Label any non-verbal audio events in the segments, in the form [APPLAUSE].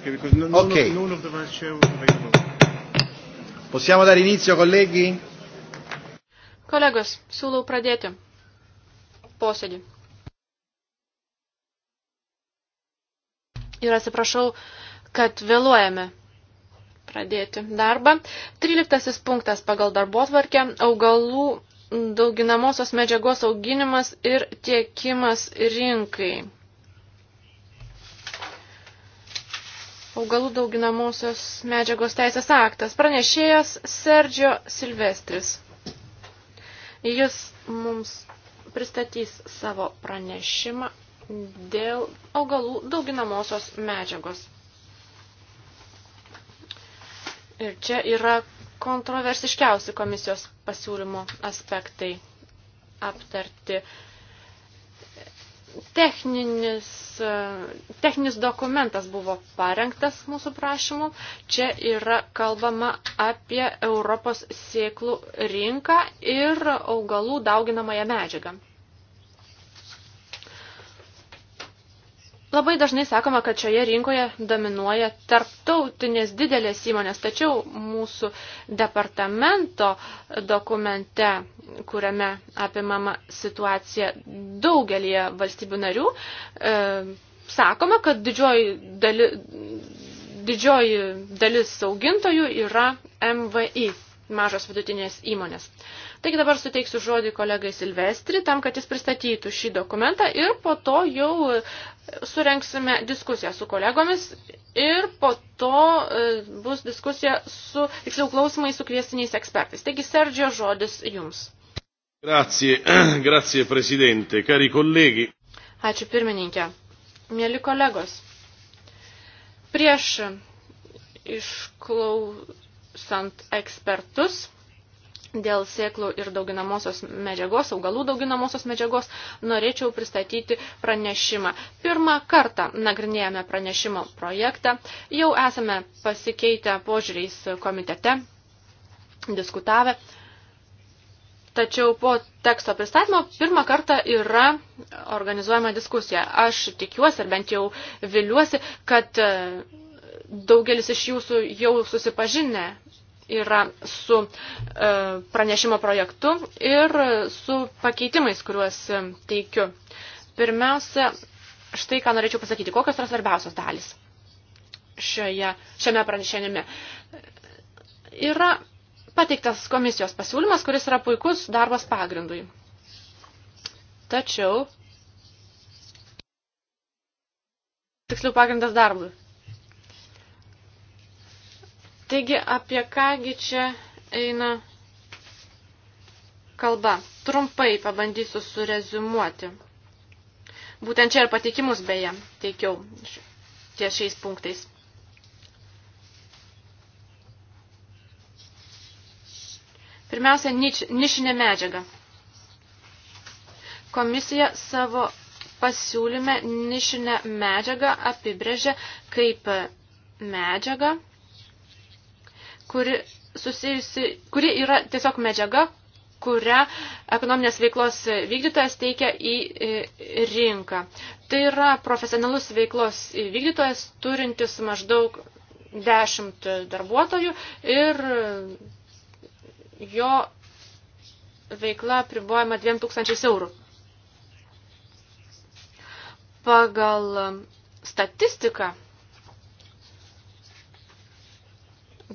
Okay, because none, okay. none of the vice chair was available. Possiamo dare inizio, colleghi? Kolegos, siūlau pradėti posėdį. Ir atsiprašau, kad vėluojame pradėti darbą. 13 punktas pagal darbo tvarkę – augalų dauginamosios medžiagos auginimas ir tiekimas rinkai. augalų dauginamosios medžiagos teisės aktas. Pranešėjas Sergio Silvestris. Jis mums pristatys savo pranešimą dėl augalų dauginamosios medžiagos. Ir čia yra kontroversiškiausi komisijos pasiūlymo aspektai aptarti techninis, e, techninis dokumentas buvo parengtas mūsų prašymu. Čia yra kalbama apie Europos sėklų rinką ir augalų dauginamąją medžiagą. Labai dažnai sakoma, kad šioje rinkoje dominuoja tarptautinės didelės įmonės, tačiau mūsų departamento dokumente, kuriame apimama situacija daugelį valstybių narių, e, sakoma, kad didžioji, dali, didžioji dalis saugintojų yra MVI mažos vidutinės įmonės. Taigi dabar suteiksiu žodį kolegai Silvestri, tam, kad jis pristatytų šį dokumentą ir po to jau e, surenksime diskusiją su kolegomis ir po to e, bus diskusija su, tiksliau, klausimai su kviesiniais ekspertais. Taigi, Sergio, žodis jums. Grazie, [CLEARS THROAT] grazie, prezidente, cari kolegi. Ačiū pirmininkė. Mėly kolegos, prieš išklau sant ekspertus dėl sėklų ir dauginamosios medžiagos, augalų dauginamosios medžiagos, norėčiau pristatyti pranešimą. Pirmą kartą nagrinėjame pranešimo projektą, jau esame pasikeitę požiūriais komitete, diskutavę, tačiau po teksto pristatymo pirmą kartą yra organizuojama diskusija. Aš tikiuosi, ir bent jau viliuosi, kad daugelis iš jūsų jau susipažinę yra su e, pranešimo projektu ir su pakeitimais, kuriuos e, teikiu. Pirmiausia, štai ką norėčiau pasakyti, kokios yra svarbiausios dalys šioje, šiame pranešinime. Yra pateiktas komisijos pasiūlymas, kuris yra puikus darbas pagrindui. Tačiau, tiksliau pagrindas darbui. Taigi, apie kągi čia eina kalba. Trumpai pabandysiu surezumuoti. Būtent čia ir patikimus beje teikiau ties šiais punktais. Pirmiausia, nič, nišinė medžiaga. Komisija savo pasiūlyme nišinę medžiagą apibrėžė kaip medžiagą, kuri, susijusi, kuri yra tiesiog medžiaga, kurią ekonominės veiklos vykdytojas teikia į e, rinką. Tai yra profesionalus veiklos vykdytojas, turintis maždaug 10 darbuotojų ir jo veikla pribuojama 2000 eurų. Pagal statistiką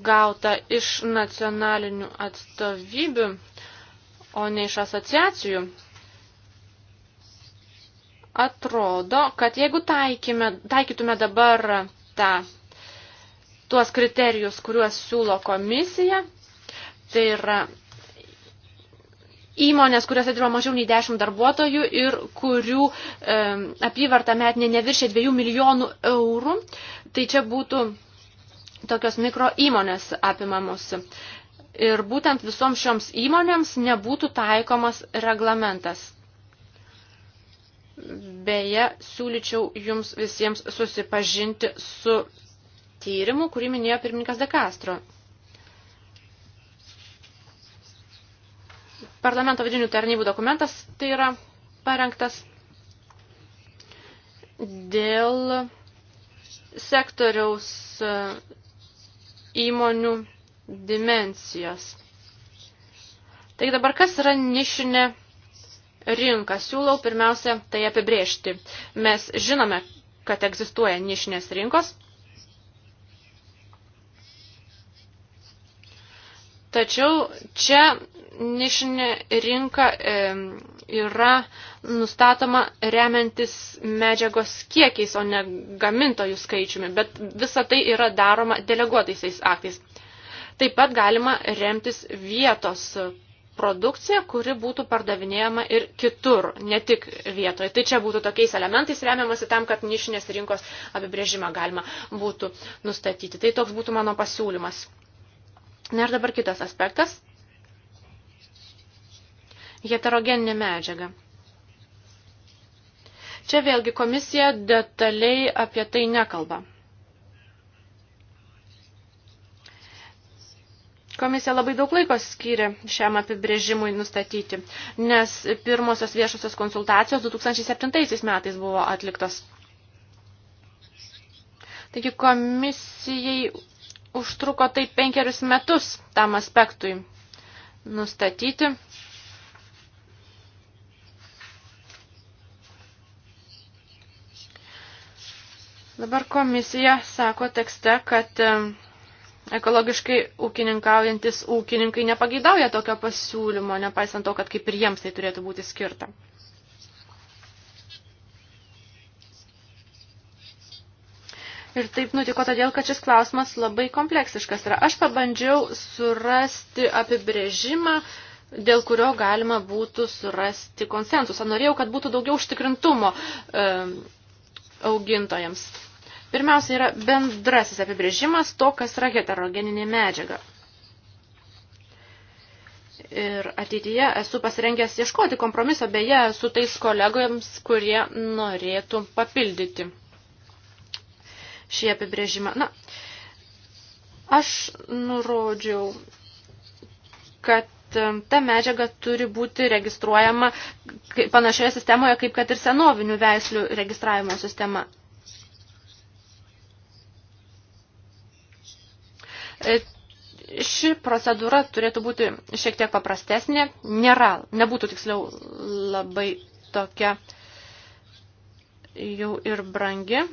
gauta iš nacionalinių atstovybių, o ne iš asociacijų, atrodo, kad jeigu taikime, taikytume dabar tą, tuos kriterijus, kuriuos siūlo komisija, tai yra įmonės, kuriuose dirba mažiau nei 10 darbuotojų ir kurių e, apyvarta metinė neviršė 2 milijonų eurų, tai čia būtų tokios mikro įmonės apimamos. Ir būtent visoms šioms įmonėms nebūtų taikomas reglamentas. Beje, siūlyčiau jums visiems susipažinti su tyrimu, kurį minėjo pirmininkas De Castro. Parlamento vidinių tarnybų dokumentas tai yra parengtas dėl sektoriaus įmonių dimensijas. Taigi dabar kas yra nišinė rinka? Siūlau pirmiausia tai apibrėžti. Mes žinome, kad egzistuoja nišinės rinkos, Tačiau čia nišinė rinka yra nustatoma remiantis medžiagos kiekiais, o ne gamintojų skaičiumi, bet visa tai yra daroma deleguotaisiais aktais. Taip pat galima remtis vietos produkcija, kuri būtų pardavinėjama ir kitur, ne tik vietoje. Tai čia būtų tokiais elementais remiamasi tam, kad nišinės rinkos apibrėžimą galima būtų nustatyti. Tai toks būtų mano pasiūlymas. Na ir dabar kitas aspektas. Heterogeninė medžiaga. Čia vėlgi komisija detaliai apie tai nekalba. Komisija labai daug laiko skyrė šiam apibrėžimui nustatyti, nes pirmosios viešosios konsultacijos 2007 metais buvo atliktos. Taigi komisijai užtruko tai penkerius metus tam aspektui nustatyti. Dabar komisija sako tekste, kad ekologiškai ūkininkaujantis ūkininkai nepageidauja tokio pasiūlymo, nepaisant to, kad kaip ir jiems tai turėtų būti skirta. Ir taip nutiko todėl, kad šis klausimas labai kompleksiškas yra. Aš pabandžiau surasti apibrėžimą, dėl kurio galima būtų surasti konsensusą. Norėjau, kad būtų daugiau užtikrintumo e, augintojams. Pirmiausia yra bendrasis apibrėžimas to, kas yra heterogeninė medžiaga. Ir ateityje esu pasirengęs ieškoti kompromiso beje su tais kolegojams, kurie norėtų papildyti šį apibrėžimą. Na, aš nurodžiau, kad um, ta medžiaga turi būti registruojama panašioje sistemoje, kaip kad ir senovinių veislių registravimo sistema. E, ši procedūra turėtų būti šiek tiek paprastesnė, nėra, nebūtų tiksliau labai tokia jau ir brangi.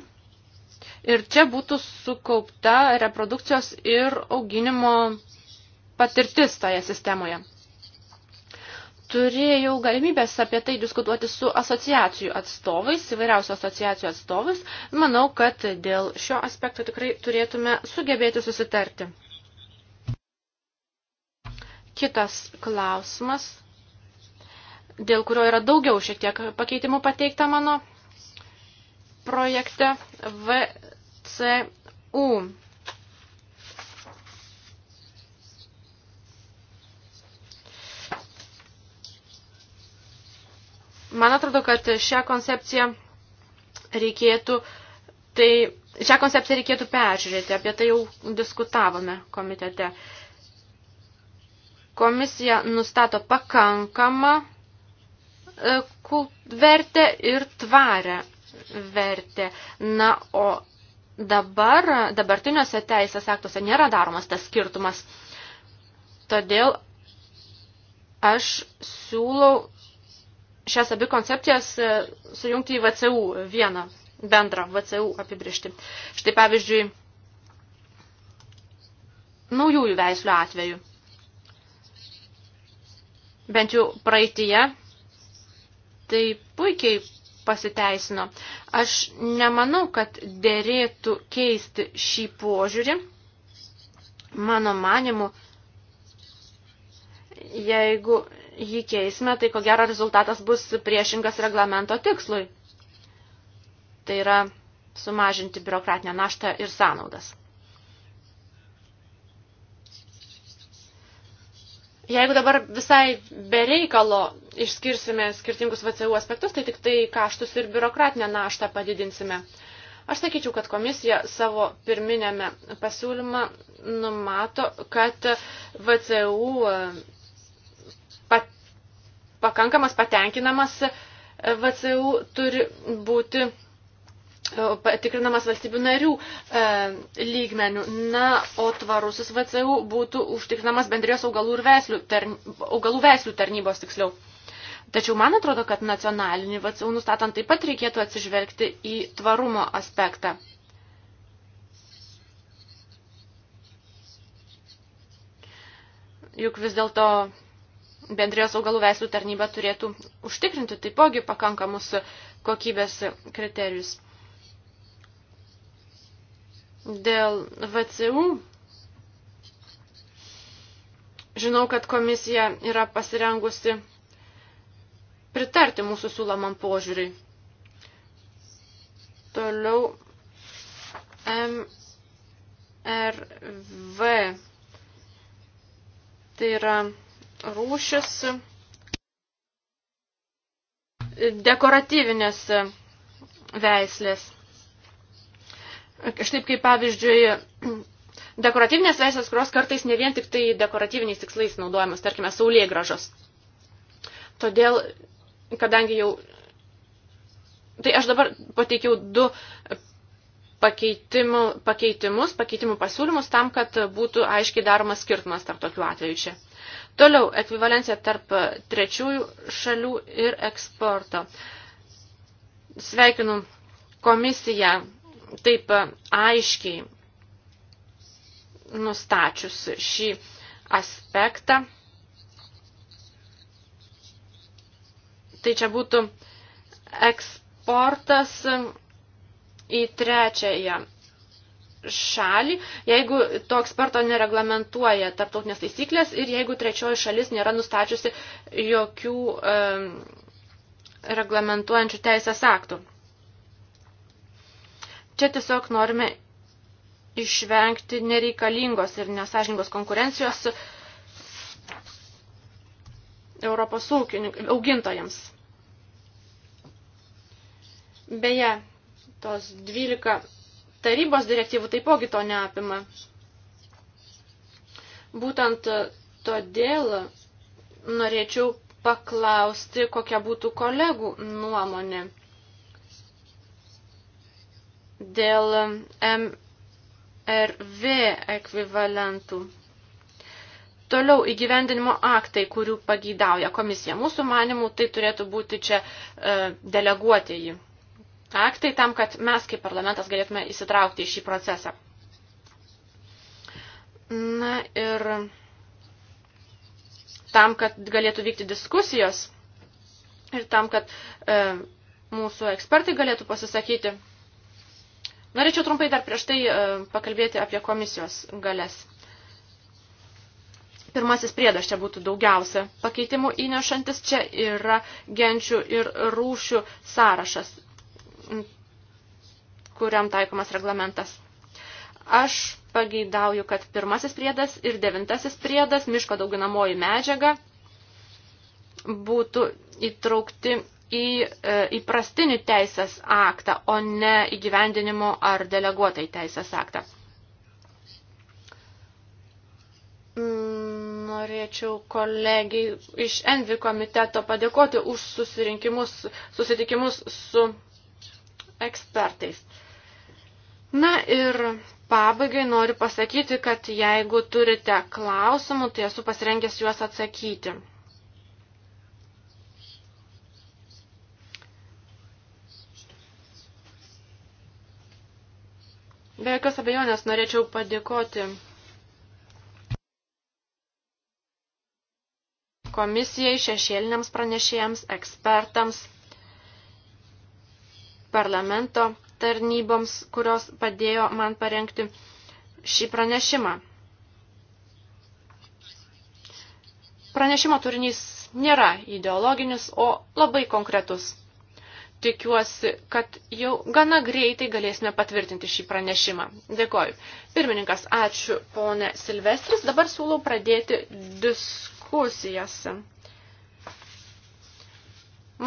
Ir čia būtų sukaupta reprodukcijos ir auginimo patirtis toje sistemoje. Turėjau galimybės apie tai diskutuoti su asociacijų atstovais, įvairiausių asociacijų atstovais. Manau, kad dėl šio aspekto tikrai turėtume sugebėti susitarti. Kitas klausimas, dėl kurio yra daugiau šiek tiek pakeitimų pateikta mano projekte, v CU. Man atrodo, kad šią koncepciją reikėtų, tai šią koncepciją reikėtų peržiūrėti, apie tai jau diskutavome komitete. Komisija nustato pakankamą e, vertę ir tvarę vertę. Na, o dabar dabartiniuose teisės aktuose nėra daromas tas skirtumas. Todėl aš siūlau šias abi koncepcijas e, sujungti į VCU vieną bendrą VCU apibrišti. Štai pavyzdžiui, naujųjų veislių atveju. Bent jau praeitie tai puikiai pasiteisino. Aš nemanau, kad dėrėtų keisti šį požiūrį. Mano manimu, jeigu jį keisime, tai ko gero rezultatas bus priešingas reglamento tikslui. Tai yra sumažinti biurokratinę naštą ir sąnaudas. Jeigu dabar visai bereikalo išskirsime skirtingus VCU aspektus, tai tik tai kaštus ir biurokratinę naštą padidinsime. Aš sakyčiau, kad komisija savo pirminėme pasiūlymą numato, kad VCU e, pat, pakankamas, patenkinamas e, VCU turi būti patikrinamas valstybių narių e, lygmenių. Na, o tvarusis VCU būtų užtikrinamas bendrijos augalų, ir veslių, tarny, augalų veslių tarnybos tiksliau. Tačiau man atrodo, kad nacionalinį VCU nustatant taip pat reikėtų atsižvelgti į tvarumo aspektą. Juk vis dėlto bendrijos augalų veislių tarnyba turėtų užtikrinti taipogi pakankamus kokybės kriterijus. Dėl VCU žinau, kad komisija yra pasirengusi pritarti mūsų siūlomam požiūriui. Toliau MRV. Tai yra rūšis dekoratyvinės veislės. Kažtaip kaip pavyzdžiui, dekoratyvinės veislės, kurios kartais ne vien tik tai dekoratyviniais tikslais naudojamos, tarkime, saulėgražos. Todėl, kadangi jau... Tai aš dabar pateikiau du pakeitimų, pakeitimus, pakeitimų pasiūlymus tam, kad būtų aiškiai daromas skirtumas tarp tokių atvejų čia. Toliau, ekvivalencija tarp trečiųjų šalių ir eksporto. Sveikinu komisiją taip e, aiškiai nustačius šį aspektą. Tai čia būtų eksportas į trečiąją šalį, jeigu to eksporto nereglamentuoja tarptautinės taisyklės ir jeigu trečioji šalis nėra nustačiusi jokių um, reglamentuojančių teisės aktų. Čia tiesiog norime išvengti nereikalingos ir nesažingos konkurencijos Europos augintojams. Beje, tos 12 tarybos direktyvų taipogi to neapima. Būtent todėl norėčiau paklausti, kokia būtų kolegų nuomonė dėl MRV ekvivalentų. Toliau įgyvendinimo aktai, kurių pagydauja komisija. Mūsų manimų tai turėtų būti čia e, deleguotieji aktai tam, kad mes kaip parlamentas galėtume įsitraukti į šį procesą. Na ir tam, kad galėtų vykti diskusijos ir tam, kad e, mūsų ekspertai galėtų pasisakyti, Norėčiau trumpai dar prieš tai e, pakalbėti apie komisijos galės. Pirmasis priedas čia būtų daugiausia pakeitimų įnešantis. Čia yra genčių ir rūšių sąrašas, kuriam taikomas reglamentas. Aš pageidauju, kad pirmasis priedas ir devintasis priedas, miško dauginamoji medžiaga, būtų įtraukti į e, įprastinį teisės aktą, o ne įgyvendinimo ar deleguotai teisės aktą. Mm, norėčiau kolegiai iš Envi komiteto padėkoti už susirinkimus, susitikimus su ekspertais. Na ir pabaigai noriu pasakyti, kad jeigu turite klausimų, tai esu pasirengęs juos atsakyti. Be jokios abejonės norėčiau padėkoti komisijai, šešėliniams pranešėjams, ekspertams, parlamento tarnyboms, kurios padėjo man parengti šį pranešimą. Pranešimo turinys nėra ideologinis, o labai konkretus tikiuosi, kad jau gana greitai galėsime patvirtinti šį pranešimą. Dėkoju. Pirmininkas, ačiū ponė Silvestris. Dabar siūlau pradėti diskusijas.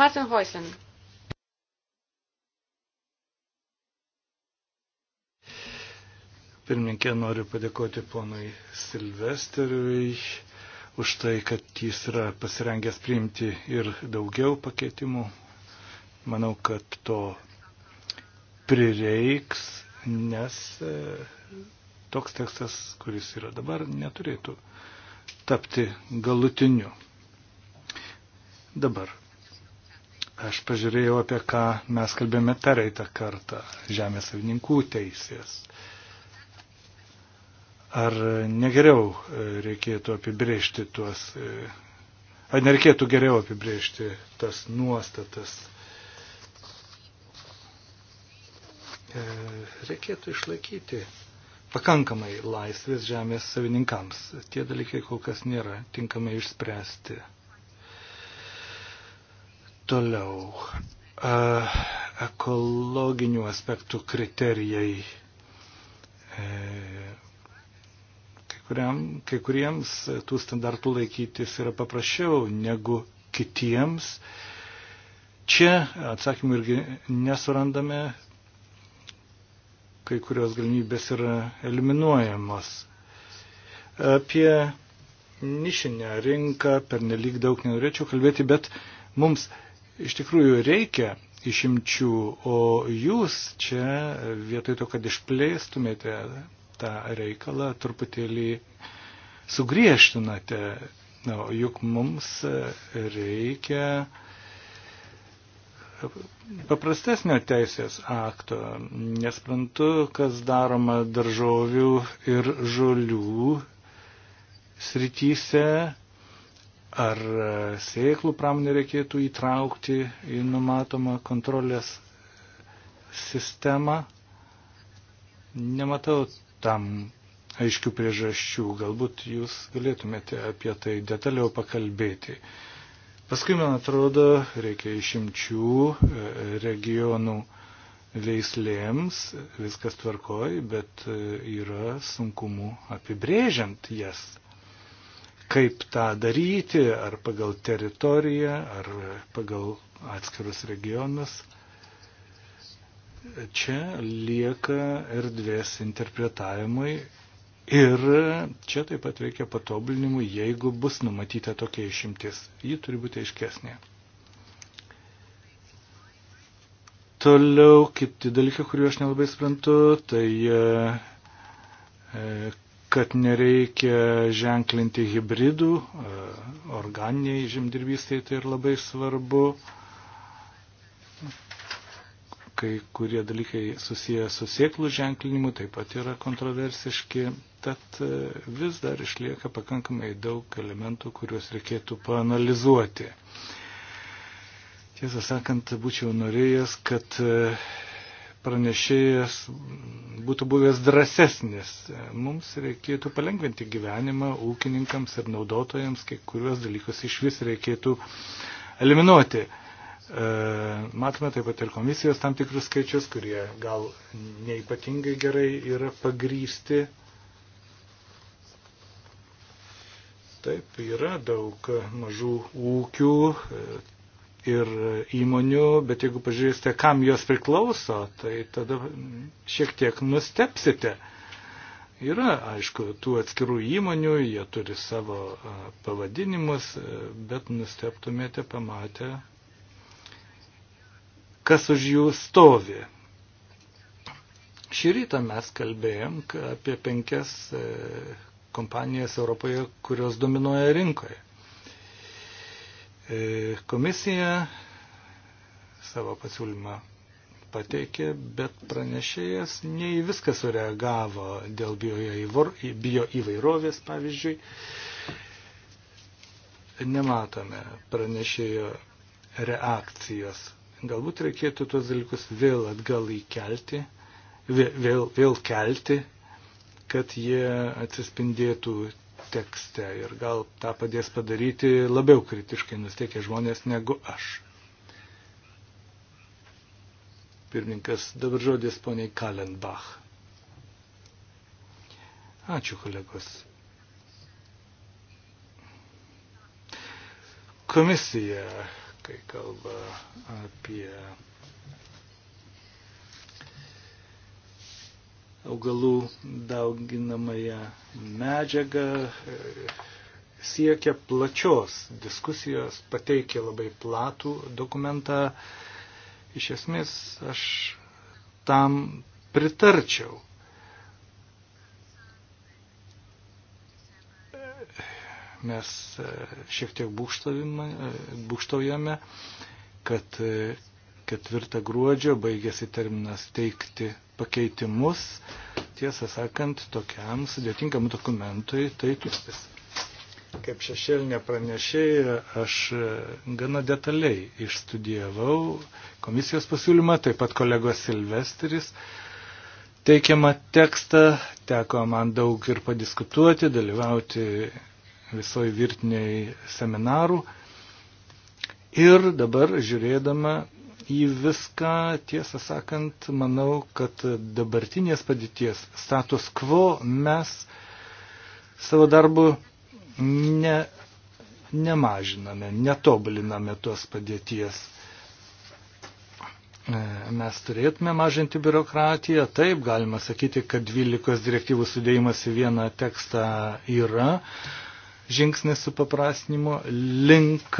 Martin Hoislin. Pirmininkė, noriu padėkoti ponui Silvesteriui už tai, kad jis yra pasirengęs priimti ir daugiau pakeitimų Manau, kad to prireiks, nes e, toks tekstas, kuris yra dabar, neturėtų tapti galutiniu. Dabar aš pažiūrėjau, apie ką mes kalbėjome pereitą kartą - žemės savininkų teisės. Ar negeriau e, reikėtų apibrėžti tuos, e, ar nereikėtų geriau apibrėžti tas nuostatas E, reikėtų išlaikyti pakankamai laisvės žemės savininkams. Tie dalykai kol kas nėra tinkamai išspręsti. Toliau. E, ekologinių aspektų kriterijai. E, kai, kuriam, kai kuriems tų standartų laikytis yra paprasčiau negu kitiems. Čia atsakymų irgi nesurandame, kai kurios galimybės yra eliminuojamos. Apie nišinę rinką per nelik daug nenorėčiau kalbėti, bet mums iš tikrųjų reikia išimčių, o jūs čia vietoj to, kad išplėstumėte tą reikalą, truputėlį sugriežtinate. Na, juk mums reikia uh, paprastesnio teisės akto. Nesprantu, kas daroma daržovių ir žolių srityse, ar e, sėklų pramonę reikėtų įtraukti į numatomą kontrolės sistemą. Nematau tam aiškių priežasčių. Galbūt jūs galėtumėte apie tai detaliau pakalbėti. Uh, Paskui, man atrodo, reikia išimčių e, regionų veislėms, viskas tvarkoj, bet e, yra sunkumų apibrėžiant jas. Kaip tą daryti, ar pagal teritoriją, ar pagal atskirus regionus. Čia lieka erdvės interpretavimui Ir čia taip pat reikia patobulinimų, jeigu bus numatyta tokia išimtis. Ji turi būti aiškesnė. Toliau kiti dalykai, kuriuo aš nelabai suprantu, tai e, kad nereikia ženklinti hybridų, e, organiniai žemdirbystėje tai ir labai svarbu. E, kai kurie dalykai susiję su sėklų ženklinimu taip pat yra kontroversiški, tad e, vis dar išlieka pakankamai daug elementų, kuriuos reikėtų panalizuoti. Tiesą sakant, būčiau norėjęs, kad e, pranešėjas būtų buvęs drąsesnis. E, mums reikėtų palengventi gyvenimą ūkininkams ir naudotojams, kai kuriuos dalykus iš vis reikėtų eliminuoti. E, matome taip pat ir komisijos tam tikrus skaičius, kurie gal neipatingai gerai yra pagrysti. Taip, yra daug mažų ūkių e, ir įmonių, bet jeigu pažiūrėsite, kam jos priklauso, tai tada šiek tiek nustepsite. Yra, aišku, tų atskirų įmonių, jie turi savo e, pavadinimus, bet nusteptumėte pamatę, kas už jų stovi. Šį rytą mes kalbėjom apie penkias e, kompanijas Europoje, kurios dominuoja rinkoje. E, komisija savo pasiūlymą pateikė, bet pranešėjas nei viską sureagavo dėl bio įvairovės, pavyzdžiui. Nematome pranešėjo reakcijos Galbūt reikėtų tuos dalykus vėl atgal įkelti, vėl, vėl kelti, kad jie atsispindėtų tekste ir gal tą padės padaryti labiau kritiškai nusteikę žmonės negu aš. Pirmininkas, dabar žodis poniai Kalenbach. Ačiū, kolegos. Komisija kai kalba apie augalų dauginamąją medžiagą, siekia plačios diskusijos, pateikia labai platų dokumentą. Iš esmės aš tam pritarčiau. mes e, šiek tiek e, būkštaujame, kad 4 e, gruodžio baigėsi terminas teikti pakeitimus. Tiesą sakant, tokiam sudėtingam dokumentui tai tūkstis. Kaip šešėlinė pranešėja, aš gana detaliai išstudijavau komisijos pasiūlymą, taip pat kolegos Silvestris teikiamą tekstą, teko man daug ir padiskutuoti, dalyvauti visoji virtiniai seminarų. Ir dabar žiūrėdama į viską, tiesą sakant, manau, kad dabartinės padėties status quo mes savo darbu ne, nemažiname, netobuliname tos padėties. E, mes turėtume mažinti biurokratiją, taip galima sakyti, kad 12 direktyvų sudėjimas į vieną tekstą yra, žingsnis su paprastinimo link.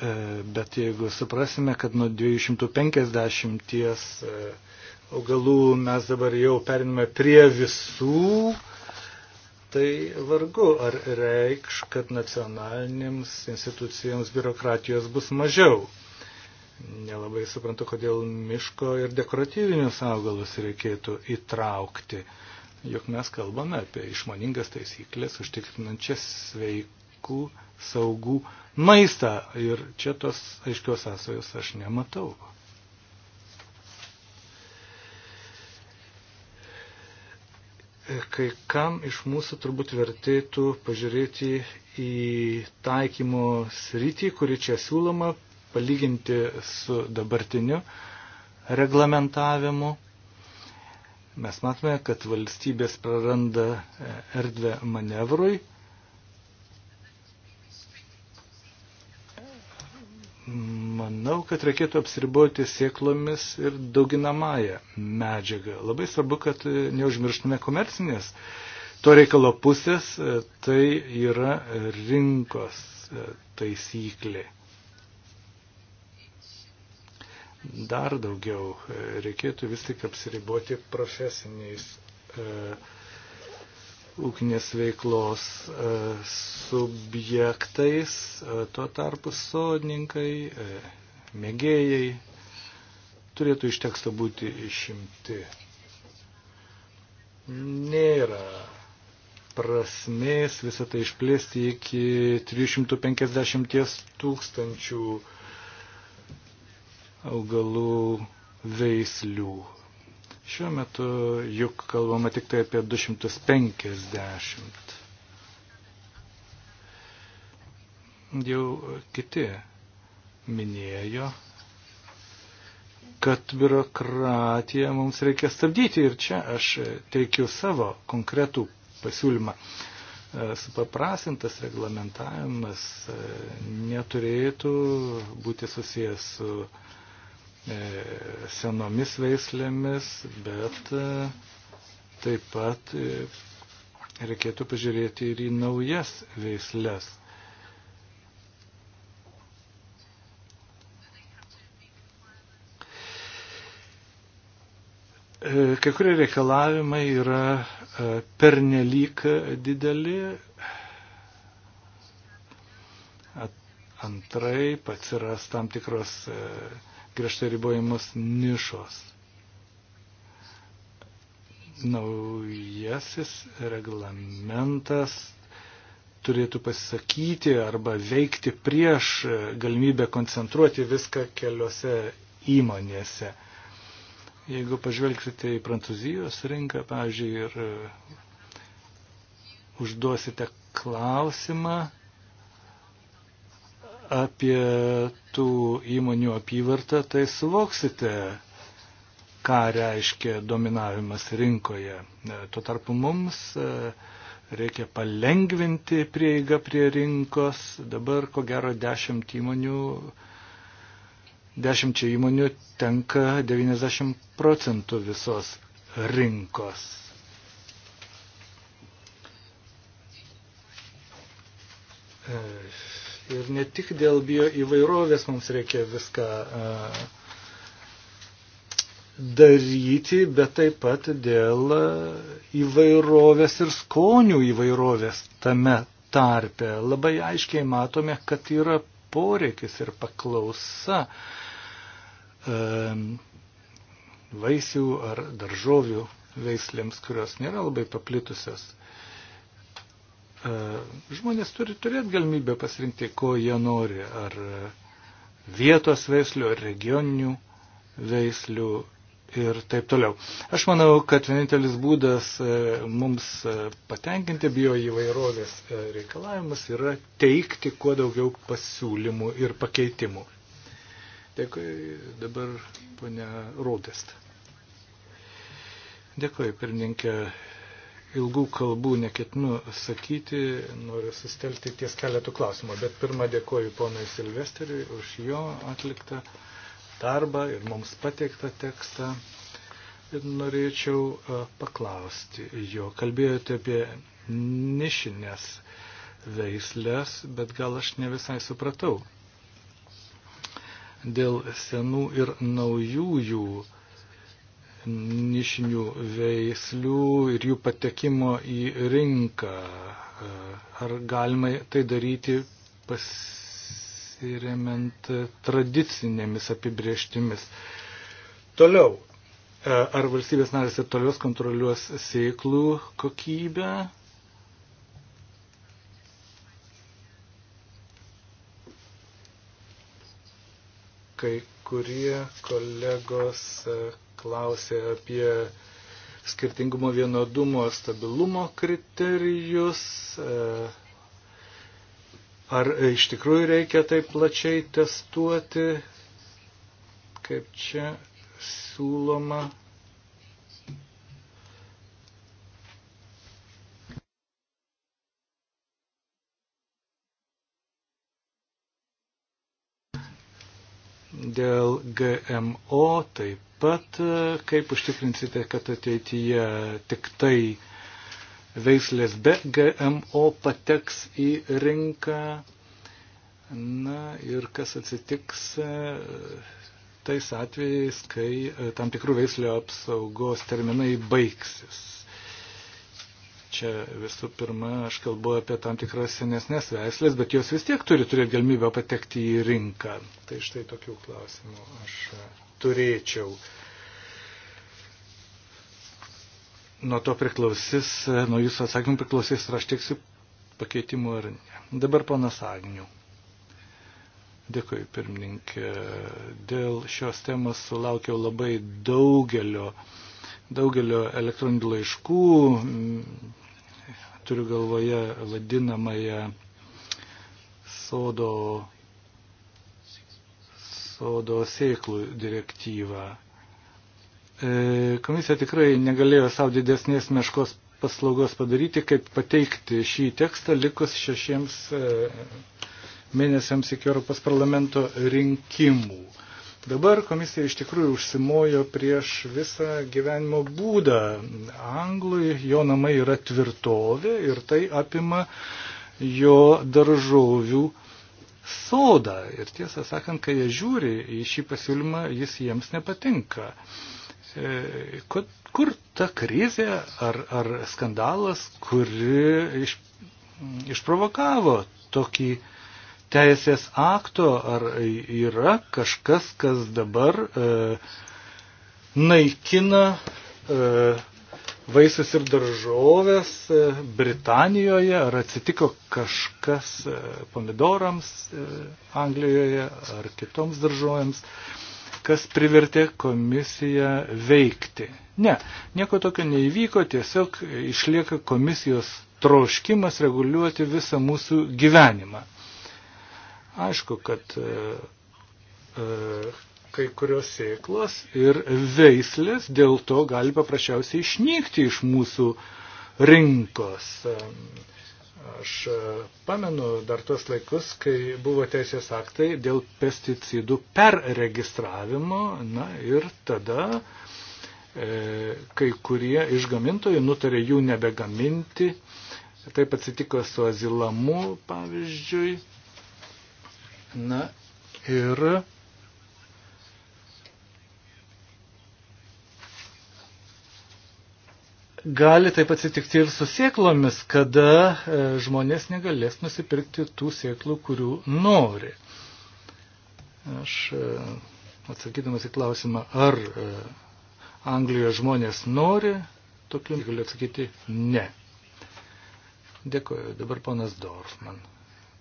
E, bet jeigu suprasime, kad nuo 250 e, augalų mes dabar jau periname prie visų, tai vargu ar reikš, kad nacionalinėms institucijoms biurokratijos bus mažiau. Nelabai suprantu, kodėl miško ir dekoratyvinius augalus reikėtų įtraukti jog mes kalbame apie išmaningas taisyklės užtikrinančias sveikų, saugų maistą. Ir čia tos aiškios sąsajos aš nematau. Kai kam iš mūsų turbūt vertėtų pažiūrėti į taikymo sritį, kuri čia siūloma, palyginti su dabartiniu reglamentavimu Mes matome, kad valstybės praranda e, erdvę manevrui. Manau, kad reikėtų apsiriboti sėklomis ir dauginamąją medžiagą. Labai svarbu, kad e, neužmirštume komercinės to reikalo pusės, e, tai yra rinkos taisyklė. dar daugiau. E, reikėtų vis tik apsiriboti profesiniais e, ūkinės veiklos e, subjektais, tuo tarpu sodininkai, mėgėjai turėtų iš teksto būti išimti. Nėra prasmės visą tai išplėsti iki 350 tūkstančių 000 augalų veislių. Šiuo metu juk kalbama tik tai apie 250. Jau kiti minėjo, kad biurokratiją mums reikia stabdyti ir čia aš teikiu savo konkretų pasiūlymą. Supaprastintas reglamentavimas neturėtų būti susijęs su E, senomis veislėmis, bet e, taip pat e, reikėtų pažiūrėti ir į naujas veislės. Kai kurie reikalavimai yra pernelyk dideli, antraip atsiras tam tikros griežtai ribojamos nišos. Naujasis reglamentas turėtų pasisakyti arba veikti prieš galimybę koncentruoti viską keliose įmonėse. Jeigu pažvelgsite į Prancūzijos rinką, pavyzdžiui, ir užduosite klausimą, apie tų įmonių apyvartą, tai suvoksite, ką reiškia dominavimas rinkoje. Tuo tarpu mums e, reikia palengvinti prieigą prie rinkos. Dabar, ko gero, dešimt įmonių, dešimčia įmonių tenka 90 procentų visos rinkos. Ir ne tik dėl bio įvairovės mums reikia viską e, daryti, bet taip pat dėl e, įvairovės ir skonių įvairovės tame tarpe. Labai aiškiai matome, kad yra poreikis ir paklausa e, vaisių ar daržovių veislėms, kurios nėra labai paplitusios E, žmonės turi turėti galimybę pasirinkti, ko jie nori, ar vietos veislių, ar regioninių veislių ir taip toliau. Aš manau, kad vienintelis būdas e, mums e, patenkinti bio įvairovės reikalavimus yra teikti kuo daugiau pasiūlymų ir pakeitimų. Dėkui dabar ponia Rodest. Dėkui, pirmininkė ilgų kalbų neketinu sakyti, noriu sustelti ties keletų klausimų, bet pirmą dėkoju ponui Silvesteriui už jo atliktą darbą ir mums pateiktą tekstą. Ir norėčiau e, paklausti jo. Kalbėjote apie nišinės veislės, bet gal aš ne visai supratau. Dėl senų ir naujųjų nišinių veislių ir jų patekimo į rinką. E, ar galima tai daryti pasiremiant tradicinėmis apibrieštimis? Toliau. E, ar valstybės narės ir toliau kontroliuos sėklų kokybę? Kai kurie kolegos e, klausė apie skirtingumo vienodumo stabilumo kriterijus. E, ar iš tikrųjų reikia taip plačiai testuoti, kaip čia siūloma? dėl GMO, taip pat e, kaip užtikrinsite, kad ateityje tik tai veislės be GMO pateks į rinką. Na ir kas atsitiks e, tais atvejais, kai e, tam tikrų veislio apsaugos terminai baigsis. Čia visų pirma, aš kalbu apie tam tikras senesnės veislės, bet jos vis tiek turi turėti galimybę patekti į rinką. Tai štai tokių klausimų aš e, turėčiau. Nuo to priklausys, e, nuo jūsų atsakymų priklausys, ar aš tiksiu pakeitimų ar ne. Dabar ponas Agnių. Dėkui, pirmininkė. Dėl šios temos sulaukiau labai daugelio, daugelio elektroninių laiškų turiu galvoje vadinamąją sodo, sodo sėklų direktyvą. E, komisija tikrai negalėjo savo didesnės meškos paslaugos padaryti, kaip pateikti šį tekstą likus šešiems e, mėnesiams iki Europos parlamento rinkimų. Dabar komisija iš tikrųjų užsimojo prieš visą gyvenimo būdą. Anglui jo namai yra tvirtovė ir tai apima jo daržovių sodą. Ir tiesą sakant, kai jie žiūri į šį pasiūlymą, jis jiems nepatinka. E, kur, kur ta krizė ar, ar skandalas, kuri iš, išprovokavo tokį uh, teisės akto, ar yra kažkas, kas dabar e, naikina e, vaisius ir daržovės e, Britanijoje, ar atsitiko kažkas e, pomidorams e, Anglijoje ar kitoms daržovėms, kas privertė komisiją veikti. Ne, nieko tokio neįvyko, tiesiog išlieka komisijos troškimas reguliuoti visą mūsų gyvenimą. Aišku, kad e, e, kai kurios sėklos ir veislės dėl to gali paprasčiausiai išnykti iš mūsų rinkos. E, aš pamenu dar tuos laikus, kai buvo teisės aktai dėl pesticidų perregistravimo, na ir tada e, kai kurie iš gamintojų nutarė jų nebegaminti. Taip atsitiko su azilamu, pavyzdžiui. Na ir gali taip atsitikti ir su sėklomis, kada e, žmonės negalės nusipirkti tų sėklų, kurių nori. Aš e, atsakydamas į klausimą, ar e, Anglijoje žmonės nori, tokiu galiu atsakyti ne. Dėkuoju. Dabar ponas Dorfman.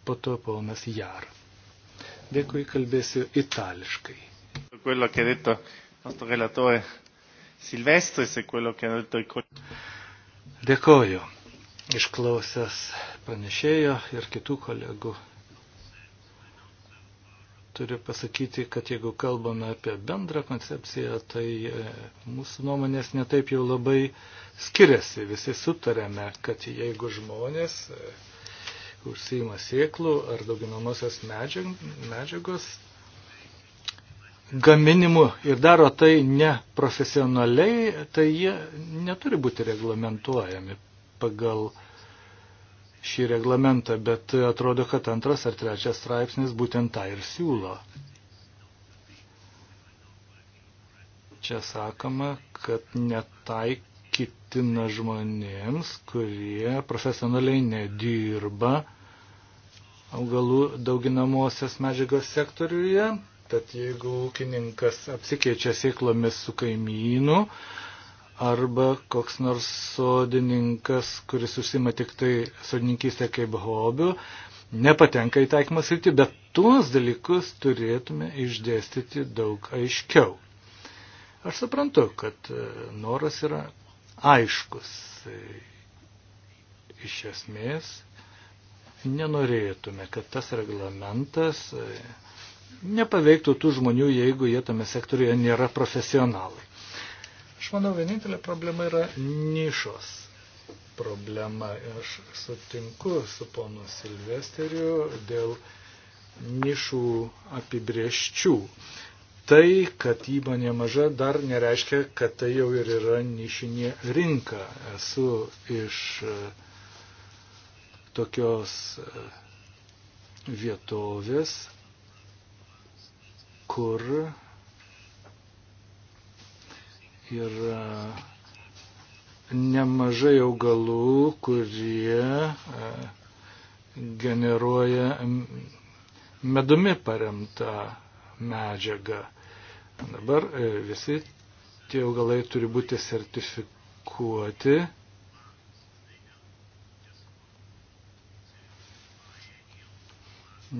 Po to ponas Jar. Dėkui, kalbėsiu itališkai. Quello che ha detto il nostro relatore Silvestris e quello che ha detto il Dėkoju. Išklausęs pranešėjo ir kitų kolegų. Turiu pasakyti, kad jeigu kalbame apie bendrą koncepciją, tai e, mūsų nuomonės netaip jau labai skiriasi. Visi sutarėme, kad jeigu žmonės e, užsijima sėklų ar dauginamosios medžiagos gaminimu ir daro tai neprofesionaliai, tai jie neturi būti reglamentuojami pagal šį reglamentą, bet atrodo, kad antras ar trečias straipsnis būtent tą ir siūlo. Čia sakoma, kad netaik taikytina žmonėms, kurie profesionaliai nedirba augalų dauginamosios medžiagos sektoriuje. Tad jeigu ūkininkas apsikeičia sėklomis su kaimynu arba koks nors sodininkas, kuris užsima tik tai sodininkystę kaip hobių, nepatenka į taikymą sritį, bet tuos dalykus turėtume išdėstyti daug aiškiau. Aš suprantu, kad e, noras yra aiškus. Iš esmės, nenorėtume, kad tas reglamentas nepaveiktų tų žmonių, jeigu jie tame sektoriuje nėra profesionalai. Aš manau, vienintelė problema yra nišos problema. Aš sutinku su ponu Silvesteriu dėl nišų apibrieščių tai, kad įmonė maža, dar nereiškia, kad tai jau ir yra nišinė rinka. Esu iš e, tokios e, vietovės, kur yra e, nemažai augalų, kurie generuoja medumi paremtą medžiagą. Dabar e, visi tie augalai turi būti sertifikuoti.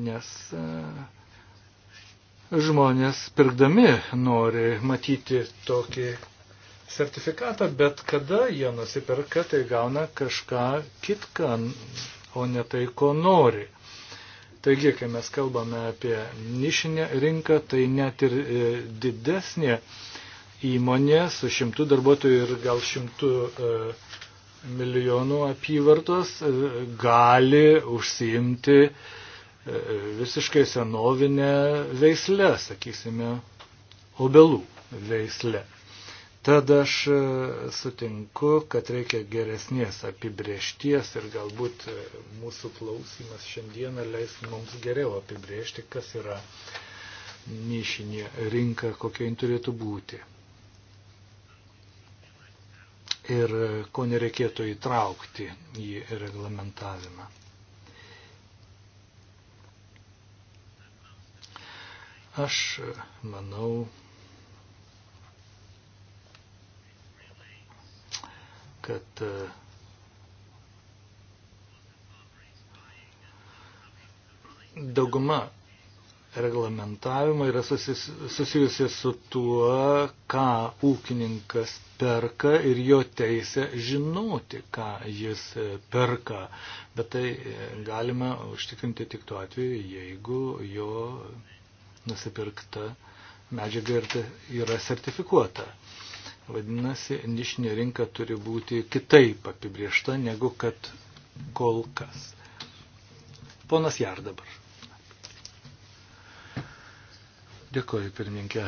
Nes e, žmonės pirkdami nori matyti tokį sertifikatą, bet kada jie nusiperka, tai gauna kažką kitką, o ne tai, ko nori. Taigi, kai mes kalbame apie nišinę rinką, tai net ir e, didesnė įmonė su šimtu darbuotojų ir gal šimtu e, milijonų apyvartos e, gali užsiimti visiškai senovinę veislę, sakysime, obelų veislę. Tad aš e, sutinku, kad reikia geresnės apibriešties ir galbūt e, mūsų klausimas šiandieną leis mums geriau apibriešti, kas yra nišinė rinka, kokia jin turėtų būti. Ir e, ko nereikėtų įtraukti į reglamentavimą. Aš manau, kad e, dauguma reglamentavimo yra susis, susijusi su tuo, ką ūkininkas perka ir jo teisė žinoti, ką jis perka. Bet tai e, galima užtikrinti tik tuo atveju, jeigu jo nusipirkta medžiaga yra sertifikuota. Vadinasi, nišinė rinka turi būti kitaip apibriešta negu kad kol kas. Ponas Jar dabar. Dėkoju, pirmininkė.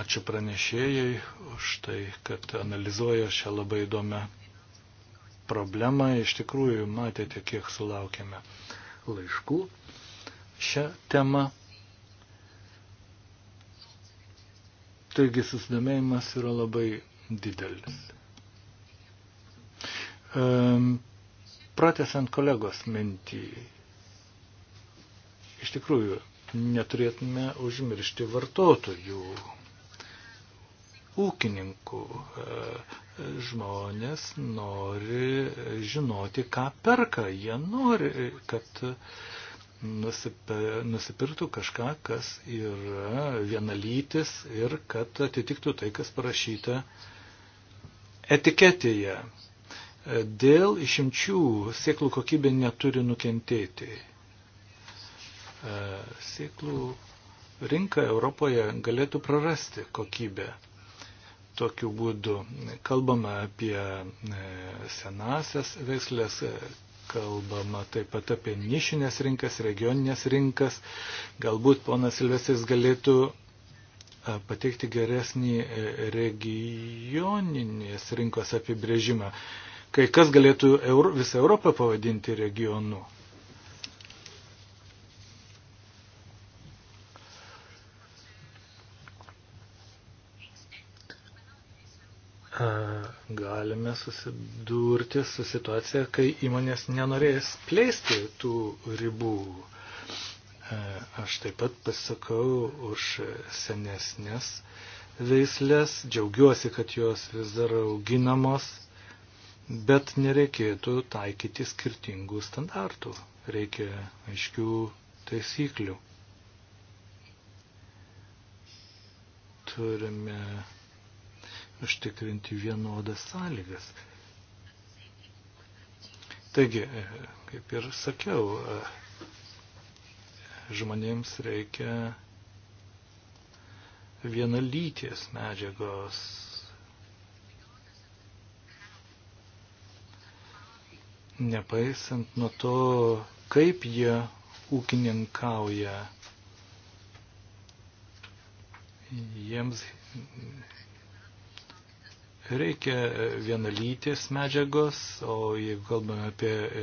Ačiū pranešėjai už tai, kad analizuoja šią labai įdomią problemą. Iš tikrųjų, matėte, kiek sulaukėme laiškų šią temą. Taigi susidomėjimas yra labai didelis. Pratesant kolegos mintį, iš tikrųjų neturėtume užmiršti vartotojų, ūkininkų. E, žmonės nori žinoti, ką perka. Jie nori, kad uh, nusipirktų kažką, kas yra vienalytis ir kad atitiktų tai, kas parašyta etiketėje. Dėl išimčių sėklų kokybė neturi nukentėti. E, sėklų rinka Europoje galėtų prarasti kokybę. Tokiu būdu kalbame apie e, senasias veislės, kalbama taip pat apie nišinės rinkas, regioninės rinkas. Galbūt ponas Silvestris galėtų pateikti geresnį e, regioninės rinkos apibrėžimą. Kai kas galėtų Euro, visą Europą pavadinti regionu. galime susidurti su situacija, kai įmonės nenorės plėsti tų ribų. E, aš taip pat pasisakau už senesnės veislės, džiaugiuosi, kad jos vis dar auginamos, bet nereikėtų taikyti skirtingų standartų, reikia aiškių taisyklių. Turime užtikrinti vienodas sąlygas. Taigi, e, kaip ir sakiau, e, žmonėms reikia vienalytės medžiagos. Nepaisant nuo to, kaip jie ūkininkauja, jiems Reikia e, vienalytės medžiagos, o jeigu kalbame apie e,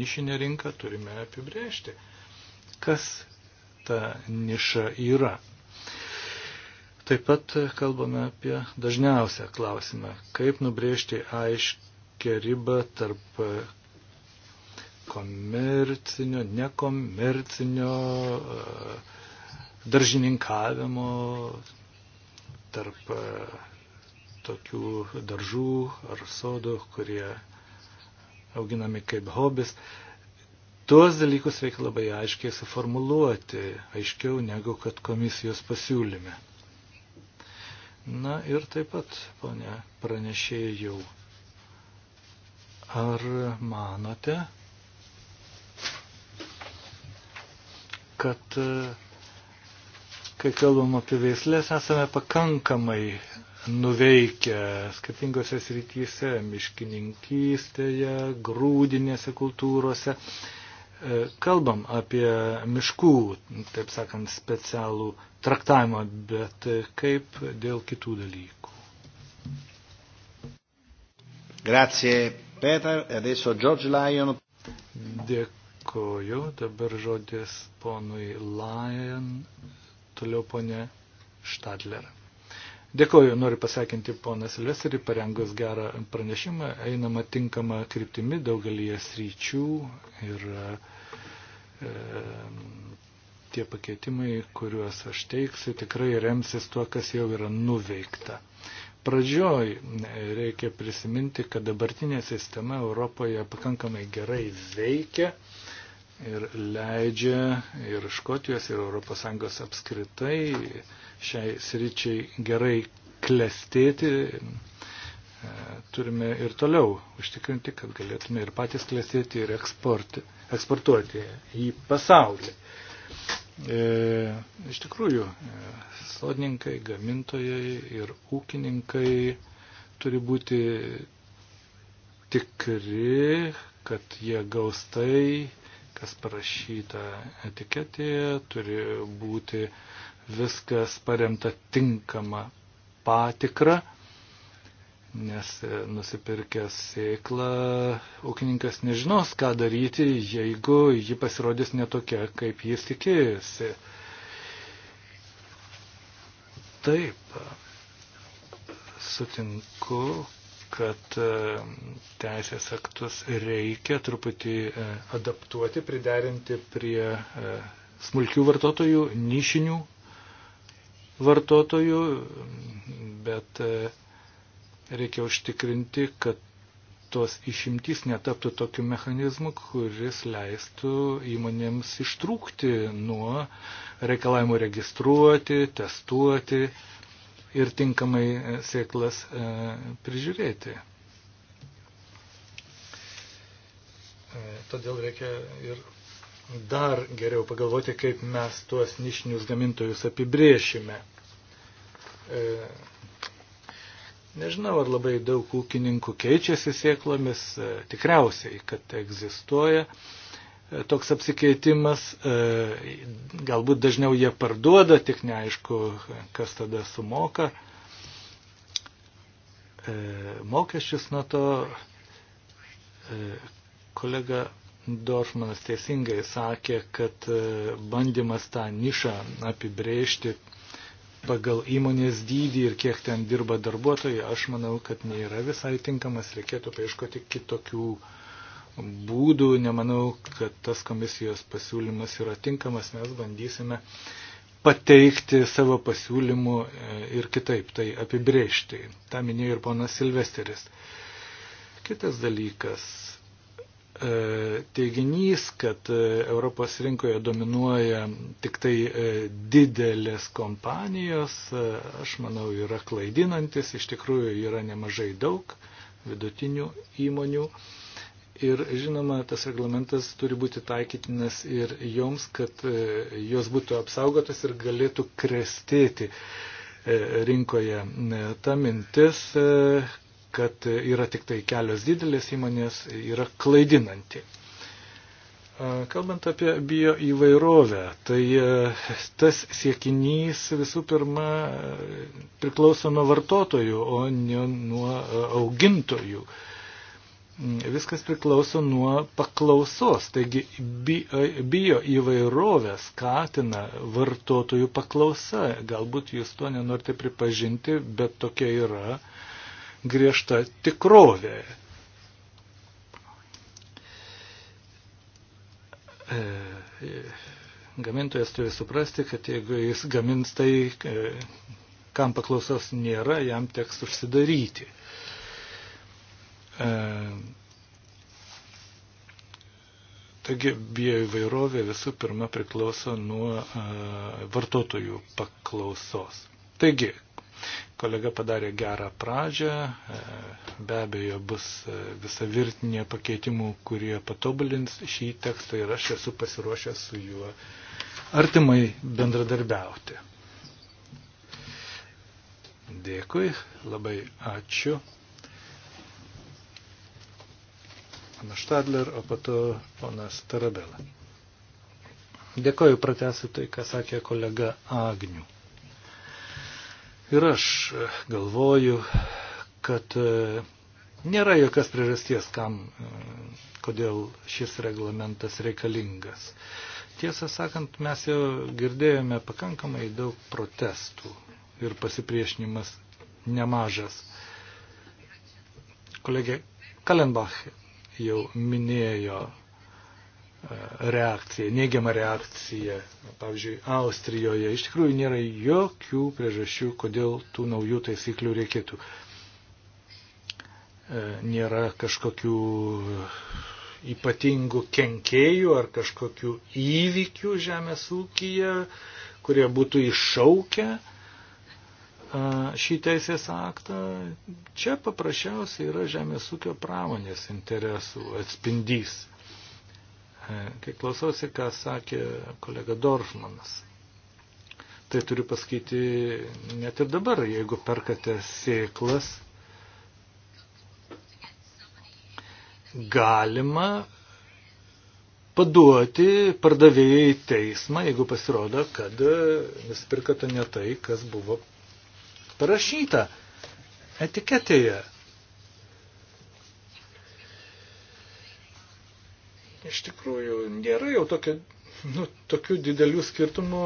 nišinę rinką, turime apibrėžti, kas ta niša yra. Taip pat e, kalbame apie dažniausią klausimą, kaip nubrėžti aiškę ribą tarp komercinio, nekomercinio daržininkavimo, tarp tokių daržų ar sodų, kurie auginami kaip hobis. Tuos dalykus reikia labai aiškiai suformuluoti, aiškiau negu kad komisijos pasiūlyme. Na ir taip pat, ponė, pranešėjau, ar manote, kad e, kai kalbam apie veislės, esame pakankamai nuveikę skirtingose srityse, miškininkystėje, grūdinėse kultūrose. E, kalbam apie miškų, taip sakant, specialų traktavimą, bet kaip dėl kitų dalykų. Grazie, Peter. E adesso George Lyon. Dėkoju. Dabar žodis ponui Lyon, toliau ponė Štadler. Dėkoju, noriu pasakinti poną Silvesterį, parengus gerą pranešimą, einama tinkama kryptimi daugelį sryčių ir e, tie pakeitimai, kuriuos aš teiksiu, tikrai remsis tuo, kas jau yra nuveikta. Pradžioj e, reikia prisiminti, kad dabartinė sistema Europoje pakankamai gerai veikia ir leidžia ir Škotijos, ir ES apskritai šiai sričiai gerai klestėti. E, turime ir toliau užtikrinti, kad galėtume ir patys klestėti ir eksporti, eksportuoti į pasaulį. E, iš tikrųjų, e, sodininkai, gamintojai ir ūkininkai turi būti tikri, kad jie gaus tai, kas parašyta etiketėje, turi būti viskas paremta tinkama patikra, nes nusipirkęs sėklą ūkininkas nežinos, ką daryti, jeigu ji pasirodys netokia, kaip jis tikėjosi. Taip, sutinku, kad e, teisės aktus reikia truputį e, adaptuoti, priderinti prie e, smulkių vartotojų, nišinių vartotojų, bet reikia užtikrinti, kad tos išimtys netaptų tokiu mechanizmu, kuris leistų įmonėms ištrūkti nuo reikalavimų registruoti, testuoti ir tinkamai e, sėklas e, prižiūrėti. E, todėl reikia ir dar geriau pagalvoti, kaip mes tuos nišinius gamintojus apibriešime. Nežinau, ar labai daug ūkininkų keičiasi sėklomis, tikriausiai, kad egzistuoja toks apsikeitimas, e, galbūt dažniau jie parduoda, tik neaišku, kas tada sumoka e, mokesčius nuo to. E, kolega Dorfmanas teisingai sakė, kad bandymas tą nišą apibrėžti pagal įmonės dydį ir kiek ten dirba darbuotojai, aš manau, kad nėra visai tinkamas, reikėtų paieškoti kitokių uh, būdų. Nemanau, kad tas komisijos pasiūlymas yra tinkamas. Mes bandysime pateikti savo pasiūlymų e, ir kitaip tai apibrėžti. Ta minėjo ir ponas Silvesteris. Kitas dalykas e, teiginys, kad e, Europos rinkoje dominuoja tik tai didelės kompanijos, aš manau, yra klaidinantis, iš tikrųjų yra nemažai daug vidutinių įmonių. Ir žinoma, tas reglamentas turi būti taikytinas ir joms, kad e, jos būtų apsaugotas ir galėtų krestėti e, rinkoje. E, ta mintis, kad yra tik tai kelios didelės įmonės, yra klaidinanti. Kalbant apie bio įvairovę, tai tas siekinys visų pirma priklauso nuo vartotojų, o ne nuo augintojų. Uh, Viskas priklauso nuo paklausos, taigi bio įvairovę skatina vartotojų paklausa. Galbūt jūs to nenorite pripažinti, bet tokia yra griežta tikrovė. E, gamintojas turi suprasti, kad jeigu jis gamins tai, e, kam paklausos nėra, jam teks užsidaryti. E, taigi bioįvairovė visų pirma priklauso nuo e, vartotojų paklausos. Taigi, kolega padarė gerą pradžią, e, be abejo bus visa virtinė pakeitimų, kurie patobulins šį tekstą ir aš esu pasiruošęs su juo artimai bendradarbiauti. Dėkui, labai ačiū. pana Štadler, o po to ponas Tarabela. Dėkoju pratęsiu tai, ką sakė kolega Agnių. Ir aš galvoju, kad e, nėra jokios priežasties, kam, e, kodėl šis reglamentas reikalingas. Tiesą sakant, mes jau girdėjome pakankamai daug protestų ir pasipriešinimas nemažas. Kolegė Kalenbach jau minėjo e, reakcija, neigiama reakcija. Pavyzdžiui, Austrijoje iš tikrųjų nėra jokių priežasčių, kodėl tų naujų taisyklių reikėtų. E, nėra kažkokių ypatingų kenkėjų ar kažkokių įvykių žemės ūkyje, kurie būtų iššaukę uh, šį teisės aktą, čia paprasčiausiai yra žemės ūkio pramonės interesų atspindys. E, kai klausosi, ką sakė kolega Dorfmanas, tai turiu pasakyti net ir dabar, jeigu perkate sėklas, galima paduoti pardavėjai teismą, jeigu pasirodo, kad e, nusipirkate ne tai, kas buvo parašyta etiketėje. Iš tikrųjų, nėra jau tokio, nu, tokių didelių skirtumų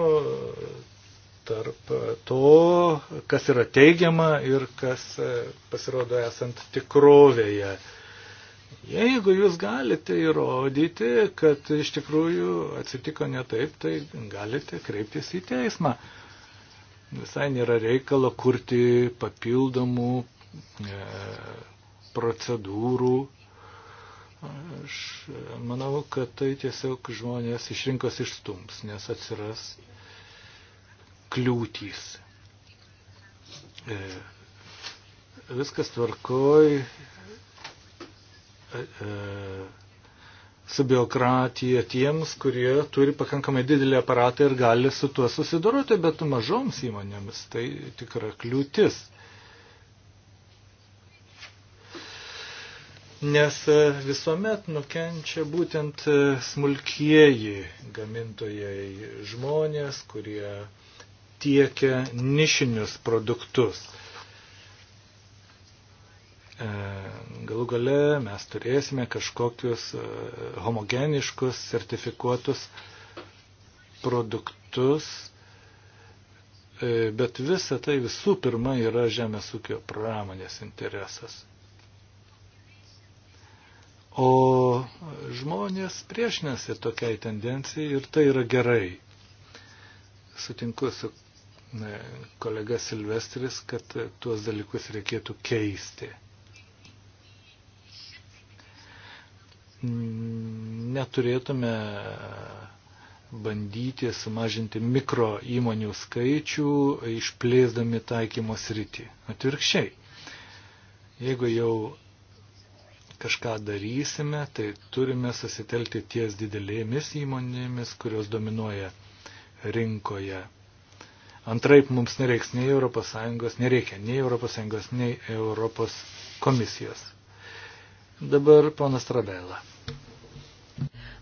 tarp to, kas yra teigiama ir kas e, pasirodo esant tikrovėje. Jeigu jūs galite įrodyti, kad iš tikrųjų atsitiko ne taip, tai galite kreiptis į teismą visai nėra reikalo kurti papildomų e, procedūrų. Aš manau, kad tai tiesiog žmonės iš rinkos išstums, nes atsiras kliūtys. E, viskas tvarkoj. E, e, su biurokratija tiems, kurie turi pakankamai didelį aparatą ir gali su tuo susidoroti, bet mažoms įmonėms tai tikra kliūtis. Nes e, visuomet nukenčia būtent e, smulkieji gamintojai žmonės, kurie tiekia nišinius produktus. E, galų gale mes turėsime kažkokius e, homogeniškus, sertifikuotus produktus, e, bet visa tai visų pirma yra žemės ūkio pramonės interesas. O žmonės priešinasi tokiai tendencijai ir tai yra gerai. Sutinku su kolega Silvestris, kad tuos dalykus reikėtų keisti. Mm, neturėtume bandyti sumažinti mikro įmonių skaičių, išplėsdami taikymo sritį. Atvirkščiai, jeigu jau kažką darysime, tai turime susitelti ties didelėmis įmonėmis, kurios dominuoja rinkoje. Antraip mums nereiks nei ES, nereikia nei ES, nei Europos komisijos. Dabar ponas Trabela.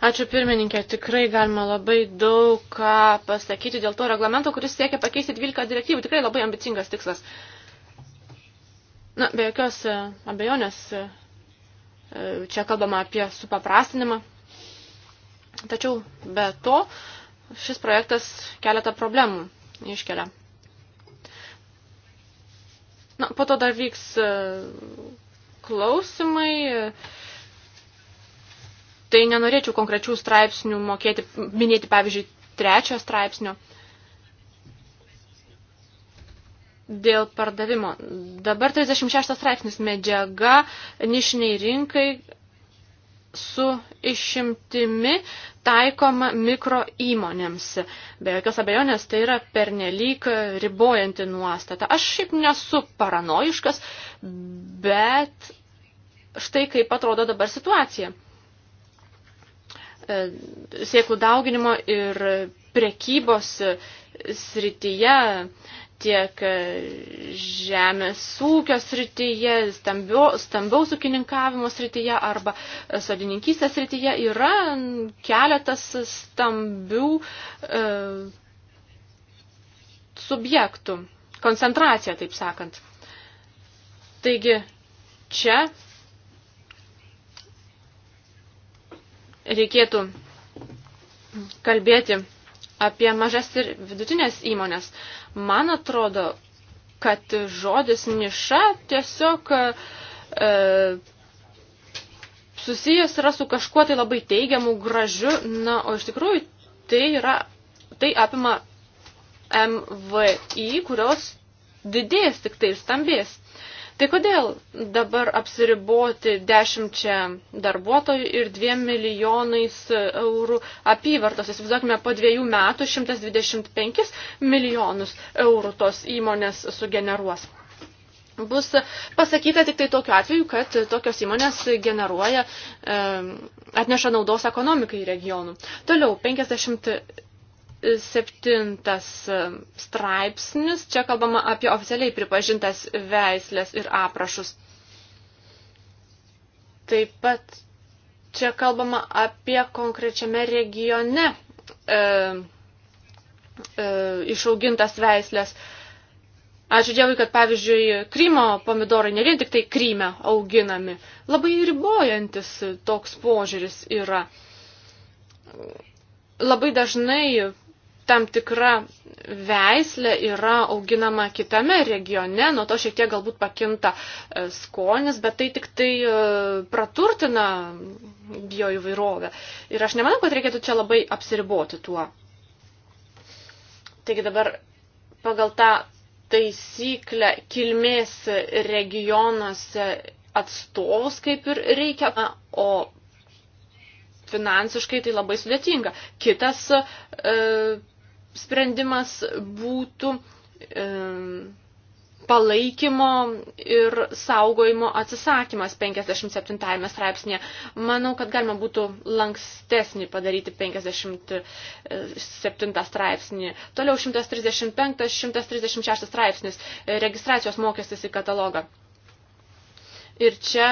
Ačiū pirmininkė, tikrai galima labai daug ką pasakyti dėl to reglamento, kuris siekia pakeisti 12 direktyvų. Tikrai labai ambicingas tikslas. Na, be jokios e, abejonės, e, čia kalbama apie supaprastinimą. Tačiau be to, šis projektas keletą problemų iškelia. Na, po to dar vyks e, klausimai tai nenorėčiau konkrečių straipsnių mokėti, minėti, pavyzdžiui, trečio straipsnio dėl pardavimo. Dabar 36 straipsnis medžiaga nišiniai rinkai su išimtimi taikoma mikro įmonėms. Be jokios abejonės tai yra pernelyg ribojanti nuostata. Aš šiaip nesu paranoiškas, bet štai kaip atrodo dabar situacija. E, sėklų dauginimo ir prekybos srityje, tiek žemės ūkio srityje, stambiaus ūkininkavimo srityje arba sodininkystės srityje yra keletas stambių e, subjektų. Koncentracija, taip sakant. Taigi, čia reikėtų kalbėti apie mažas ir vidutinės įmonės. Man atrodo, kad žodis niša tiesiog e, susijęs yra su kažkuo tai labai teigiamu, gražiu, na, o iš tikrųjų tai yra, tai apima MVI, kurios didės tik tai ir stambės. E, Tai kodėl dabar apsiriboti dešimčia darbuotojų ir dviem milijonais eurų apyvartos? Įsivaizduokime, po dviejų metų 125 milijonus eurų tos įmonės sugeneruos. Bus pasakyta tik tai tokiu atveju, kad tokios įmonės generuoja, atneša naudos ekonomikai regionų. Toliau, 50 septintas um, straipsnis. Čia kalbama apie oficialiai pripažintas veislės ir aprašus. Taip pat čia kalbama apie konkrečiame regione e, e, išaugintas veislės. Ačiū Dievui, kad pavyzdžiui Krymo pomidorai ne vien tik tai Kryme auginami. Labai ribojantis toks požiūris yra. Labai dažnai tam tikra veislė yra auginama kitame regione, nuo to šiek tiek galbūt pakinta e, skonis, bet tai tik tai e, praturtina bio įvairovę. Ir aš nemanau, kad reikėtų čia labai apsiriboti tuo. Taigi dabar pagal tą taisyklę kilmės regionuose atstovus kaip ir reikia, o finansiškai tai labai sudėtinga. Kitas e, sprendimas būtų e, palaikymo ir saugojimo atsisakymas 57 straipsnėje. Manau, kad galima būtų lankstesnį padaryti 57 straipsnį. Toliau 135-136 straipsnis registracijos mokestis į katalogą. Ir čia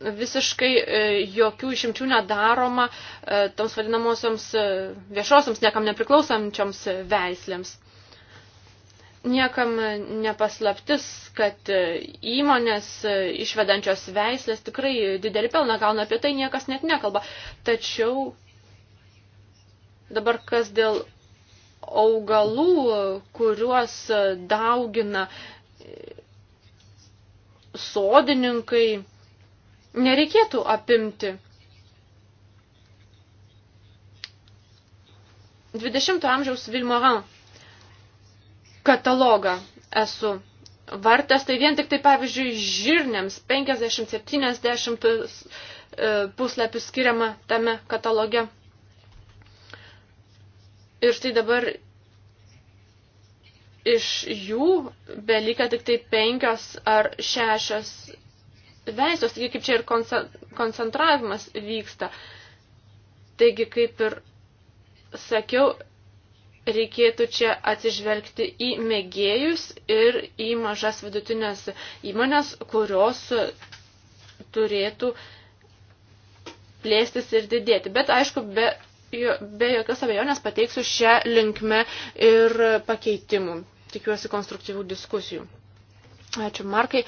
visiškai e, jokių išimčių nedaroma e, toms vadinamosioms e, viešosioms, niekam nepriklausančioms veislėms. Niekam nepaslaptis, kad įmonės išvedančios veislės tikrai didelį pelną gauna, apie tai niekas net nekalba. Tačiau dabar kas dėl augalų, kuriuos daugina sodininkai, nereikėtų apimti. 20 amžiaus Vilmoran katalogą esu vartas, tai vien tik tai pavyzdžiui žirniams 50-70 e, puslapių skiriama tame kataloge. Ir štai dabar iš jų belika tik tai penkios ar šešios veistos, taigi kaip čia ir koncentravimas vyksta. Taigi, kaip ir sakiau, reikėtų čia atsižvelgti į mėgėjus ir į mažas vidutinės įmonės, kurios turėtų plėstis ir didėti. Bet aišku, be, be jokios abejonės pateiksiu šią linkmę ir pakeitimų. Tikiuosi konstruktyvių diskusijų. Ačiū, Markai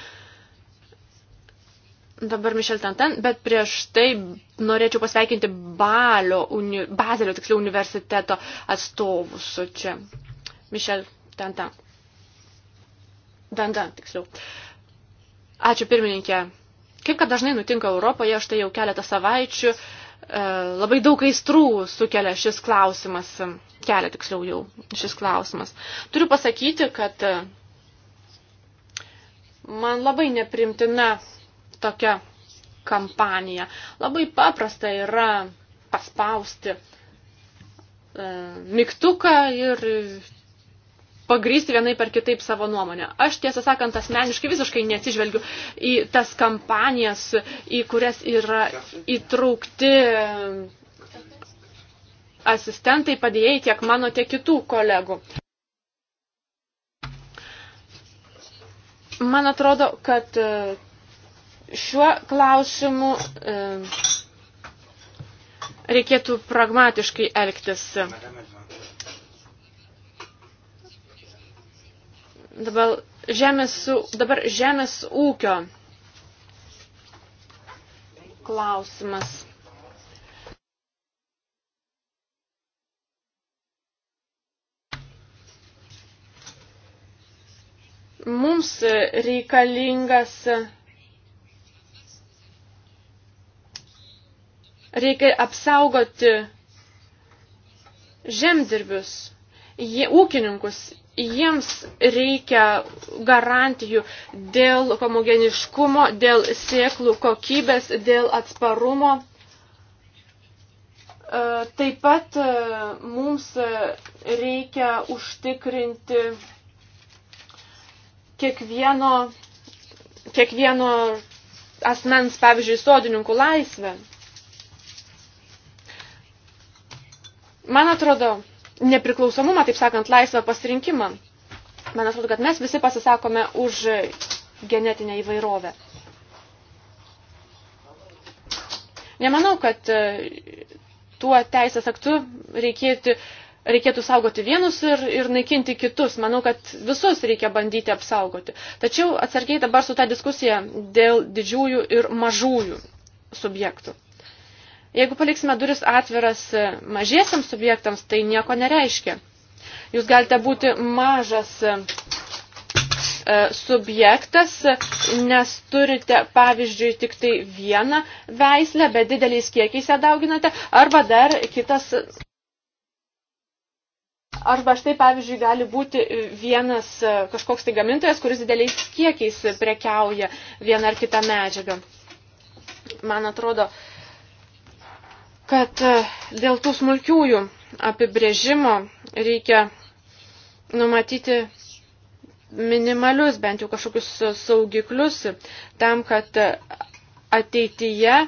dabar Mišel Tantan, bet prieš tai norėčiau pasveikinti Balio, uni, Bazelio tiksliau universiteto atstovus čia. Mišel Tantan. Dandan, tiksliau. Ačiū pirmininkė. Kaip kad dažnai nutinka Europoje, štai jau keletą savaičių e, labai daug aistrų sukelia šis klausimas, kelia tiksliau jau šis klausimas. Turiu pasakyti, kad e, man labai neprimtina tokia kampanija. Labai paprasta yra paspausti e, mygtuką ir pagrysti vienai per kitaip savo nuomonę. Aš tiesą sakant asmeniškai visiškai neatsižvelgiu į tas kampanijas, į kurias yra įtraukti asistentai padėjai tiek mano, tiek kitų kolegų. Man atrodo, kad e, šiuo klausimu e, reikėtų pragmatiškai elgtis. Dabar žemės, dabar žemės ūkio klausimas. Mums reikalingas Reikia apsaugoti žemdirbius, jie, ūkininkus, jiems reikia garantijų dėl homogeniškumo, dėl sėklų kokybės, dėl atsparumo. E, taip pat e, mums reikia užtikrinti kiekvieno, kiekvieno asmens, pavyzdžiui, sodininkų laisvę. Man atrodo, nepriklausomumą, taip sakant, laisvą pasirinkimą. Man atrodo, kad mes visi pasisakome už genetinę įvairovę. Nemanau, kad e, tuo teisės aktu reikėtų, reikėtų saugoti vienus ir, ir naikinti kitus. Manau, kad visus reikia bandyti apsaugoti. Tačiau atsargiai dabar su tą diskusiją dėl didžiųjų ir mažųjų subjektų. Jeigu paliksime duris atviras e, mažiesiams subjektams, tai nieko nereiškia. Jūs galite būti mažas e, e, subjektas, nes turite, pavyzdžiui, tik tai vieną veislę, bet dideliais kiekiais ją dauginate, arba dar kitas. Arba štai, pavyzdžiui, gali būti vienas kažkoks tai gamintojas, kuris dideliais kiekiais prekiauja vieną ar kitą medžiagą. Man atrodo, uh, kad e, dėl tų smulkiųjų apibrėžimo reikia numatyti minimalius, bent jau kažkokius saugiklius, tam, kad e, ateityje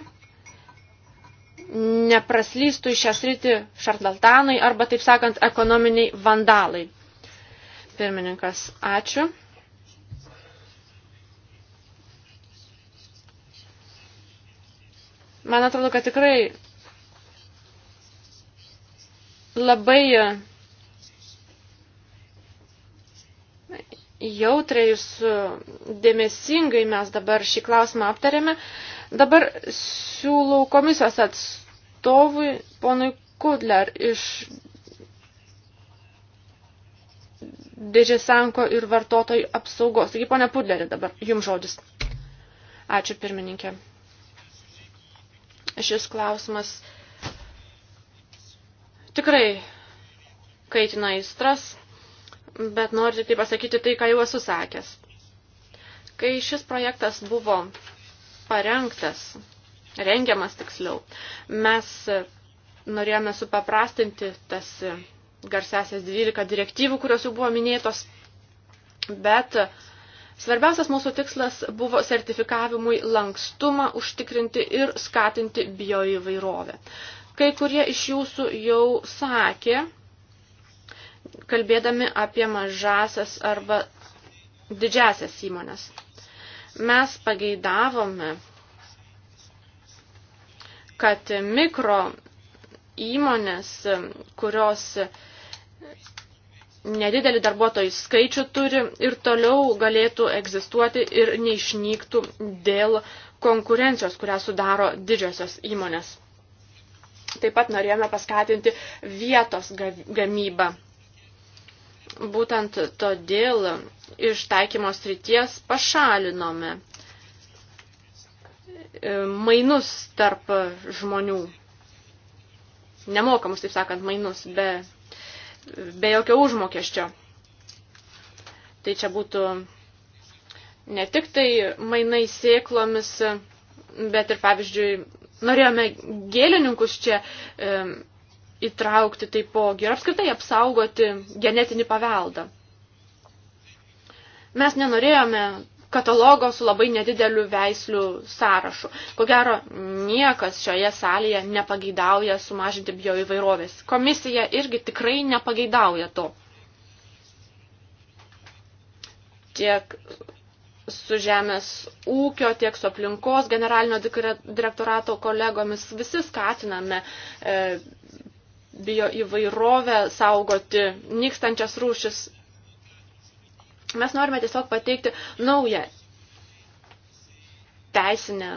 nepraslystų į šią sritį šarlatanai arba, taip sakant, ekonominiai vandalai. Pirmininkas, ačiū. Man atrodo, kad tikrai labai jautriai, dėmesingai mes dabar šį klausimą aptarėme. Dabar siūlau komisijos atstovui, ponui Kudler, iš Didžiasanko ir vartotojų apsaugos. Taigi, ponė Pudlerė, dabar jums žodis. Ačiū, pirmininkė. Šis klausimas tikrai kaitina aistras, bet noriu tik tai pasakyti tai, ką jau esu sakęs. Kai šis projektas buvo parengtas, rengiamas tiksliau, mes norėjome supaprastinti tas garsesias 12 direktyvų, kurios jau buvo minėtos, bet svarbiausias mūsų tikslas buvo sertifikavimui lankstumą užtikrinti ir skatinti bioįvairovę. Kai kurie iš jūsų jau sakė, kalbėdami apie mažasias arba didžiasias įmonės. Mes pageidavome, kad mikro įmonės, kurios nedidelį darbuotojų skaičių turi ir toliau galėtų egzistuoti ir neišnyktų dėl konkurencijos, kurią sudaro didžiosios įmonės. Taip pat norėjome paskatinti vietos gamybą. Būtent todėl iš taikymos ryties pašalinome e, mainus tarp žmonių. Nemokamus, taip sakant, mainus, be, be jokio užmokesčio. Tai čia būtų ne tik tai mainai sėklomis, bet ir, pavyzdžiui, norėjome gėlininkus čia e, įtraukti taipogi ir apskritai apsaugoti genetinį paveldą. Mes nenorėjome katalogo su labai nedideliu veislių sąrašu. Ko gero, niekas šioje salėje nepageidauja sumažinti bioįvairovės. Komisija irgi tikrai nepageidauja to. Tiek su žemės ūkio, tiek su aplinkos generalinio direktorato kolegomis. Visi skatiname e, bio įvairovę saugoti, nykstančias rūšis. Mes norime tiesiog pateikti naują teisinę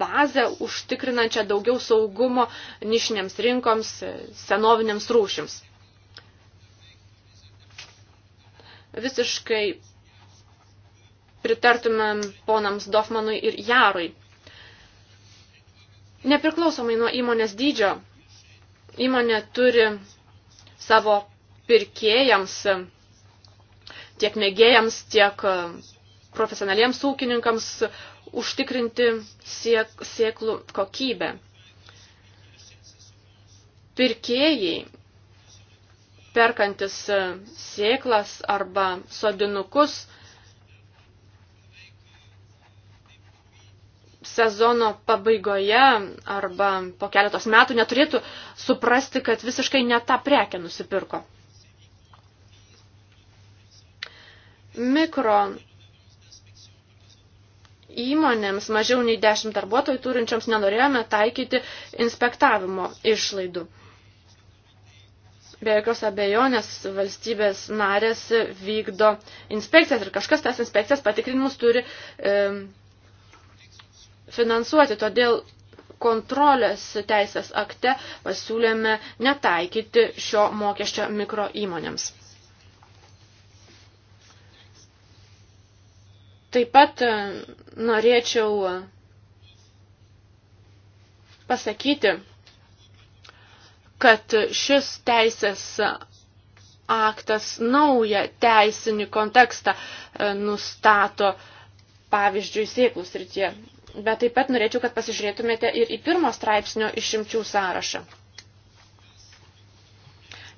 bazę, užtikrinančią daugiau saugumo nišinėms rinkoms, senovinėms rūšims. Visiškai pritartumėm ponams Dofmanui ir Jarui. Nepriklausomai nuo įmonės dydžio, įmonė turi savo pirkėjams, tiek mėgėjams, tiek e, profesionaliems ūkininkams užtikrinti siek, sieklų kokybę. Pirkėjai, perkantis e, sieklas arba sodinukus, sezono pabaigoje arba po keletos metų neturėtų suprasti, kad visiškai ne tą prekę nusipirko. Mikro įmonėms mažiau nei 10 darbuotojų turinčiams nenorėjome taikyti inspektavimo išlaidų. Be jokios abejonės valstybės narės vykdo inspekcijas ir kažkas tas inspekcijas patikrinimus turi e, finansuoti. Todėl kontrolės teisės akte pasiūlėme netaikyti šio mokesčio mikro įmonėms. Taip pat e, norėčiau pasakyti, kad šis teisės aktas naują teisinį kontekstą e, nustato, pavyzdžiui, sėklų srityje bet taip pat norėčiau, kad pasižiūrėtumėte ir į pirmo straipsnio išimčių sąrašą.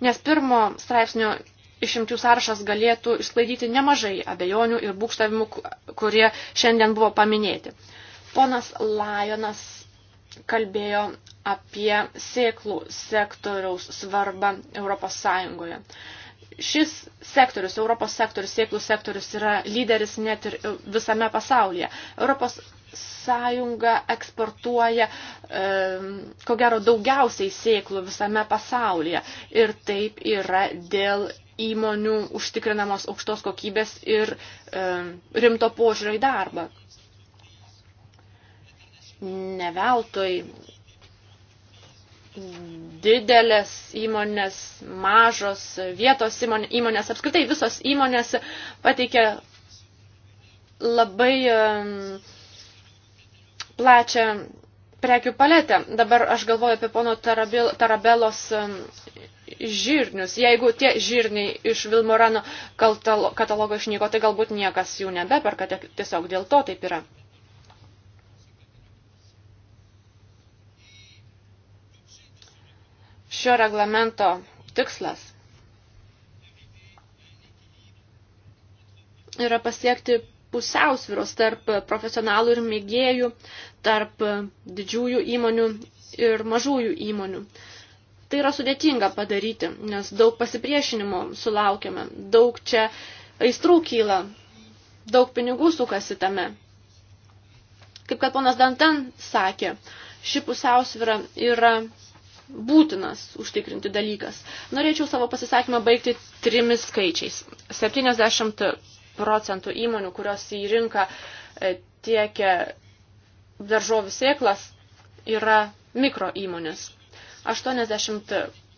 Nes pirmo straipsnio išimčių sąrašas galėtų išsklaidyti nemažai abejonių ir būkštavimų, kurie šiandien buvo paminėti. Ponas Lajonas kalbėjo apie sėklų sektoriaus svarbą Europos Sąjungoje šis sektorius, Europos sektorius, sėklų sektorius yra lyderis net ir visame pasaulyje. Europos sąjunga eksportuoja, e, ko gero, daugiausiai sėklų visame pasaulyje. Ir taip yra dėl įmonių užtikrinamos aukštos kokybės ir e, rimto požiūrio į darbą. Neveltoj didelės įmonės, mažos vietos įmonės, įmonės apskritai visos įmonės pateikia labai plačią prekių paletę. Dabar aš galvoju apie pono Tarabelos žirnius. Jeigu tie žirniai iš Vilmorano katalogo išnyko, tai galbūt niekas jų nebeperka, tiesiog dėl to taip yra. šio reglamento tikslas yra pasiekti pusiausviros tarp profesionalų ir mėgėjų, tarp didžiųjų įmonių ir mažųjų įmonių. Tai yra sudėtinga padaryti, nes daug pasipriešinimo sulaukiame, daug čia aistrų kyla, daug pinigų sukasi tame. Kaip kad ponas Dantan sakė, ši pusiausvira yra būtinas užtikrinti dalykas. Norėčiau savo pasisakymą baigti trimis skaičiais. 70 procentų įmonių, kurios į rinką e, tiekia daržovių sėklas, yra mikro įmonės. 80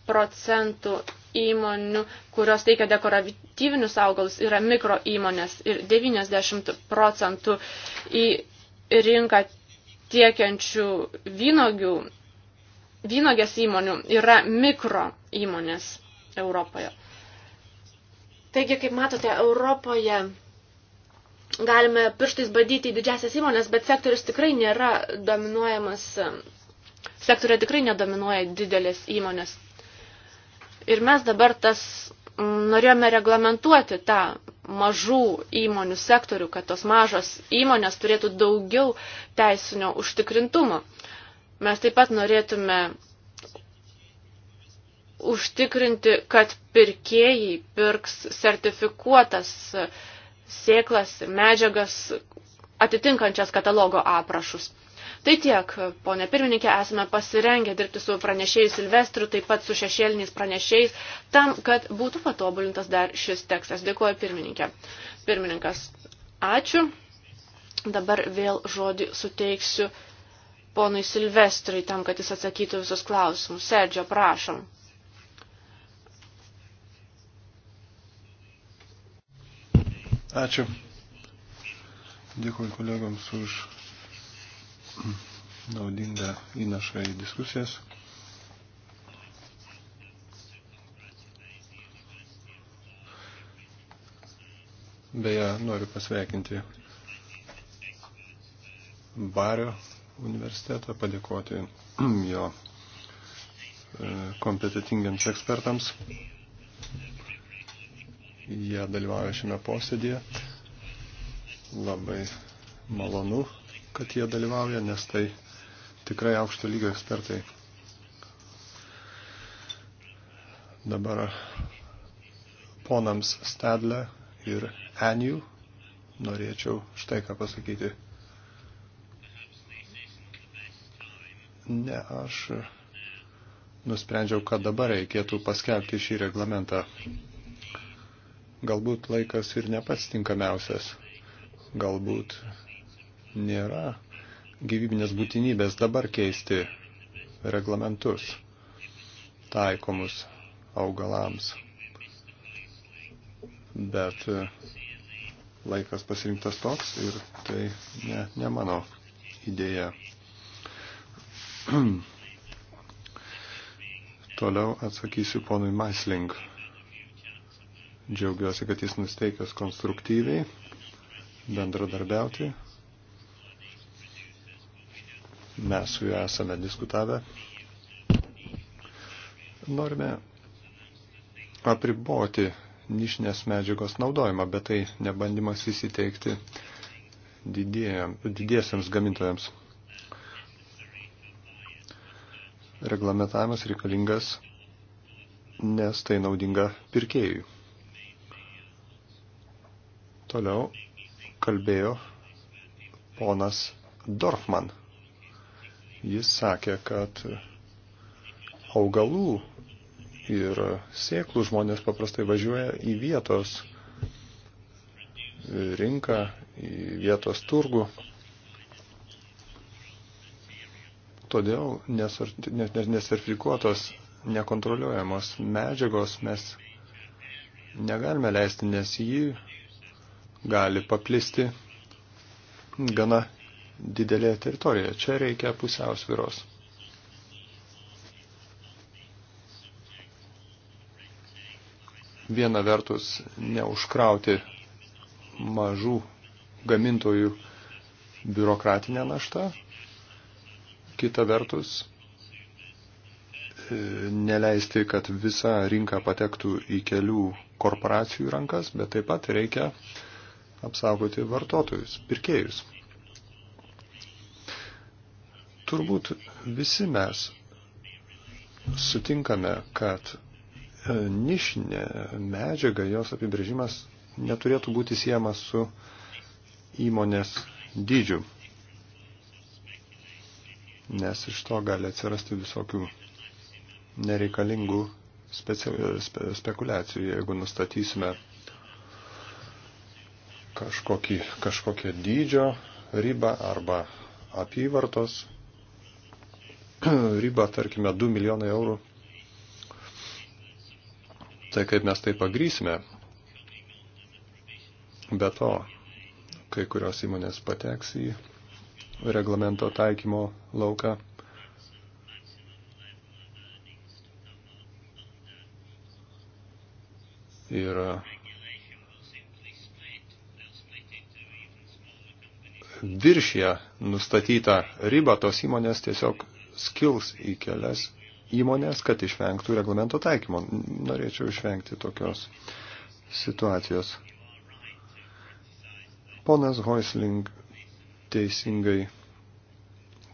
procentų įmonių, kurios teikia dekoratyvinius augalus, yra mikro įmonės ir 90 procentų į rinką tiekiančių vynogių vynogės įmonių yra mikro įmonės Europoje. Taigi, kaip matote, Europoje galime pirštais badyti į didžiasias įmonės, bet sektorius tikrai nėra dominuojamas, sektorė tikrai nedominuoja didelės įmonės. Ir mes dabar tas norėjome reglamentuoti tą mažų įmonių sektorių, kad tos mažos įmonės turėtų daugiau teisinio užtikrintumo. Mes taip pat norėtume užtikrinti, kad pirkėjai pirks sertifikuotas sėklas ir medžiagas atitinkančias katalogo aprašus. Tai tiek, ponė pirmininkė, esame pasirengę dirbti su pranešėjais Silvestru, taip pat su šešėliniais pranešėjais, tam, kad būtų patobulintas dar šis tekstas. Dėkuoju pirmininkė. Pirmininkas, ačiū. Dabar vėl žodį suteiksiu ponui Silvestrui tam, kad jis atsakytų visus klausimus. Serdžio, prašom. Ačiū. Dėkuoju kolegams už naudingą įnašą į diskusijas. Beje, noriu pasveikinti Bario universitetą, padėkoti [CLEARS THROAT] jo e, kompetitingiams ekspertams. Jie dalyvauja šiame posėdėje. Labai malonu, kad jie dalyvauja, nes tai tikrai aukšto lygio ekspertai. Dabar ponams Stadle ir Eniu norėčiau štai ką pasakyti. Ne, aš nusprendžiau, kad dabar reikėtų paskelbti šį reglamentą. Galbūt laikas ir ne pats tinkamiausias. Galbūt nėra gyvybinės būtinybės dabar keisti reglamentus taikomus augalams. Bet laikas pasirinktas toks ir tai ne, ne mano idėja. [CLEARS THROAT] Toliau atsakysiu ponui Maisling. Džiaugiuosi, kad jis nusteikęs konstruktyviai bendradarbiauti. Mes su juo esame diskutavę. Norime apriboti nišinės medžiagos naudojimą, bet tai nebandymas įsiteikti didiesiams gamintojams. reglamentavimas reikalingas, nes tai naudinga pirkėjui. Toliau kalbėjo ponas Dorfman. Jis sakė, kad augalų ir sėklų žmonės paprastai važiuoja į vietos rinką, į vietos turgų Todėl nesertifikuotos, nekontroliuojamos medžiagos mes negalime leisti, nes jį gali paplisti gana didelėje teritorijoje. Čia reikia pusiausviros. Viena vertus neužkrauti mažų gamintojų biurokratinę naštą, Kita vertus, e, neleisti, kad visa rinka patektų į kelių korporacijų rankas, bet taip pat reikia apsaugoti vartotojus, pirkėjus. Turbūt visi mes sutinkame, kad e, nišinė medžiaga, jos apibrėžimas neturėtų būti siejamas su įmonės dydžiu nes iš to gali atsirasti visokių nereikalingų speci... spe... spekulacijų, jeigu nustatysime kažkokį, kažkokią dydžio ribą arba apyvartos [CLEARS THROAT] ribą, tarkime, 2 milijonai eurų. Tai kaip mes tai pagrysime? Be to, kai kurios įmonės pateks į reglamento taikymo lauką. Ir viršė nustatytą ribą tos įmonės tiesiog skils į kelias įmonės, kad išvengtų reglamento taikymo. Norėčiau išvengti tokios situacijos. Ponas Hoisling teisingai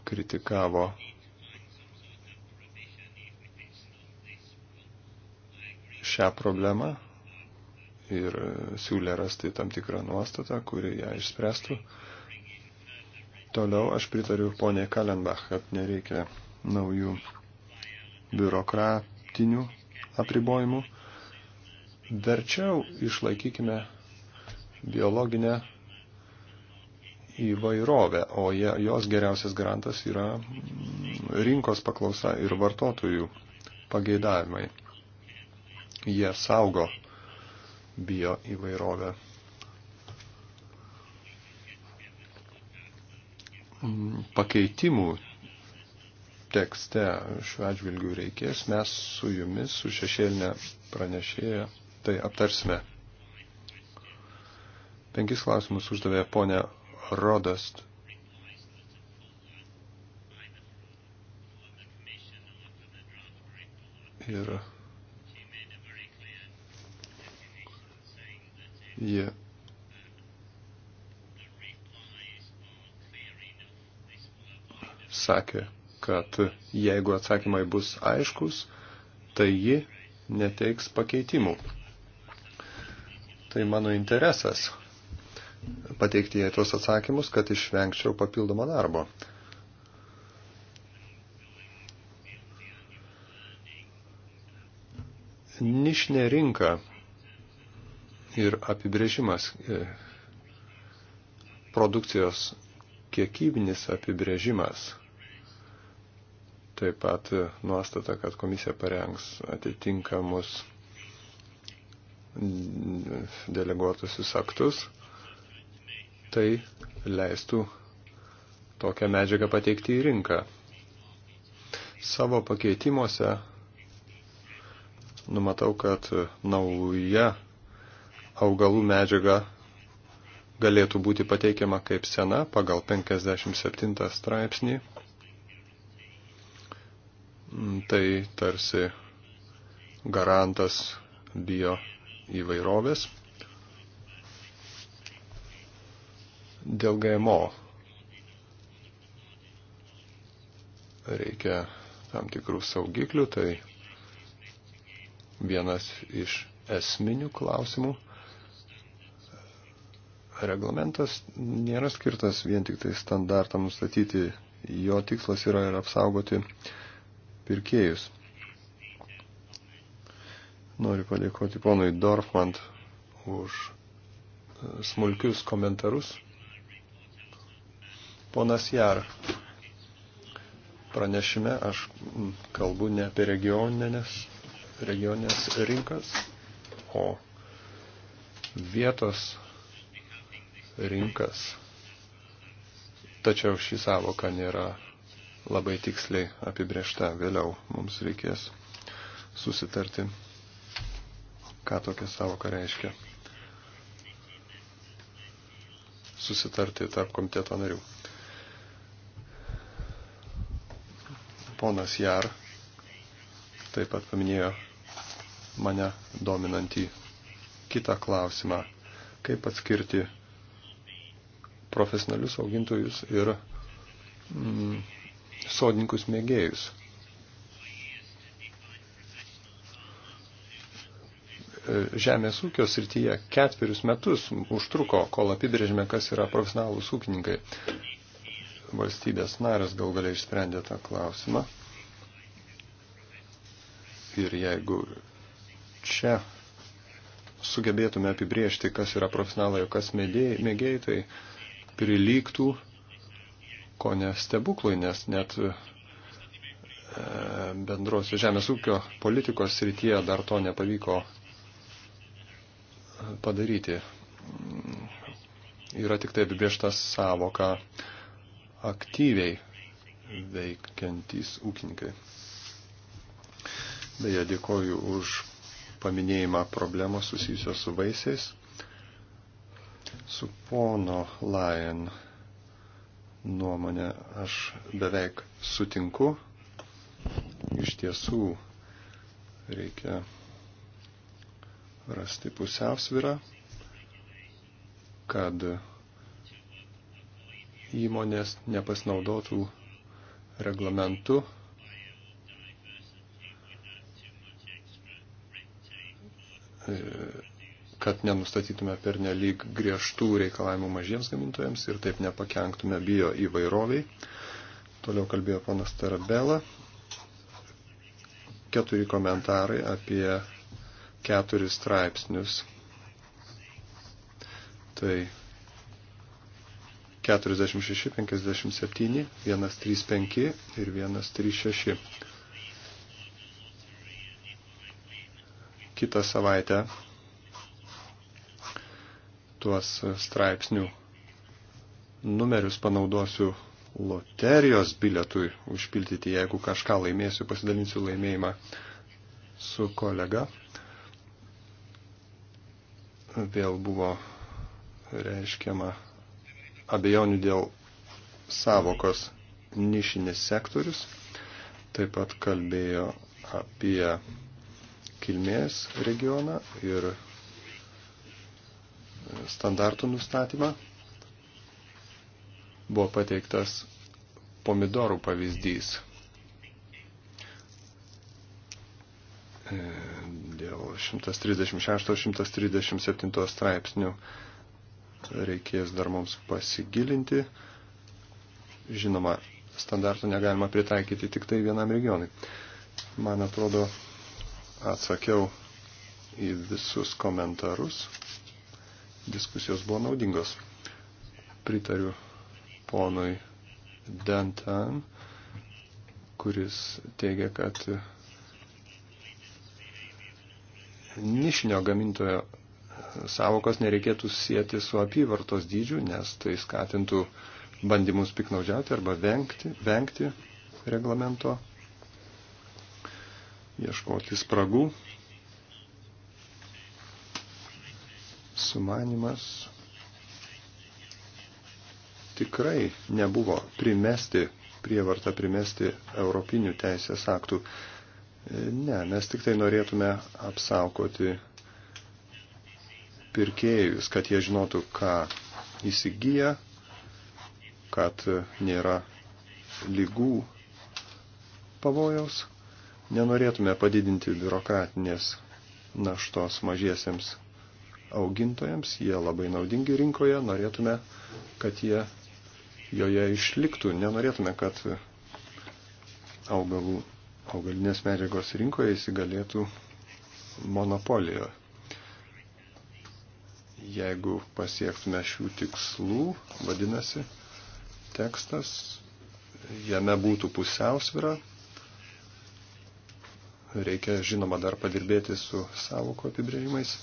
kritikavo šią problemą ir siūlė rasti tam tikrą nuostatą, kuri ją išspręstų. Toliau aš pritariu ponė Kalenbach, kad nereikia naujų biurokratinių apribojimų. Verčiau išlaikykime biologinę įvairovę, o jie, jos geriausias garantas yra rinkos paklausa ir vartotojų pageidavimai. Jie saugo bio įvairovę. Mm, pakeitimų tekste šiuo atžvilgiu reikės, mes su jumis, su šešėlinė pranešėja, tai aptarsime. Penkis klausimus uždavė ponė Rodost. Ir jie sakė, kad jeigu atsakymai bus aiškus, tai ji neteiks pakeitimų. Tai mano interesas pateikti jai tuos atsakymus, kad išvengčiau papildomą darbo. Nišinė rinka ir apibrėžimas e, produkcijos kiekybinis apibrėžimas. Taip pat nuostata, kad komisija parengs atitinkamus deleguotusius aktus tai leistų tokią medžiagą pateikti į rinką. Savo pakeitimuose numatau, kad nauja augalų medžiaga galėtų būti pateikiama kaip sena pagal 57 straipsnį. Tai tarsi garantas bio įvairovės. Dėl GMO reikia tam tikrų saugiklių, tai vienas iš esminių klausimų. Reglamentas nėra skirtas vien tik tai standartam nustatyti, jo tikslas yra ir apsaugoti pirkėjus. Noriu padėkoti ponui Dorfmant už smulkius komentarus. Ponas Jar, pranešime aš kalbu ne apie regioninės, regioninės rinkas, o vietos rinkas. Tačiau šį savoką nėra labai tiksliai apibriešta. Vėliau mums reikės susitarti, ką tokia savoka reiškia. Susitarti tarp komiteto narių. Ponas Jar taip pat paminėjo mane dominantį kitą klausimą, kaip atskirti profesionalius augintojus ir mm, sodininkus mėgėjus. E, žemės ūkio srityje ketverius metus užtruko, kol apibrėžime, kas yra profesionalūs ūkininkai valstybės narės gal galiai išsprendė tą klausimą. Ir jeigu čia sugebėtume apibriežti, kas yra profesionalai, o kas mėgėjai, tai prilygtų ko ne stebuklui, nes net e, bendros žemės ūkio politikos srityje dar to nepavyko e, padaryti. Yra tik tai apibriešta savoka aktyviai veikiantys ūkininkai. Beje, dėkoju už paminėjimą problemos susijusios su vaisiais. Su pono Lion nuomonė aš beveik sutinku. Iš tiesų reikia rasti pusiausvyrą, kad įmonės nepasinaudotų reglamentu. E, kad nenustatytume per nelik griežtų reikalavimų mažiems gamintojams ir taip nepakenktume bio įvairoviai. Toliau kalbėjo panas Tarabela. Keturi komentarai apie keturis straipsnius. Tai 46, 57, 135 ir 136. Kitą savaitę tuos straipsnių numerius panaudosiu loterijos bilietui užpildyti. Jeigu kažką laimėsiu, pasidalinsiu laimėjimą su kolega. Vėl buvo reiškiama abejonių dėl savokos nišinis sektorius, taip pat kalbėjo apie kilmės regioną ir standartų nustatymą. Buvo pateiktas pomidorų pavyzdys e, dėl 136-137 straipsnių reikės dar mums pasigilinti. Žinoma, standartų negalima pritaikyti tik tai vienam regionui. Man atrodo, atsakiau į visus komentarus. Diskusijos buvo naudingos. Pritariu ponui Dantan, kuris teigia, kad nišinio gamintojo savokos nereikėtų sieti su apyvartos dydžiu, nes tai skatintų bandymus piknaudžiauti arba vengti, vengti reglamento, ieškoti spragų. Sumanimas tikrai nebuvo primesti, prievarta primesti europinių teisės aktų. Ne, mes tik tai norėtume apsaugoti pirkėjus, kad jie žinotų, ką įsigyja, kad nėra lygų pavojaus. Nenorėtume padidinti biurokratinės naštos mažiesiems augintojams, jie labai naudingi rinkoje, norėtume, kad jie joje išliktų, nenorėtume, kad augalų, augalinės medžiagos rinkoje įsigalėtų monopolijoje. Jeigu pasiektume šių tikslų, vadinasi, tekstas, jame būtų pusiausvira. Reikia, žinoma, dar padirbėti su savoko apibrėžimais.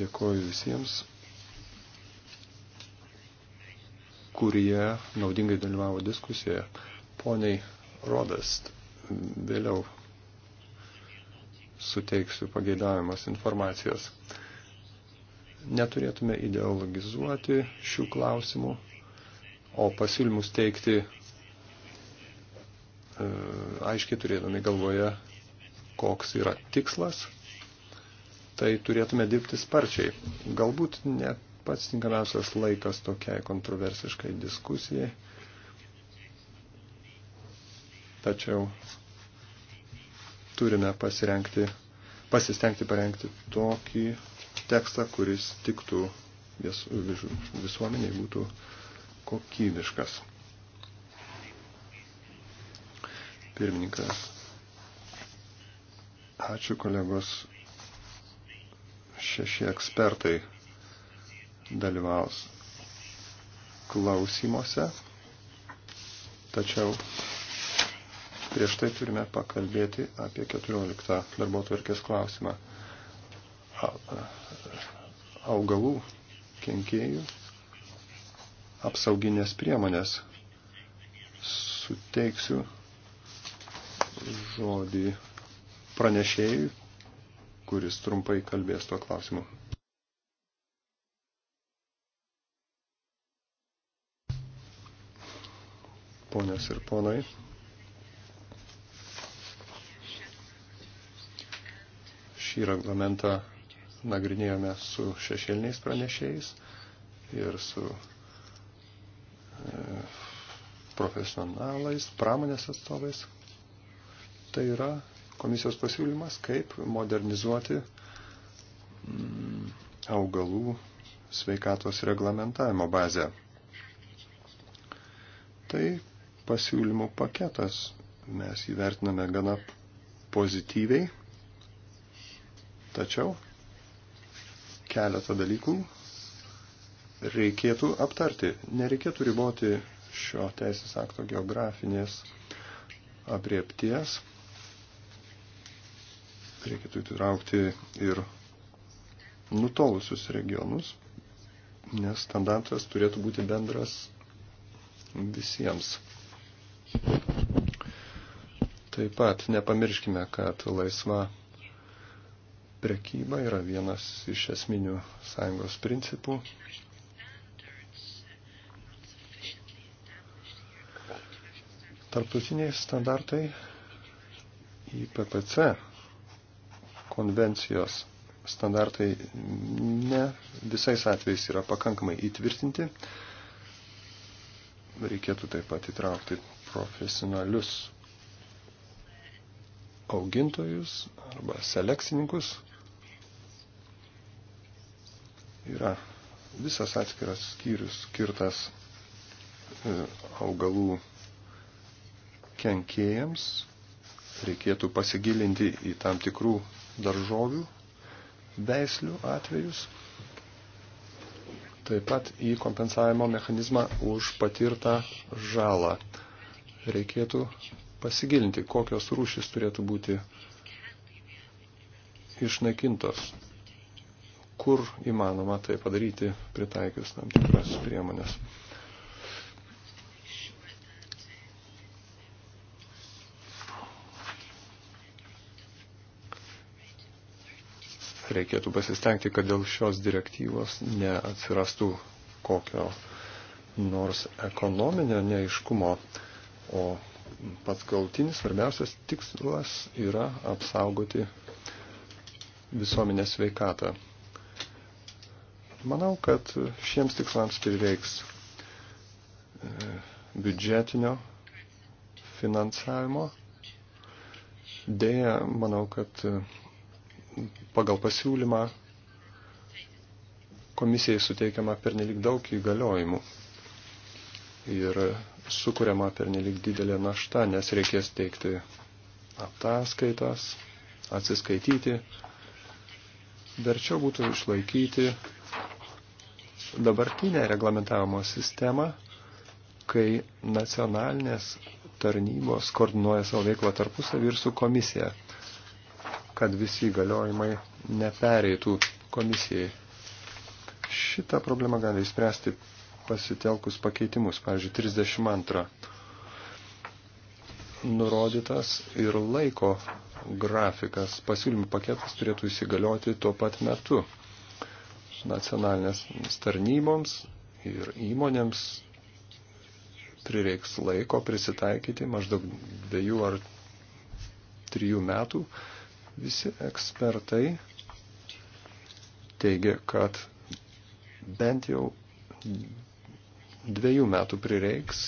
Dėkoju visiems, kurie naudingai dalyvavo diskusijoje. Poniai Rodas, vėliau suteiksiu pageidavimas informacijos. Neturėtume ideologizuoti šių klausimų, o pasiūlymus teikti e, aiškiai turėdami galvoje, koks yra tikslas, tai turėtume dirbti sparčiai. Galbūt ne pats tinkamiausias laikas tokiai kontroversiškai diskusijai, tačiau turime pasirengti, pasistengti parengti tokį tekstą, kuris tiktų vis, vis, visuomeniai, būtų kokybiškas. Pirmininkas. Ačiū kolegos. Šeši ekspertai dalyvaus klausimuose. Tačiau prieš tai turime pakalbėti apie 14 darbo tvarkės klausimą augalų kenkėjų apsauginės priemonės. Suteiksiu žodį pranešėjui, kuris trumpai kalbės tuo klausimu. Ponios ir ponai, šį reglamentą nagrinėjome su šešėliniais pranešėjais ir su e, profesionalais, pramonės atstovais. Tai yra komisijos pasiūlymas, kaip modernizuoti mm, augalų sveikatos reglamentavimo bazę. Tai pasiūlymų paketas mes įvertiname gana pozityviai, tačiau keletą dalykų reikėtų aptarti. Nereikėtų riboti šio teisės akto geografinės apriepties. Reikėtų įtraukti ir nutolusius regionus, nes standartas turėtų būti bendras visiems. Taip pat nepamirškime, kad laisva Prekyba yra vienas iš esminių sąjungos principų. Tarptautiniai standartai į PPC konvencijos standartai ne visais atvejais yra pakankamai įtvirtinti. Reikėtų taip pat įtraukti profesionalius augintojus arba selekcininkus, yra visas atskiras skyrius skirtas e, augalų kenkėjams. Reikėtų pasigilinti į tam tikrų daržovių veislių atvejus. Taip pat į kompensavimo mechanizmą už patirtą žalą. Reikėtų pasigilinti, kokios rūšis turėtų būti išnaikintos kur įmanoma tai padaryti, pritaikius tam tikras priemonės. Reikėtų pasistengti, kad dėl šios direktyvos neatsirastų kokio nors ekonominio neiškumo, o pats galtinis svarbiausias tikslas yra apsaugoti visuomenės sveikatą. Manau, kad šiems tikslams prireiks e, biudžetinio finansavimo. Dėja, manau, kad e, pagal pasiūlymą komisijai suteikiama pernelik daug įgaliojimų ir sukuriama pernelik didelė našta, nes reikės teikti ataskaitas, atsiskaityti verčiau būtų išlaikyti dabartinę reglamentavimo sistemą, kai nacionalinės tarnybos koordinuoja savo veiklą tarpusavį ir su komisija, kad visi įgaliojimai nepereitų komisijai. Šitą problemą gali išspręsti pasitelkus pakeitimus, pavyzdžiui, 32 nurodytas ir laiko grafikas. Pasiūlymų paketas turėtų įsigalioti tuo pat metu nacionalinės tarnyboms ir įmonėms prireiks laiko prisitaikyti maždaug dviejų ar trijų metų. Visi ekspertai teigia, kad bent jau dviejų metų prireiks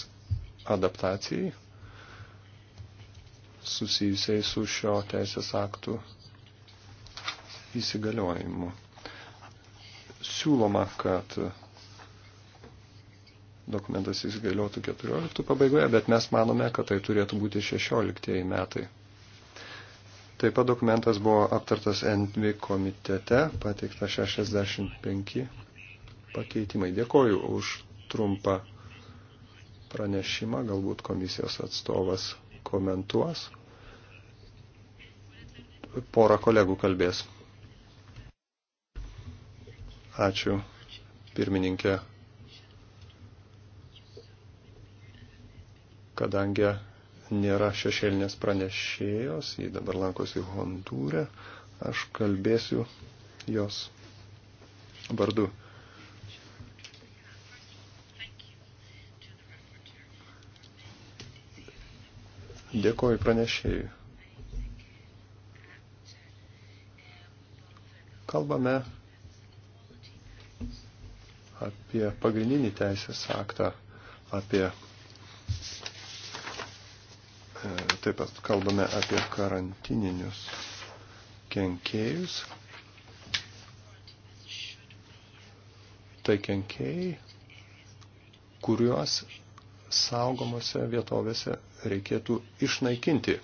adaptacijai susijusiai su šio teisės aktų įsigaliojimu. Siūloma, kad dokumentas įsigaliotų 14 pabaigoje, bet mes manome, kad tai turėtų būti 16 metai. Taip pat dokumentas buvo aptartas NV komitete, pateikta 65 pakeitimai. Dėkoju už trumpą pranešimą, galbūt komisijos atstovas komentuos. Porą kolegų kalbės. Ačiū, pirmininkė. Kadangi nėra šešėlinės pranešėjos, jį dabar lankosi Hondūre, aš kalbėsiu jos vardu. Dėkoju pranešėjui. Kalbame apie pagrindinį teisės aktą, apie e, taip pat kalbame apie karantininius kenkėjus. Tai kenkėjai, kuriuos saugomose vietovėse reikėtų išnaikinti.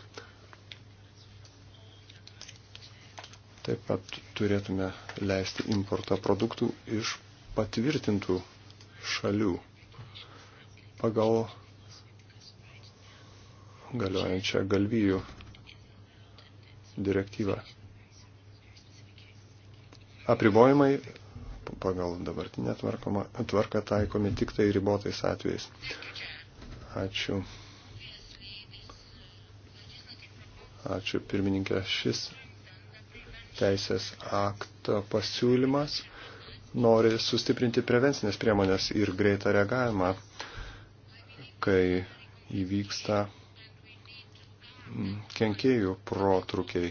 Taip pat turėtume leisti importą produktų iš patvirtintų šalių pagal galiojančią galvijų direktyvą. Apribojimai pagal dabartinę tvarką taikomi tik tai ribotais atvejais. Ačiū. Ačiū pirmininkė. Šis teisės akto pasiūlymas nori sustiprinti prevencinės priemonės ir greitą reagavimą, kai įvyksta mm, kenkėjų protrukiai.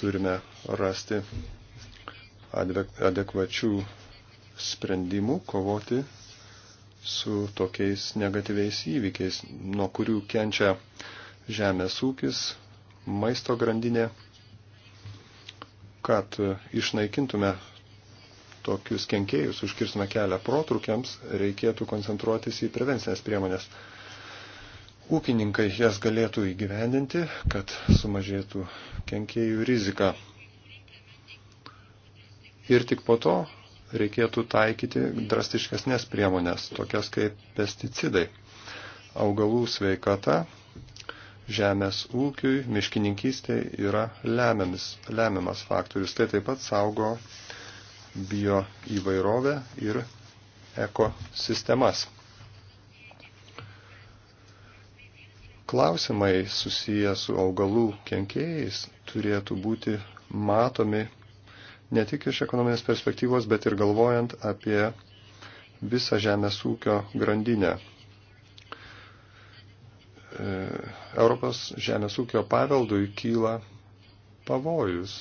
Turime rasti adekvačių sprendimų kovoti su tokiais negatyviais įvykiais, nuo kurių kenčia žemės ūkis, maisto grandinė, kad išnaikintume tokius kenkėjus, užkirstume kelią protrukiams, reikėtų koncentruotis į prevencinės priemonės. Ūkininkai jas galėtų įgyvendinti, kad sumažėtų kenkėjų rizika. Ir tik po to reikėtų taikyti drastiškesnės priemonės, tokias kaip pesticidai, augalų sveikata, žemės ūkiui, miškininkystė yra lemiamis, lemiamas faktorius. Tai taip pat saugo bio įvairovę ir ekosistemas. Klausimai susiję su augalų kenkėjais turėtų būti matomi ne tik iš ekonominės perspektyvos, bet ir galvojant apie visą žemės ūkio grandinę. E, Europos žemės ūkio paveldui kyla pavojus.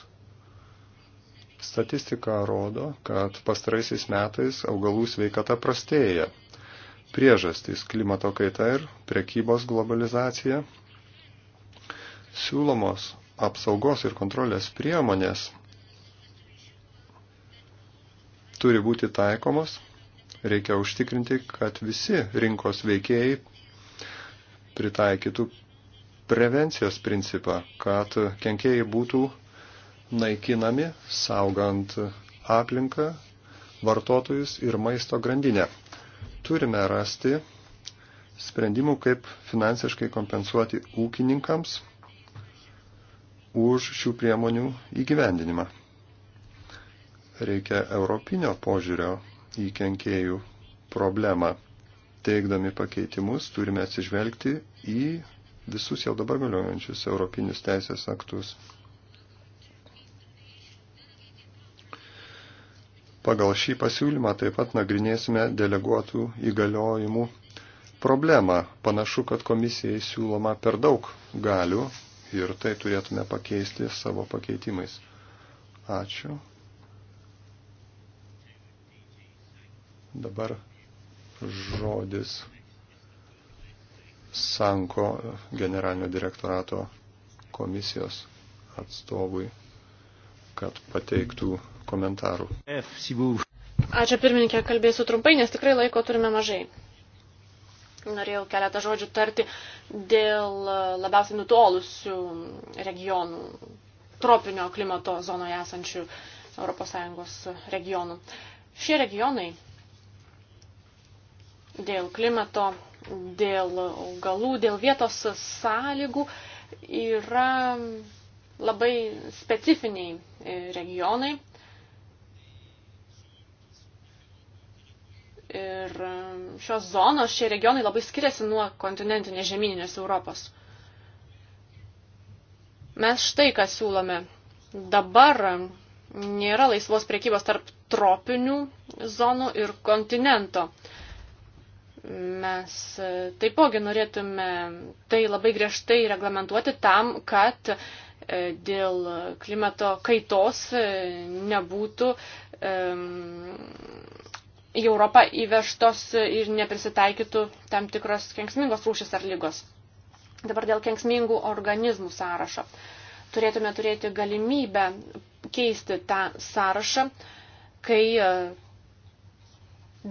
Statistika rodo, kad pastaraisiais metais augalų sveikata prastėja. Priežastys klimato kaita ir prekybos globalizacija. Siūlomos apsaugos ir kontrolės priemonės turi būti taikomos. Reikia užtikrinti, kad visi rinkos veikėjai pritaikytų prevencijos principą, kad kenkėjai būtų naikinami, saugant aplinką, vartotojus ir maisto grandinę. Turime rasti sprendimų, kaip finansiškai kompensuoti ūkininkams už šių priemonių įgyvendinimą reikia europinio požiūrio į kenkėjų problemą. Teikdami pakeitimus turime atsižvelgti į visus jau dabar galiojančius europinius teisės aktus. Pagal šį pasiūlymą taip pat nagrinėsime deleguotų įgaliojimų problemą. Panašu, kad komisijai siūloma per daug galių ir tai turėtume pakeisti savo pakeitimais. Ačiū. Dabar žodis Sanko generalinio direktorato komisijos atstovui, kad pateiktų komentarų. Ačiū pirmininkė, kalbėsiu trumpai, nes tikrai laiko turime mažai. Norėjau keletą žodžių tarti dėl labiausiai nutolusių regionų, tropinio klimato zonoje esančių ES regionų. Šie regionai dėl klimato, dėl augalų, dėl vietos sąlygų yra labai specifiniai e, regionai. Ir e, šios zonos, šie regionai labai skiriasi nuo kontinentinės žemyninės Europos. Mes štai ką siūlome. Dabar nėra laisvos priekybos tarp tropinių zonų ir kontinento. Mes e, taipogi norėtume tai labai griežtai reglamentuoti tam, kad e, dėl klimato kaitos e, nebūtų į Europą įvežtos ir neprisitaikytų tam tikros kenksmingos rūšis ar lygos. Dabar dėl kenksmingų organizmų sąrašo. Turėtume turėti galimybę keisti tą sąrašą, kai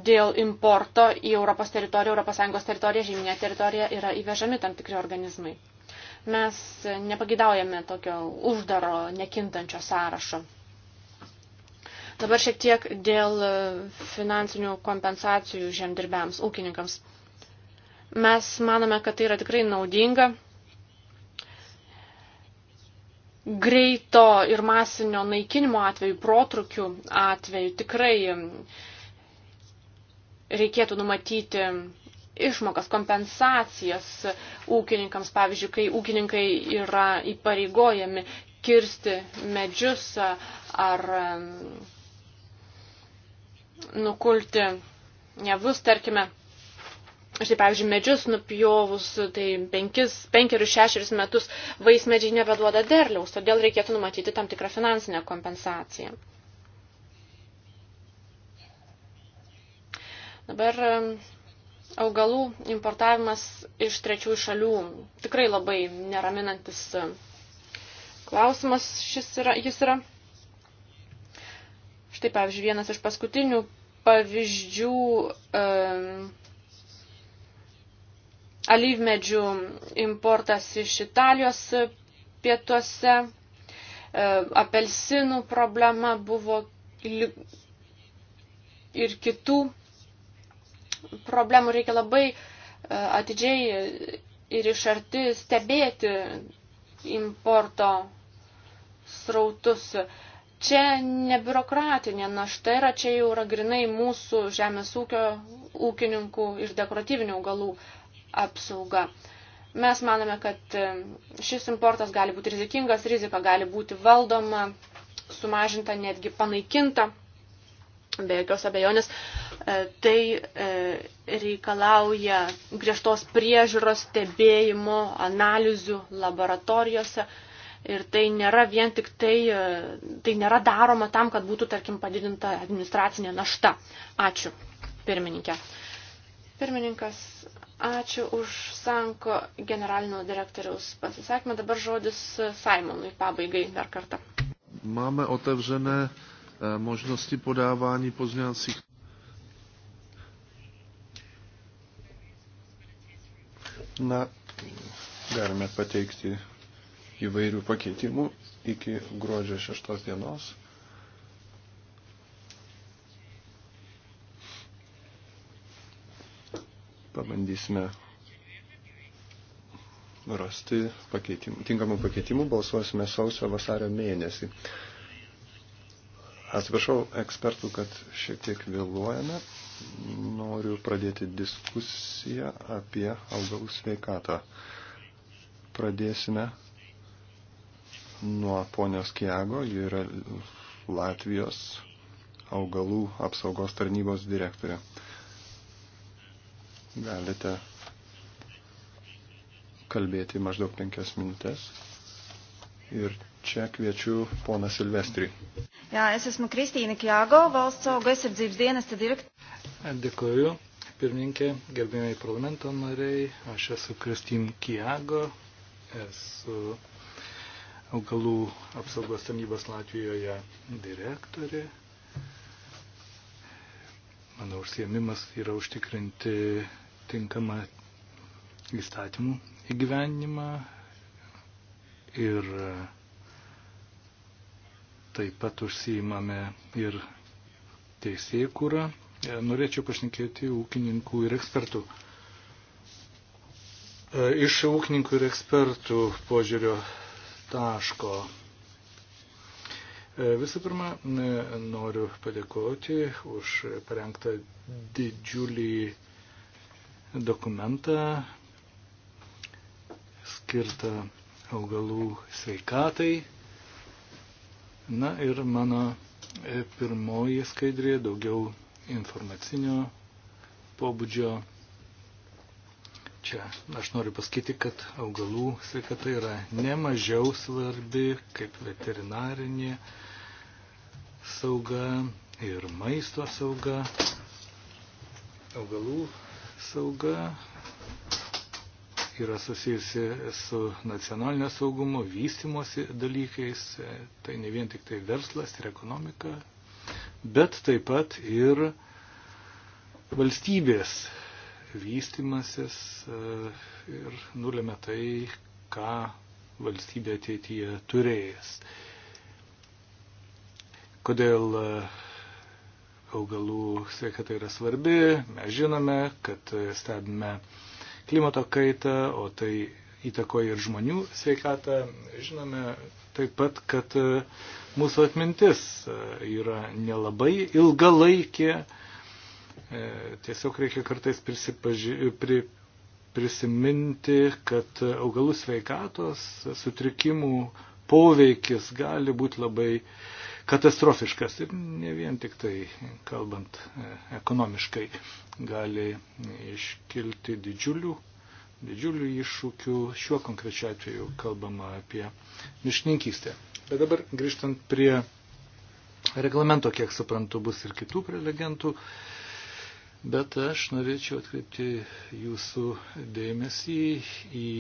dėl importo į Europos teritoriją, ES teritoriją, žyminę teritoriją yra įvežami tam tikri organizmai. Mes nepagidaujame tokio uždaro, nekintančio sąrašo. Dabar šiek tiek dėl finansinių kompensacijų žemdirbiams, ūkininkams. Mes manome, kad tai yra tikrai naudinga greito ir masinio naikinimo atveju, protrukių atveju tikrai reikėtų numatyti išmokas, kompensacijas ūkininkams, pavyzdžiui, kai ūkininkai yra įpareigojami kirsti medžius ar nukulti nevus, tarkime, štai, pavyzdžiui, medžius nupjovus, tai penkis, penkerius, šešerius metus vaismedžiai nebeduoda derliaus, todėl reikėtų numatyti tam tikrą finansinę kompensaciją. Dabar augalų importavimas iš trečiųjų šalių tikrai labai neraminantis klausimas šis yra, jis yra. Štai, pavyzdžiui, vienas iš paskutinių pavyzdžių um, alyvmedžių importas iš Italijos pietuose, um, apelsinų problema buvo ir kitų problemų reikia labai e, atidžiai ir iš arti stebėti importo srautus. Čia ne biurokratinė našta yra, čia jau yra grinai mūsų žemės ūkio ūkininkų ir dekoratyvinių augalų apsauga. Mes manome, kad e, šis importas gali būti rizikingas, rizika gali būti valdoma, sumažinta, netgi panaikinta, be jokios abejonės. E, tai e, reikalauja griežtos priežiūros, stebėjimo, analizių laboratorijose. Ir tai nėra vien tik tai, e, tai nėra daroma tam, kad būtų, tarkim, padidinta administracinė našta. Ačiū, pirmininkė. Pirmininkas, ačiū už Sanko generalinio direktoriaus pasisakymą. Dabar žodis Simonui pabaigai dar kartą. Máme otevřené možnosti podávání pozměňovacích. Na, galime pateikti įvairių pakeitimų iki gruodžio 6 dienos. Pabandysime rasti pakeitimų, tinkamų pakeitimų, balsuosime sausio vasario mėnesį. Atsiprašau ekspertų, kad šiek tiek vėluojame noriu pradėti diskusiją apie augalų sveikatą. Pradėsime nuo ponios Kiago, ji yra Latvijos augalų apsaugos tarnybos direktorė. Galite kalbėti maždaug penkias minutės ir Čia kviečiu poną Silvestrį. Jā, es esmu Kristīna Kjāgo, valsts auga aizsardzības dienesta direktorė. Dėkuoju, pirmininkė, gerbėjai parlamento nariai. Aš esu Kristīna Kjāgo, esu augalų apsaugos tarnybos Latvijoje direktorė. Mano užsiemimas yra užtikrinti tinkamą įstatymų įgyvenimą ir uh, taip pat užsiimame ir teisėkūrą. E, norėčiau pašnekėti ūkininkų ir ekspertų. E, iš ūkininkų ir ekspertų požiūrio taško. E, visų pirma, noriu padėkoti už parengtą didžiulį dokumentą skirtą augalų sveikatai Na ir mano e, pirmoji skaidrė daugiau informacinio pobūdžio. Čia aš noriu pasakyti, kad augalų sveikata yra nemažiau svarbi kaip veterinarinė sauga ir maisto sauga. Augalų sauga yra susijusi su nacionalinio saugumo, vystimosi dalykais, tai ne vien tik tai verslas ir ekonomika, bet taip pat ir valstybės vystimasis e, ir nulėmė tai, ką valstybė ateityje turėjęs. Kodėl e, augalų sveikata yra svarbi, mes žinome, kad stebime uh, klimato kaitą, o tai įtakoja ir žmonių sveikatą. Žinome taip pat, kad e, mūsų atmintis e, yra nelabai ilgalaikė. E, tiesiog reikia kartais prisipaži... pri... prisiminti, kad augalų sveikatos sutrikimų poveikis gali būti labai uh, katastrofiškas. Ir ne vien tik tai, kalbant e, ekonomiškai, gali iškilti didžiulių, didžiulių iššūkių. Šiuo konkrečiu atveju kalbama apie mišninkystę. Bet dabar grįžtant prie reglamento, kiek suprantu, bus ir kitų prelegentų. Bet aš norėčiau atkreipti jūsų dėmesį į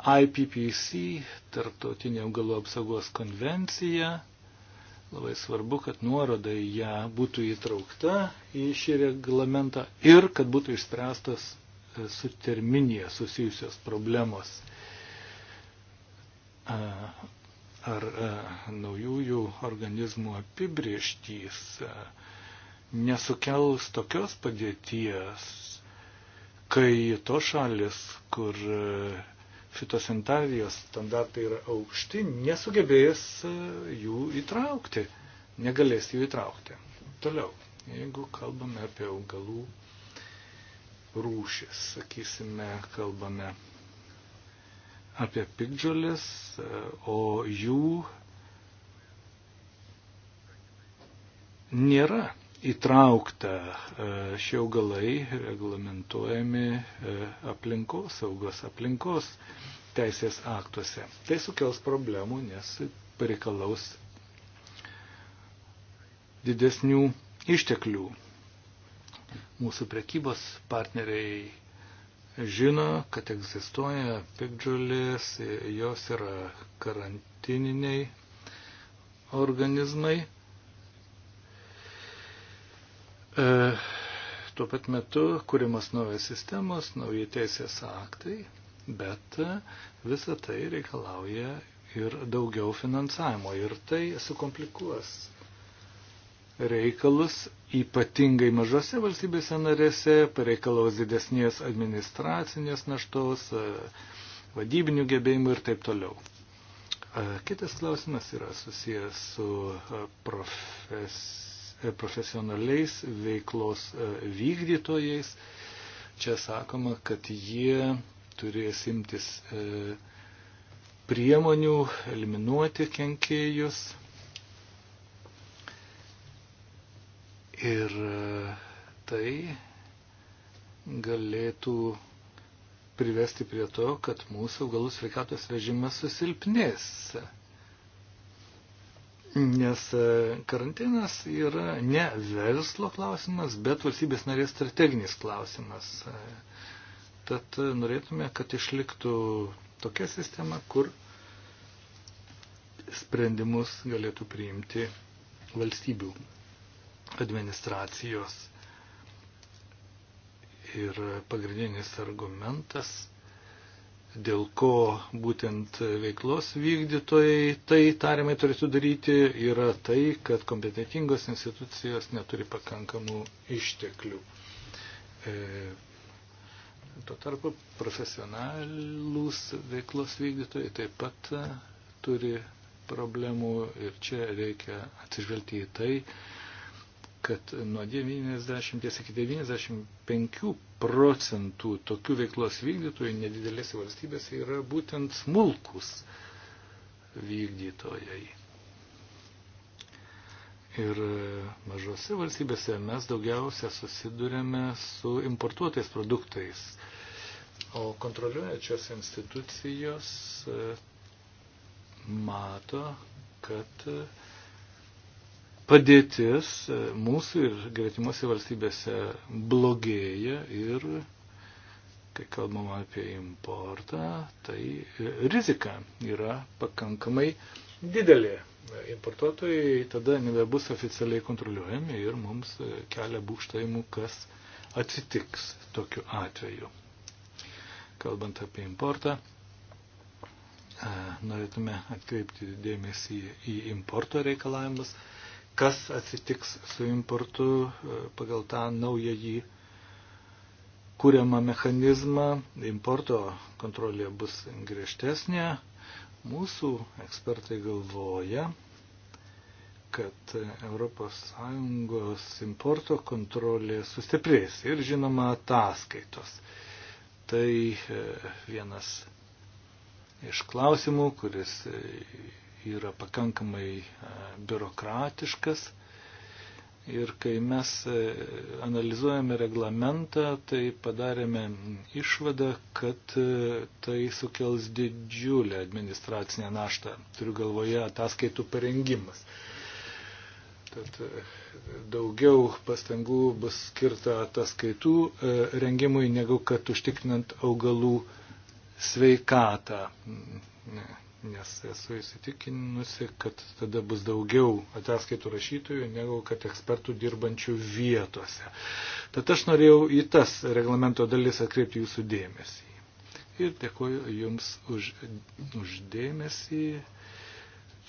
IPPC, Tartautinė augalų apsaugos konvencija. Labai svarbu, kad nuoroda į ją būtų įtraukta į šį reglamentą ir kad būtų išspręstas e, su terminija susijusios problemos. Ar e, naujųjų organizmų apibrieštys e, nesukels tokios padėties, kai to šalis, kur fitosanitarijos standartai yra aukšti, nesugebės e, jų įtraukti, negalės jų įtraukti. Toliau, jeigu kalbame apie augalų rūšis, sakysime, kalbame apie pikdžiolės, e, o jų nėra įtraukta e, šie augalai reglamentuojami e, aplinkos saugos, aplinkos teisės aktuose. Tai sukels problemų, nes pareikalaus didesnių išteklių. Mūsų prekybos partneriai žino, kad egzistuoja pikdžiulės, jos yra karantininiai organizmai E, tuo pat metu kūrimas naujas sistemos, nauji teisės aktai, bet visa tai reikalauja ir daugiau finansavimo ir tai sukomplikuos reikalus, ypatingai mažose valstybėse narėse, pareikalaus didesnės administracinės naštos, e, vadybinių gebėjimų ir taip toliau. E, kitas klausimas yra susijęs su profesija profesionaliais veiklos e, vykdytojais. Čia sakoma, kad jie turės imtis e, priemonių eliminuoti kenkėjus. Ir e, tai galėtų privesti prie to, kad mūsų galų sveikatos režimas susilpnės nes e, karantinas yra ne verslo klausimas, bet valstybės narės strateginis klausimas. E, tad e, norėtume, kad išliktų tokia sistema, kur sprendimus galėtų priimti valstybių administracijos. Ir pagrindinis argumentas dėl ko būtent veiklos vykdytojai tai tariamai turėtų daryti, yra tai, kad kompetitingos institucijos neturi pakankamų išteklių. E, tuo tarpu profesionalūs veiklos vykdytojai taip pat turi problemų ir čia reikia atsižvelgti į tai, kad nuo 90 iki 95 procentų tokių veiklos vykdytojų nedidelėse valstybėse yra būtent smulkus vykdytojai. Ir mažose valstybėse mes daugiausia susidurėme su importuotais produktais, o kontroliuojančios institucijos e, mato, kad e, padėtis e, mūsų ir greitimuose valstybėse blogėja ir, kai kalbam apie importą, tai e, rizika yra pakankamai didelė. Importuotojai tada nebebus oficialiai kontroliuojami ir mums e, kelia būkštavimų, kas atsitiks tokiu atveju. Kalbant apie importą, norėtume atkreipti dėmesį į importo reikalavimus kas atsitiks su importu e, pagal tą naująjį kūriamą mechanizmą. Importo kontrolė bus griežtesnė. Mūsų ekspertai galvoja, kad ES importo kontrolė sustiprės ir žinoma ataskaitos. Tai e, vienas iš klausimų, kuris yra pakankamai e, biurokratiškas. Ir kai mes e, analizuojame reglamentą, tai padarėme išvadą, kad e, tai sukels didžiulę administracinę naštą. Turiu galvoje ataskaitų parengimas. Tad daugiau pastangų bus skirta ataskaitų rengimui, negu kad užtikrinant augalų sveikatą nes esu įsitikinusi, kad tada bus daugiau ataskaitų rašytojų, negu kad ekspertų dirbančių vietose. Tad aš norėjau į tas reglamento dalis atkreipti jūsų dėmesį. Ir dėkuoju Jums už, už dėmesį.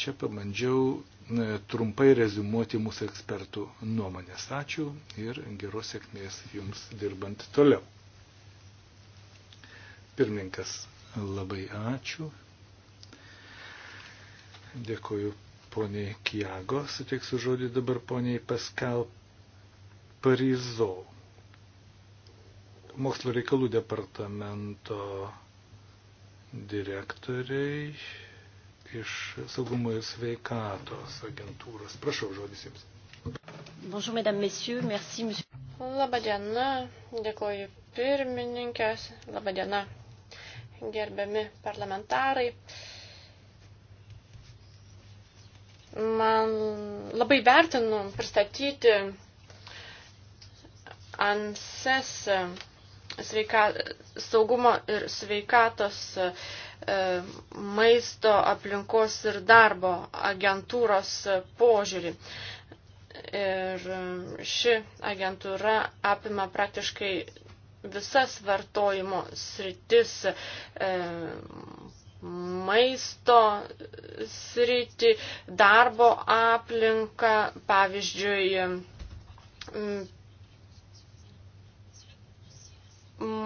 Čia pabandžiau e, trumpai rezumuoti mūsų ekspertų nuomonės. Ačiū ir geros sėkmės Jums dirbant toliau. Pirmininkas, labai ačiū. Dėkuoju poniai Kiago, suteiksiu žodį dabar poniai Pascal Parizo, mokslo reikalų departamento direktoriai iš saugumo ir sveikatos agentūros. Prašau, žodis jums. Bonjour, mesdames, messieurs, merci, monsieur. Labadiena, dėkoju pirmininkės, labadiena, gerbiami parlamentarai. Uh, Man labai vertinu pristatyti ANSES sveika, saugumo ir sveikatos e, maisto aplinkos ir darbo agentūros požiūrį. Ir ši agentūra apima praktiškai visas vartojimo sritis, e, maisto sritį, darbo aplinką, pavyzdžiui, mm,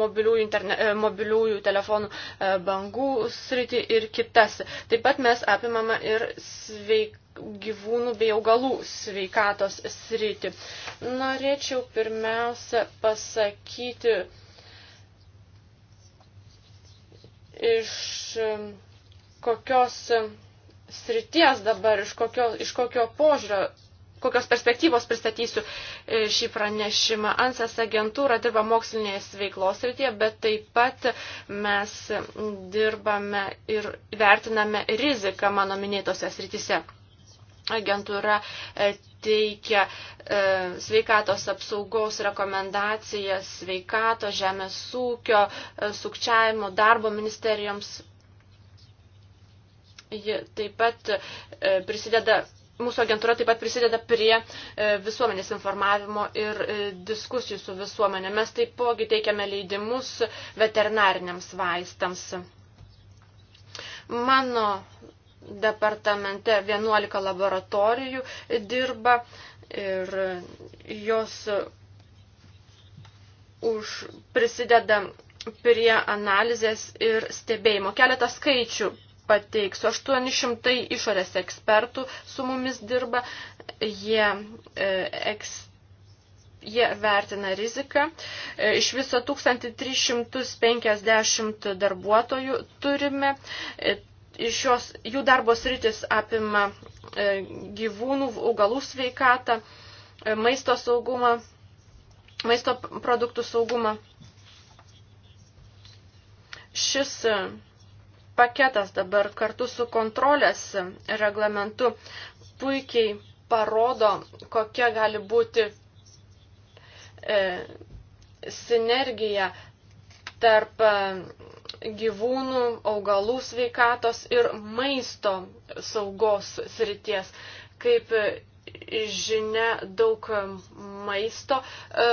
mobiliųjų, interne, e, mobiliųjų telefonų e, bangų sritį ir kitas. Taip pat mes apimame ir sveik, gyvūnų bei augalų sveikatos sritį. Norėčiau pirmiausia pasakyti, iš kokios srities dabar, iš kokio, iš kokio požiūrio, kokios perspektyvos pristatysiu e, šį pranešimą. ANSES agentūra dirba mokslinės veiklos srityje, bet taip pat mes dirbame ir vertiname riziką mano minėtose srityse agentūra e, teikia e, sveikatos apsaugos rekomendacijas sveikato, žemės ūkio, e, sukčiavimo, darbo ministerijoms. Ji taip pat prisideda. Mūsų agentūra taip pat prisideda prie visuomenės informavimo ir diskusijų su visuomenė. Mes taipogi teikiame leidimus veterinariniams vaistams. Mano departamente 11 laboratorijų dirba ir jos už, prisideda prie analizės ir stebėjimo. Keletą skaičių pateiksiu. 800 išorės ekspertų su mumis dirba. Jie, e, eks, jie vertina riziką. E, iš viso 1350 darbuotojų turime. E, šios, jų darbo sritis apima e, gyvūnų, augalų sveikatą, e, maisto saugumą, maisto produktų saugumą. Šis e, paketas dabar kartu su kontrolės reglamentu puikiai parodo, kokia gali būti e, sinergija tarp gyvūnų, augalų sveikatos ir maisto saugos srities. Kaip žinia, daug maisto e,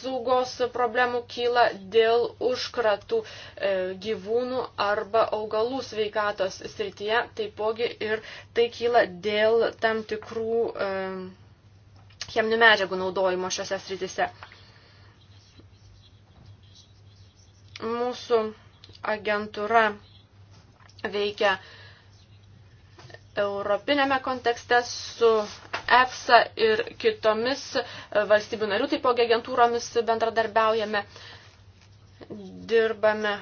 saugos problemų kyla dėl užkratų e, gyvūnų arba augalų sveikatos srityje, taipogi ir tai kyla dėl tam tikrų e, cheminių medžiagų naudojimo šiuose srityse. Mūsų agentūra veikia europinėme kontekste su EFSA ir kitomis valstybių narių taipogi agentūromis bendradarbiaujame, dirbame,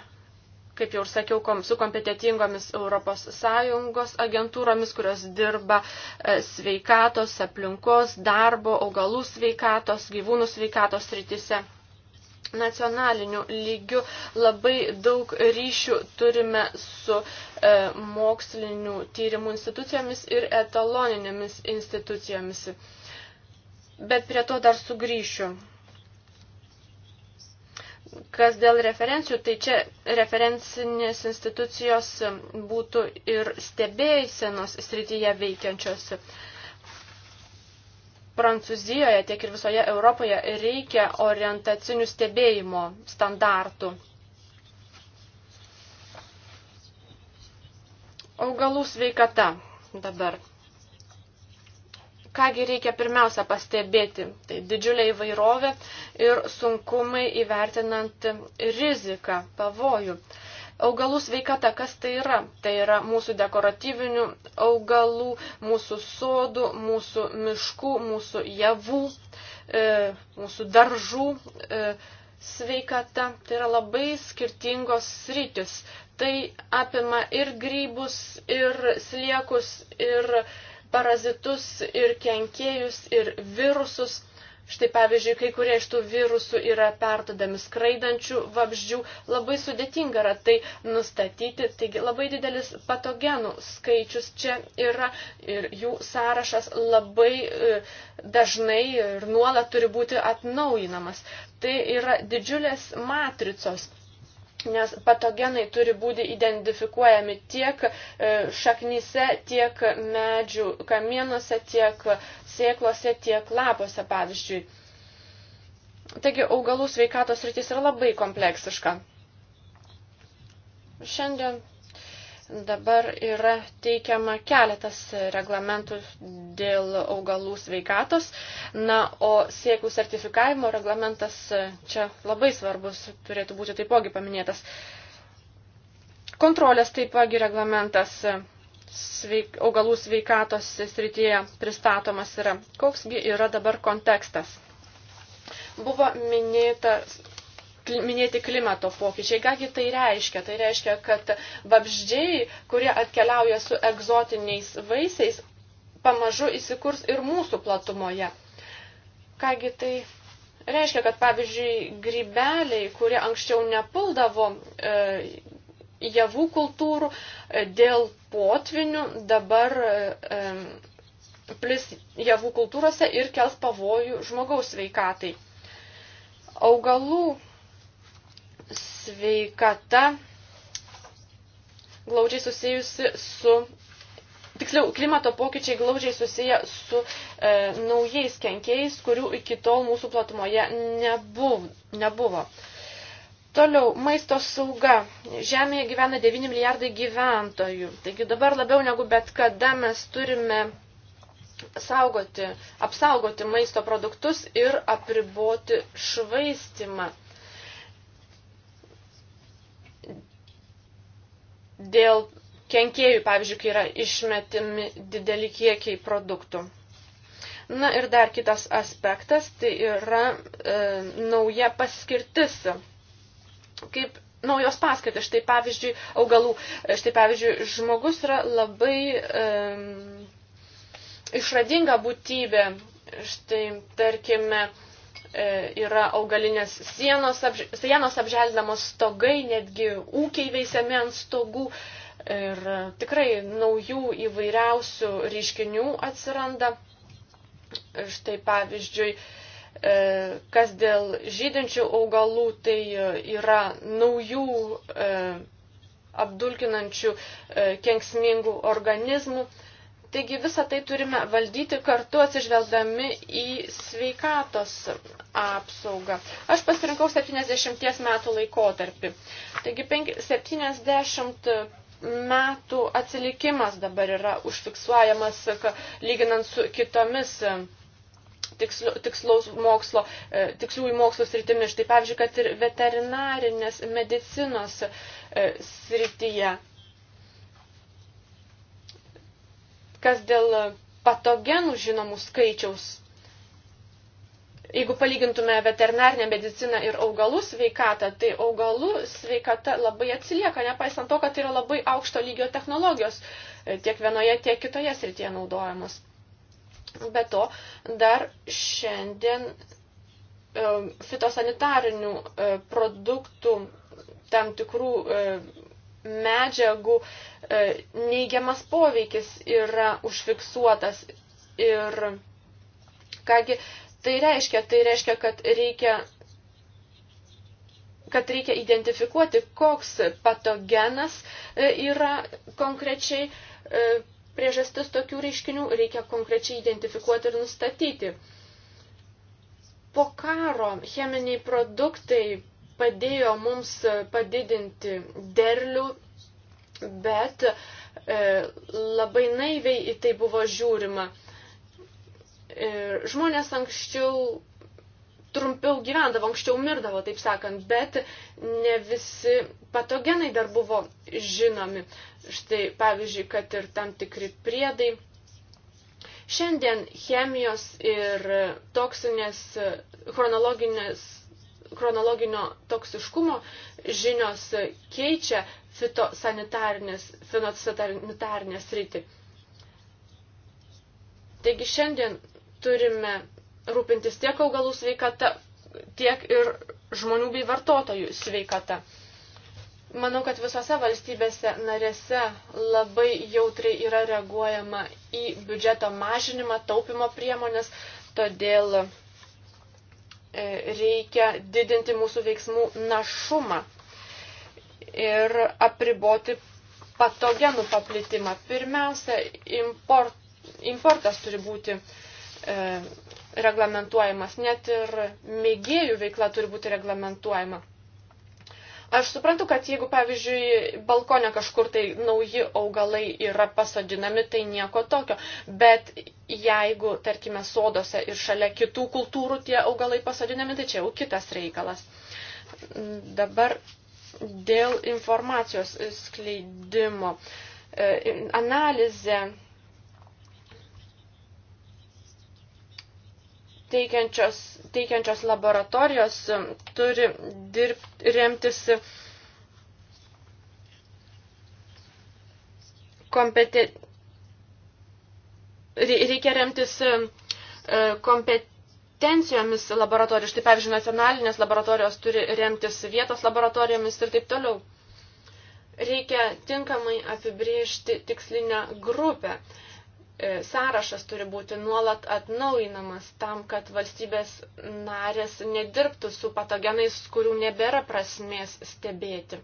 kaip jau ir sakiau, kom, su kompetitingomis ES agentūromis, kurios dirba e, sveikatos, aplinkos, darbo, augalų sveikatos, gyvūnų sveikatos rytise nacionaliniu lygiu labai daug ryšių turime su e, mokslinių tyrimų institucijomis ir etaloninėmis institucijomis. Bet prie to dar sugrįšiu. Kas dėl referencijų, tai čia referencinės institucijos būtų ir stebėjusenos srityje veikiančios. E, Prancūzijoje, tiek ir visoje Europoje reikia orientacinių stebėjimo standartų. Augalų sveikata dabar. Kągi reikia pirmiausia pastebėti, tai didžiulė įvairovė ir sunkumai įvertinant riziką, pavojų. Augalų sveikata, kas tai yra? Tai yra mūsų dekoratyvinių augalų, mūsų sodų, mūsų miškų, mūsų javų, e, mūsų daržų e, sveikata. Tai yra labai skirtingos sritis. Tai apima ir grybus, ir sliekus, ir parazitus, ir kenkėjus, ir virusus. Štai pavyzdžiui, kai kurie iš tų virusų yra perdodami skraidančių vabzdžių, labai sudėtinga yra tai nustatyti, taigi labai didelis patogenų skaičius čia yra ir jų sąrašas labai e, dažnai ir nuolat turi būti atnaujinamas. Tai yra didžiulės matricos nes patogenai turi būti identifikuojami tiek e, šaknyse, tiek medžių kamienuose, tiek sėklose, tiek lapuose, pavyzdžiui. Taigi augalų sveikatos rytis yra labai kompleksiška. Šiandien Dabar yra teikiama keletas reglamentų dėl augalų sveikatos. Na, o siekių sertifikavimo reglamentas e, čia labai svarbus turėtų būti taipogi paminėtas. Kontrolės taipogi reglamentas e, sveik, augalų sveikatos srityje pristatomas yra. Koksgi yra dabar kontekstas? Buvo minėtas minėti klimato pokyčiai. Kągi tai reiškia? Tai reiškia, kad vabždžiai, kurie atkeliauja su egzotiniais vaisiais, pamažu įsikurs ir mūsų platumoje. Kągi tai reiškia, kad pavyzdžiui grybeliai, kurie anksčiau nepuldavo e, javų kultūrų e, dėl potvinių, dabar e, e plis javų kultūrose ir kels pavojų žmogaus veikatai. Augalų sveikata glaudžiai susijusi su. Tiksliau, klimato pokyčiai glaudžiai susiję su e, naujais kenkėjais, kurių iki tol mūsų platumoje nebuv, nebuvo. Toliau, maisto sauga. Žemėje gyvena 9 milijardai gyventojų. Taigi dabar labiau negu bet kada mes turime saugoti, apsaugoti maisto produktus ir apriboti švaistimą. dėl kenkėjų, pavyzdžiui, kai yra išmetimi dideli kiekiai produktų. Na ir dar kitas aspektas, tai yra e, nauja paskirtis. Kaip naujos paskirtis, štai pavyzdžiui, augalų, štai pavyzdžiui, žmogus yra labai e, išradinga būtybė, štai tarkime, e, E, yra augalinės sienos, apž... sienos apželdamos stogai, netgi ūkiai veisiami ant stogų. Ir tikrai naujų įvairiausių reiškinių atsiranda. Štai pavyzdžiui, e, kas dėl žydinčių augalų, tai yra naujų e, apdulkinančių kenksmingų organizmų. Taigi visą tai turime valdyti kartu atsižvelgdami į sveikatos apsaugą. Aš pasirinkau 70 metų laikotarpį. Taigi 70 metų atsilikimas dabar yra užfiksuojamas lyginant su kitomis tikslaus mokslo, e, tiksliųjų mokslo sritimis. Štai pavyzdžiui, kad ir veterinarinės medicinos e, srityje Kas dėl patogenų žinomų skaičiaus, jeigu palygintume veterinarinę mediciną ir augalų sveikatą, tai augalų sveikata labai atsilieka, nepaisant to, kad tai yra labai aukšto lygio technologijos e, tiek vienoje, tiek kitoje srityje naudojamos. Be to, dar šiandien e, fitosanitarinių e, produktų tam tikrų medžiagų e, neigiamas poveikis yra užfiksuotas. Ir kągi tai reiškia? Tai reiškia, kad reikia kad reikia identifikuoti, koks patogenas e, yra konkrečiai e, priežastis tokių reiškinių, reikia konkrečiai identifikuoti ir nustatyti. Po karo cheminiai produktai padėjo mums padidinti derlių, bet e, labai naiviai į tai buvo žiūrima. E, žmonės anksčiau trumpiau gyvendavo, anksčiau mirdavo, taip sakant, bet ne visi patogenai dar buvo žinomi. Štai pavyzdžiui, kad ir tam tikri priedai. Šiandien chemijos ir toksinės chronologinės chronologinio toksiškumo žinios keičia fitosanitarinės, fitosanitarinės rytį. Taigi šiandien turime rūpintis tiek augalų sveikata, tiek ir žmonių bei vartotojų sveikata. Manau, kad visose valstybėse narėse labai jautriai yra reaguojama į biudžeto mažinimą, taupimo priemonės, todėl E, reikia didinti mūsų veiksmų našumą ir apriboti patogenų paplitimą. Pirmiausia, import, importas turi būti e, reglamentuojamas, net ir mėgėjų veikla turi būti reglamentuojama. Aš suprantu, kad jeigu, pavyzdžiui, balkonė kažkur tai nauji augalai yra pasodinami, tai nieko tokio. Bet jeigu, tarkime, sodose ir šalia kitų kultūrų tie augalai pasodinami, tai čia jau kitas reikalas. Dabar dėl informacijos skleidimo. E, analizė teikiančios, teikiančios laboratorijos um, turi dirbti, remtis um, kompeti... reikia remtis um, uh, kompetencijomis laboratorijų. Štai, pavyzdžiui, nacionalinės laboratorijos turi remtis vietos laboratorijomis ir taip toliau. Reikia tinkamai apibriežti tikslinę grupę. E, sąrašas turi būti nuolat atnaujinamas tam, kad valstybės narės nedirbtų su patogenais, kurių nebėra prasmės stebėti.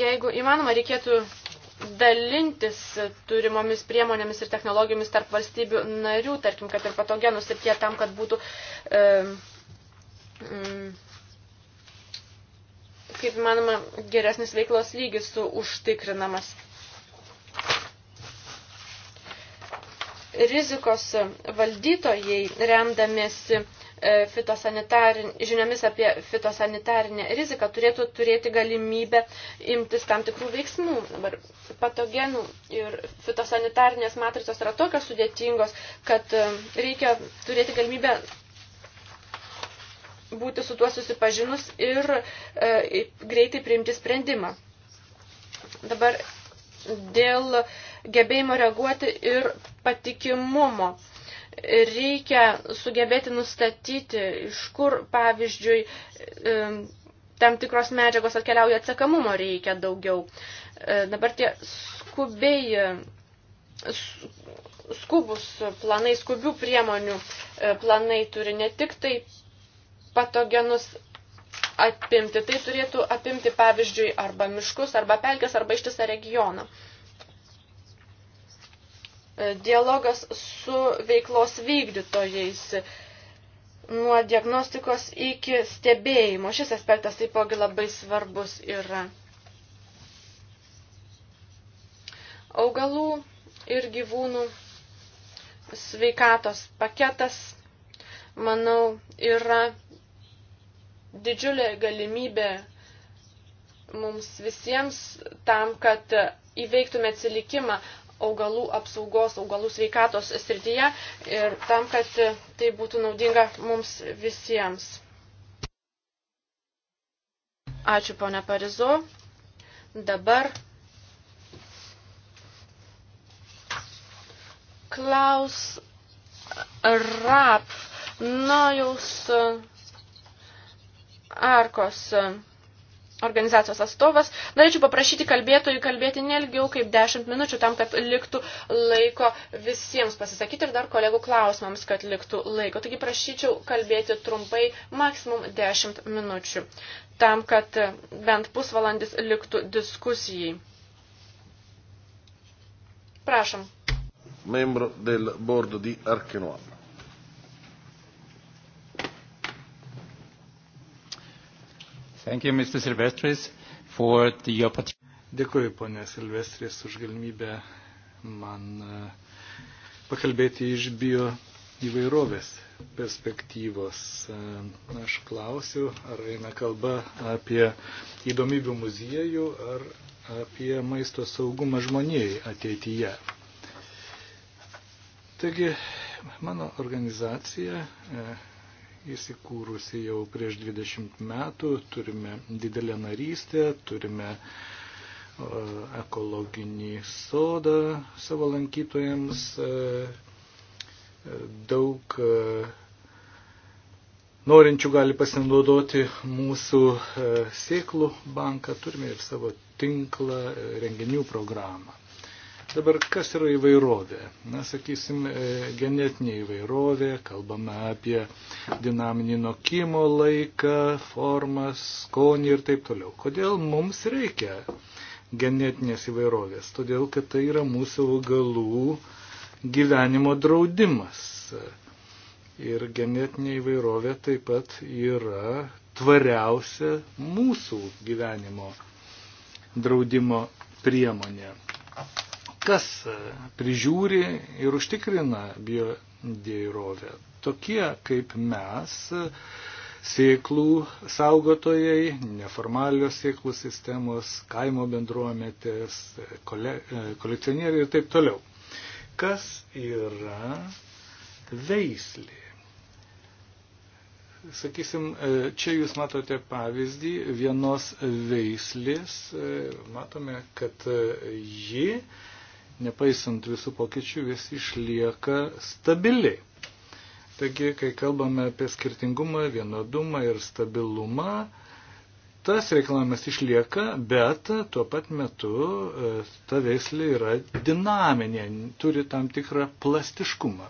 Jeigu įmanoma, reikėtų dalintis turimomis priemonėmis ir technologijomis tarp valstybių narių, tarkim, kad ir patogenus ir tie tam, kad būtų e, mm, kaip įmanoma geresnis veiklos lygis su užtikrinamas. rizikos valdytojai remdamėsi e, žiniomis apie fitosanitarinę riziką turėtų turėti galimybę imtis tam tikrų veiksmų. Dabar patogenų ir fitosanitarinės matricos yra tokios sudėtingos, kad e, reikia turėti galimybę būti su tuo susipažinus ir e, greitai priimti sprendimą. Dabar dėl e, gebėjimo reaguoti ir patikimumo. Reikia sugebėti nustatyti, iš kur, pavyzdžiui, tam tikros medžiagos atkeliauja atsakamumo reikia daugiau. E, dabar tie skubiai, skubus planai, skubių priemonių e, planai turi ne tik tai patogenus apimti. Tai turėtų apimti, pavyzdžiui, arba miškus, arba pelkės, arba ištisą regioną dialogas su veiklos vykdytojais nuo diagnostikos iki stebėjimo. Šis aspektas taipogi labai svarbus yra. Augalų ir gyvūnų sveikatos paketas, manau, yra didžiulė galimybė mums visiems tam, kad įveiktume atsilikimą, augalų apsaugos, augalų sveikatos srityje ir tam, kad tai būtų naudinga mums visiems. Ačiū, ponia Parizo. Dabar Klaus Rap, Nojaus Arkos organizacijos atstovas. Norėčiau paprašyti kalbėtojų kalbėti nelgiau kaip 10 minučių, tam, kad liktų laiko visiems pasisakyti ir dar kolegų klausimams, kad liktų laiko. Taigi prašyčiau kalbėti trumpai, maksimum 10 minučių, tam, kad bent pusvalandis liktų diskusijai. Prašom. Membro del bordo di Arkenoa. Thank you, Mr. Silvestris, for the opportunity. Dėkuoju, ponė Silvestris, už galimybę man e, pakalbėti iš bio įvairovės perspektyvos. E, aš klausiu, ar eina kalba apie įdomybių muziejų ar apie maisto saugumą žmonijai ateityje. Taigi, mano organizacija e, įsikūrusi jau prieš 20 metų, turime didelę narystę, turime ekologinį sodą savo lankytojams, e, e, daug e, norinčių gali pasinaudoti mūsų sėklų banką, turime ir savo tinklą, renginių programą. Dabar kas yra įvairovė? Na, sakysim, e, genetinė įvairovė, kalbame apie dinaminį nokimo laiką, formas, skonį ir taip toliau. Kodėl mums reikia genetinės įvairovės? Todėl, kad tai yra mūsų augalų gyvenimo draudimas. Ir genetinė įvairovė taip pat yra tvariausia mūsų gyvenimo draudimo priemonė kas prižiūri ir užtikrina biodėrovę. Tokie kaip mes, sėklų saugotojai, neformalios sėklų sistemos, kaimo bendruometės, kole, kolekcionieriai ir taip toliau. Kas yra veislė? Sakysim, čia jūs matote pavyzdį vienos veislės, matome, kad ji nepaisant visų pokyčių, vis išlieka stabiliai. Taigi, kai kalbame apie skirtingumą, vienodumą ir stabilumą, tas reikalavimas išlieka, bet tuo pat metu e, ta veislė yra dinaminė, turi tam tikrą plastiškumą.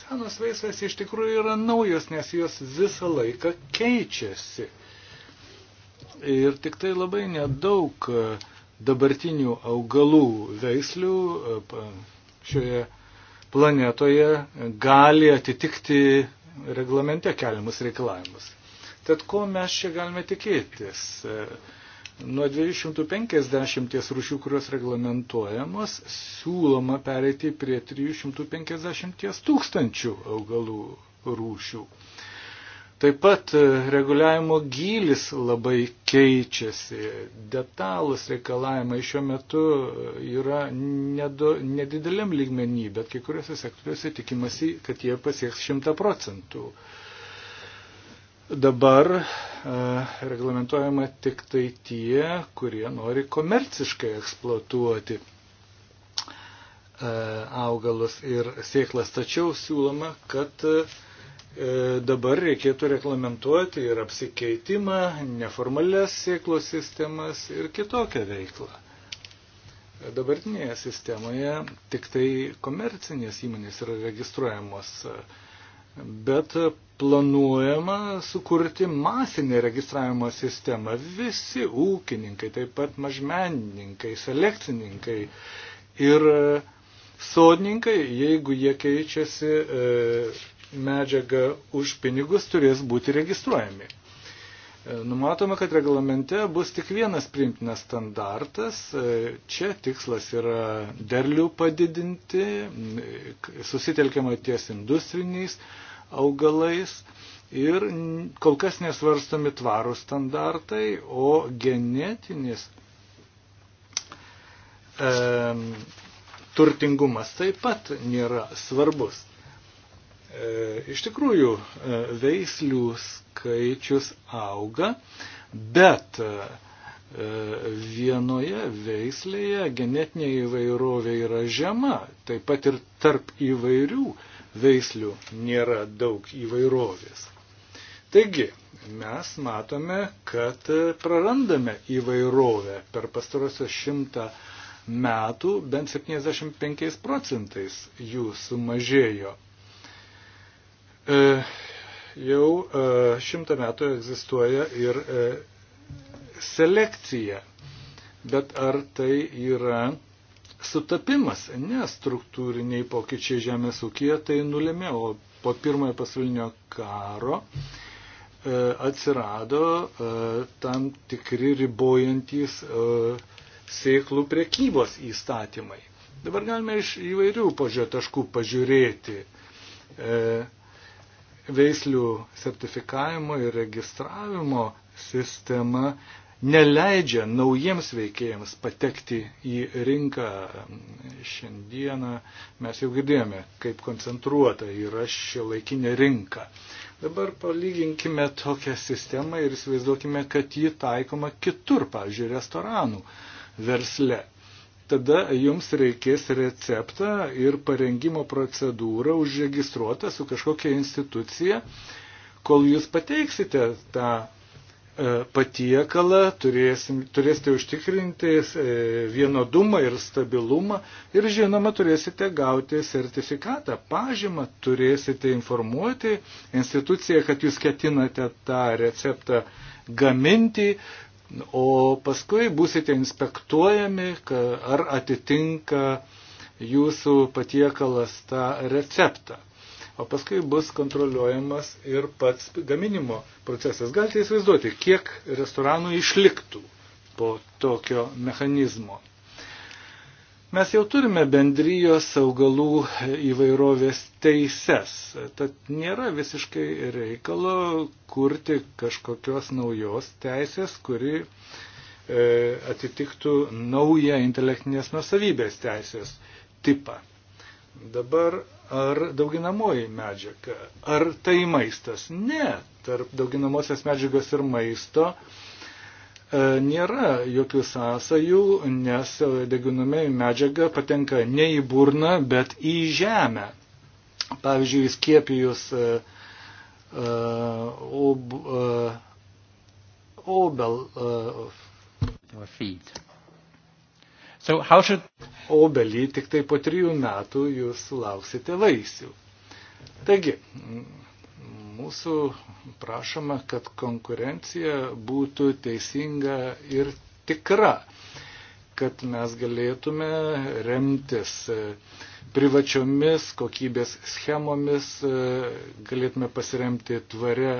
Senos veislės iš tikrųjų yra naujos, nes jos visą laiką keičiasi. Ir tik tai labai nedaug uh, dabartinių augalų veislių e, šioje planetoje gali atitikti reglamente keliamus reikalavimus. Tad ko mes čia galime tikėtis? E, nuo 250 rūšių, kurios reglamentuojamos, siūloma pereiti prie 350 tūkstančių augalų rūšių. Taip pat e, reguliavimo gylis labai keičiasi. Detalus reikalavimai šiuo metu e, yra nedu, nedideliam lygmenį, bet kai kuriuose sektoriuose tikimasi, kad jie pasieks 100 procentų. Dabar e, reglamentojama tik tai tie, kurie nori komerciškai eksploatuoti e, augalus ir sėklas. Tačiau siūloma, kad e, E, dabar reikėtų reglamentuoti ir apsikeitimą, neformalias sėklų sistemas ir kitokią veiklą. E, dabartinėje sistemoje tik tai komercinės įmonės yra registruojamos, e, bet planuojama sukurti masinę registravimo sistemą. Visi ūkininkai, taip pat mažmenininkai, selekcininkai ir sodininkai, jeigu jie keičiasi e, medžiagą už pinigus turės būti registruojami. E, numatoma, kad reglamente bus tik vienas priimtinas standartas. E, čia tikslas yra derlių padidinti, e, susitelkiama ties industriniais augalais ir kol kas nesvarstomi tvarų standartai, o genetinis e, turtingumas taip pat nėra svarbus. E, iš tikrųjų, e, veislių skaičius auga, bet e, vienoje veislėje genetinė įvairovė yra žema, taip pat ir tarp įvairių veislių nėra daug įvairovės. Taigi, mes matome, kad prarandame įvairovę per pastarosios šimtą metų bent 75 procentais jų sumažėjo. E, jau e, šimtą metų egzistuoja ir e, selekcija. Bet ar tai yra sutapimas? Ne, struktūriniai pokyčiai žemės ūkija tai nulėmė, o po pirmojo pasaulinio karo atsirado tam tikri ribojantis sėklų priekybos įstatymai. Dabar galime iš įvairių požiūrio taškų pažiūrėti. E, veislių sertifikavimo ir registravimo sistema neleidžia naujiems veikėjams patekti į rinką. Šiandieną mes jau girdėjome, kaip koncentruota yra šio laikinė rinka. Dabar palyginkime tokią sistemą ir įsivaizduokime, kad ji taikoma kitur, pavyzdžiui, restoranų versle tada jums reikės receptą ir parengimo procedūrą užregistruotą su kažkokia institucija. Kol jūs pateiksite tą e, patiekalą, turėsim, turėsite užtikrinti e, vienodumą ir stabilumą ir žinoma turėsite gauti sertifikatą, pažymą, turėsite informuoti instituciją, kad jūs ketinate tą receptą gaminti, o paskui būsite inspektuojami, ar atitinka jūsų patiekalas tą receptą. O paskui bus kontroliuojamas ir pats gaminimo procesas. Galite įsivaizduoti, kiek restoranų išliktų po tokio mechanizmo. Mes jau turime bendrijos augalų įvairovės teises, tad nėra visiškai reikalo kurti kažkokios naujos teisės, kuri e, atitiktų naują intelektinės nusavybės teisės tipą. Dabar ar dauginamoji medžiaga, ar tai maistas? Ne, tarp dauginamosios medžiagos ir maisto e, E, nėra jokių sąsajų, nes deginami medžiaga patenka ne į burną, bet į žemę. Pavyzdžiui, įskiepijus e, e, ob, obel. So how should... Obelį tik tai po trijų metų jūs lauksite vaisių. Taigi, Mūsų prašoma, kad konkurencija būtų teisinga ir tikra, kad mes galėtume remtis e, privačiomis kokybės schemomis, e, galėtume pasiremti tvare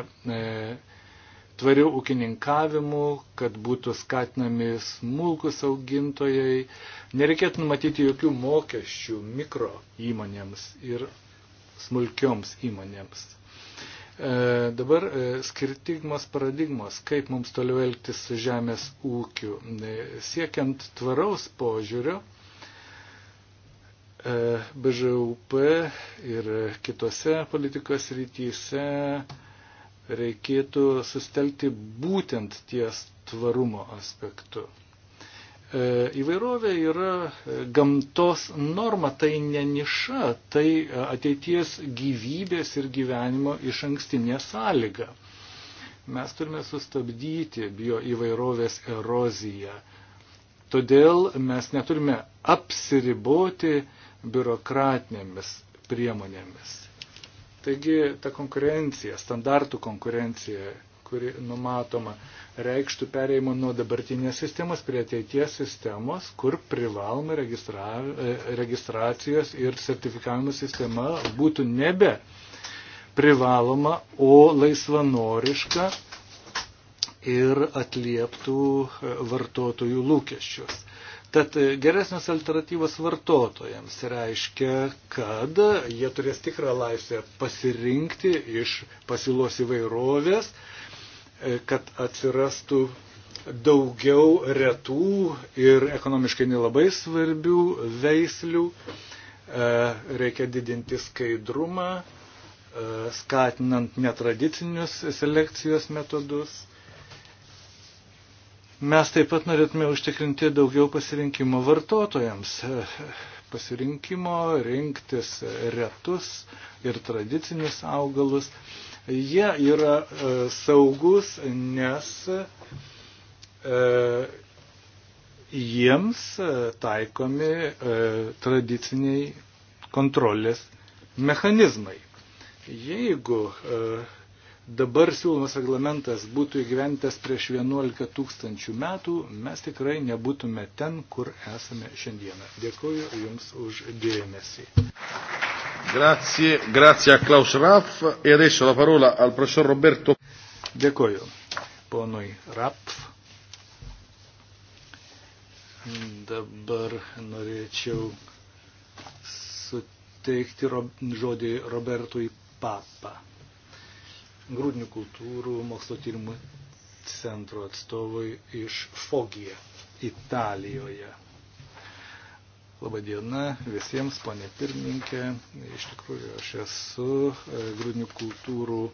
tvariu ūkininkavimu, kad būtų skatinami smulkus augintojai. Nereikėtų numatyti jokių mokesčių mikro įmonėms ir smulkioms įmonėms. E, dabar e, skirtingos paradigmos, kaip mums toliau elgtis su žemės ūkiu. E, siekiant tvaraus požiūrio, BŽUP ir kitose politikos rytyse reikėtų sustelkti būtent ties tvarumo aspektu. E, įvairovė yra e, gamtos norma, tai ne niša, tai e, ateities gyvybės ir gyvenimo iš ankstinė sąlyga. Mes turime sustabdyti bio įvairovės eroziją. Todėl mes neturime apsiriboti biurokratinėmis priemonėmis. Taigi ta konkurencija, standartų konkurencija kuri numatoma, reikštų pereimo nuo dabartinės sistemos prie ateities sistemos, kur privaloma registra, e, registracijos ir sertifikavimo sistema būtų nebe privaloma, o laisvanoriška ir atlieptų e, vartotojų lūkesčius. Tad e, geresnės alternatyvos vartotojams reiškia, kad jie turės tikrą laisvę pasirinkti iš pasiūlos įvairovės, E, kad atsirastų daugiau retų ir ekonomiškai nelabai svarbių veislių. E, reikia didinti skaidrumą, e, skatinant netradicinius selekcijos metodus. Mes taip pat norėtume užtikrinti daugiau pasirinkimo vartotojams. Pasirinkimo rinktis retus ir tradicinius augalus. Jie yra e, saugus, nes e, jiems e, taikomi tradiciniai kontrolės mechanizmai. Jeigu dabar siūlomas reglamentas būtų įgyventas prieš 11 tūkstančių metų, mes tikrai nebūtume ten, kur esame šiandieną. Dėkuoju Jums už dėmesį. Grazie, grazie a Klaus Raff e adesso la parola al professor Roberto. Dėkoju ponui Raff. Dabar norėčiau suteikti rob, žodį Robertui Papa, grūdinių kultūrų mokslo tyrimų centro atstovui iš Fogija, Italijoje. Labadiena visiems, ponė pirmininkė. Iš tikrųjų, aš esu e, grūdinių kultūrų e,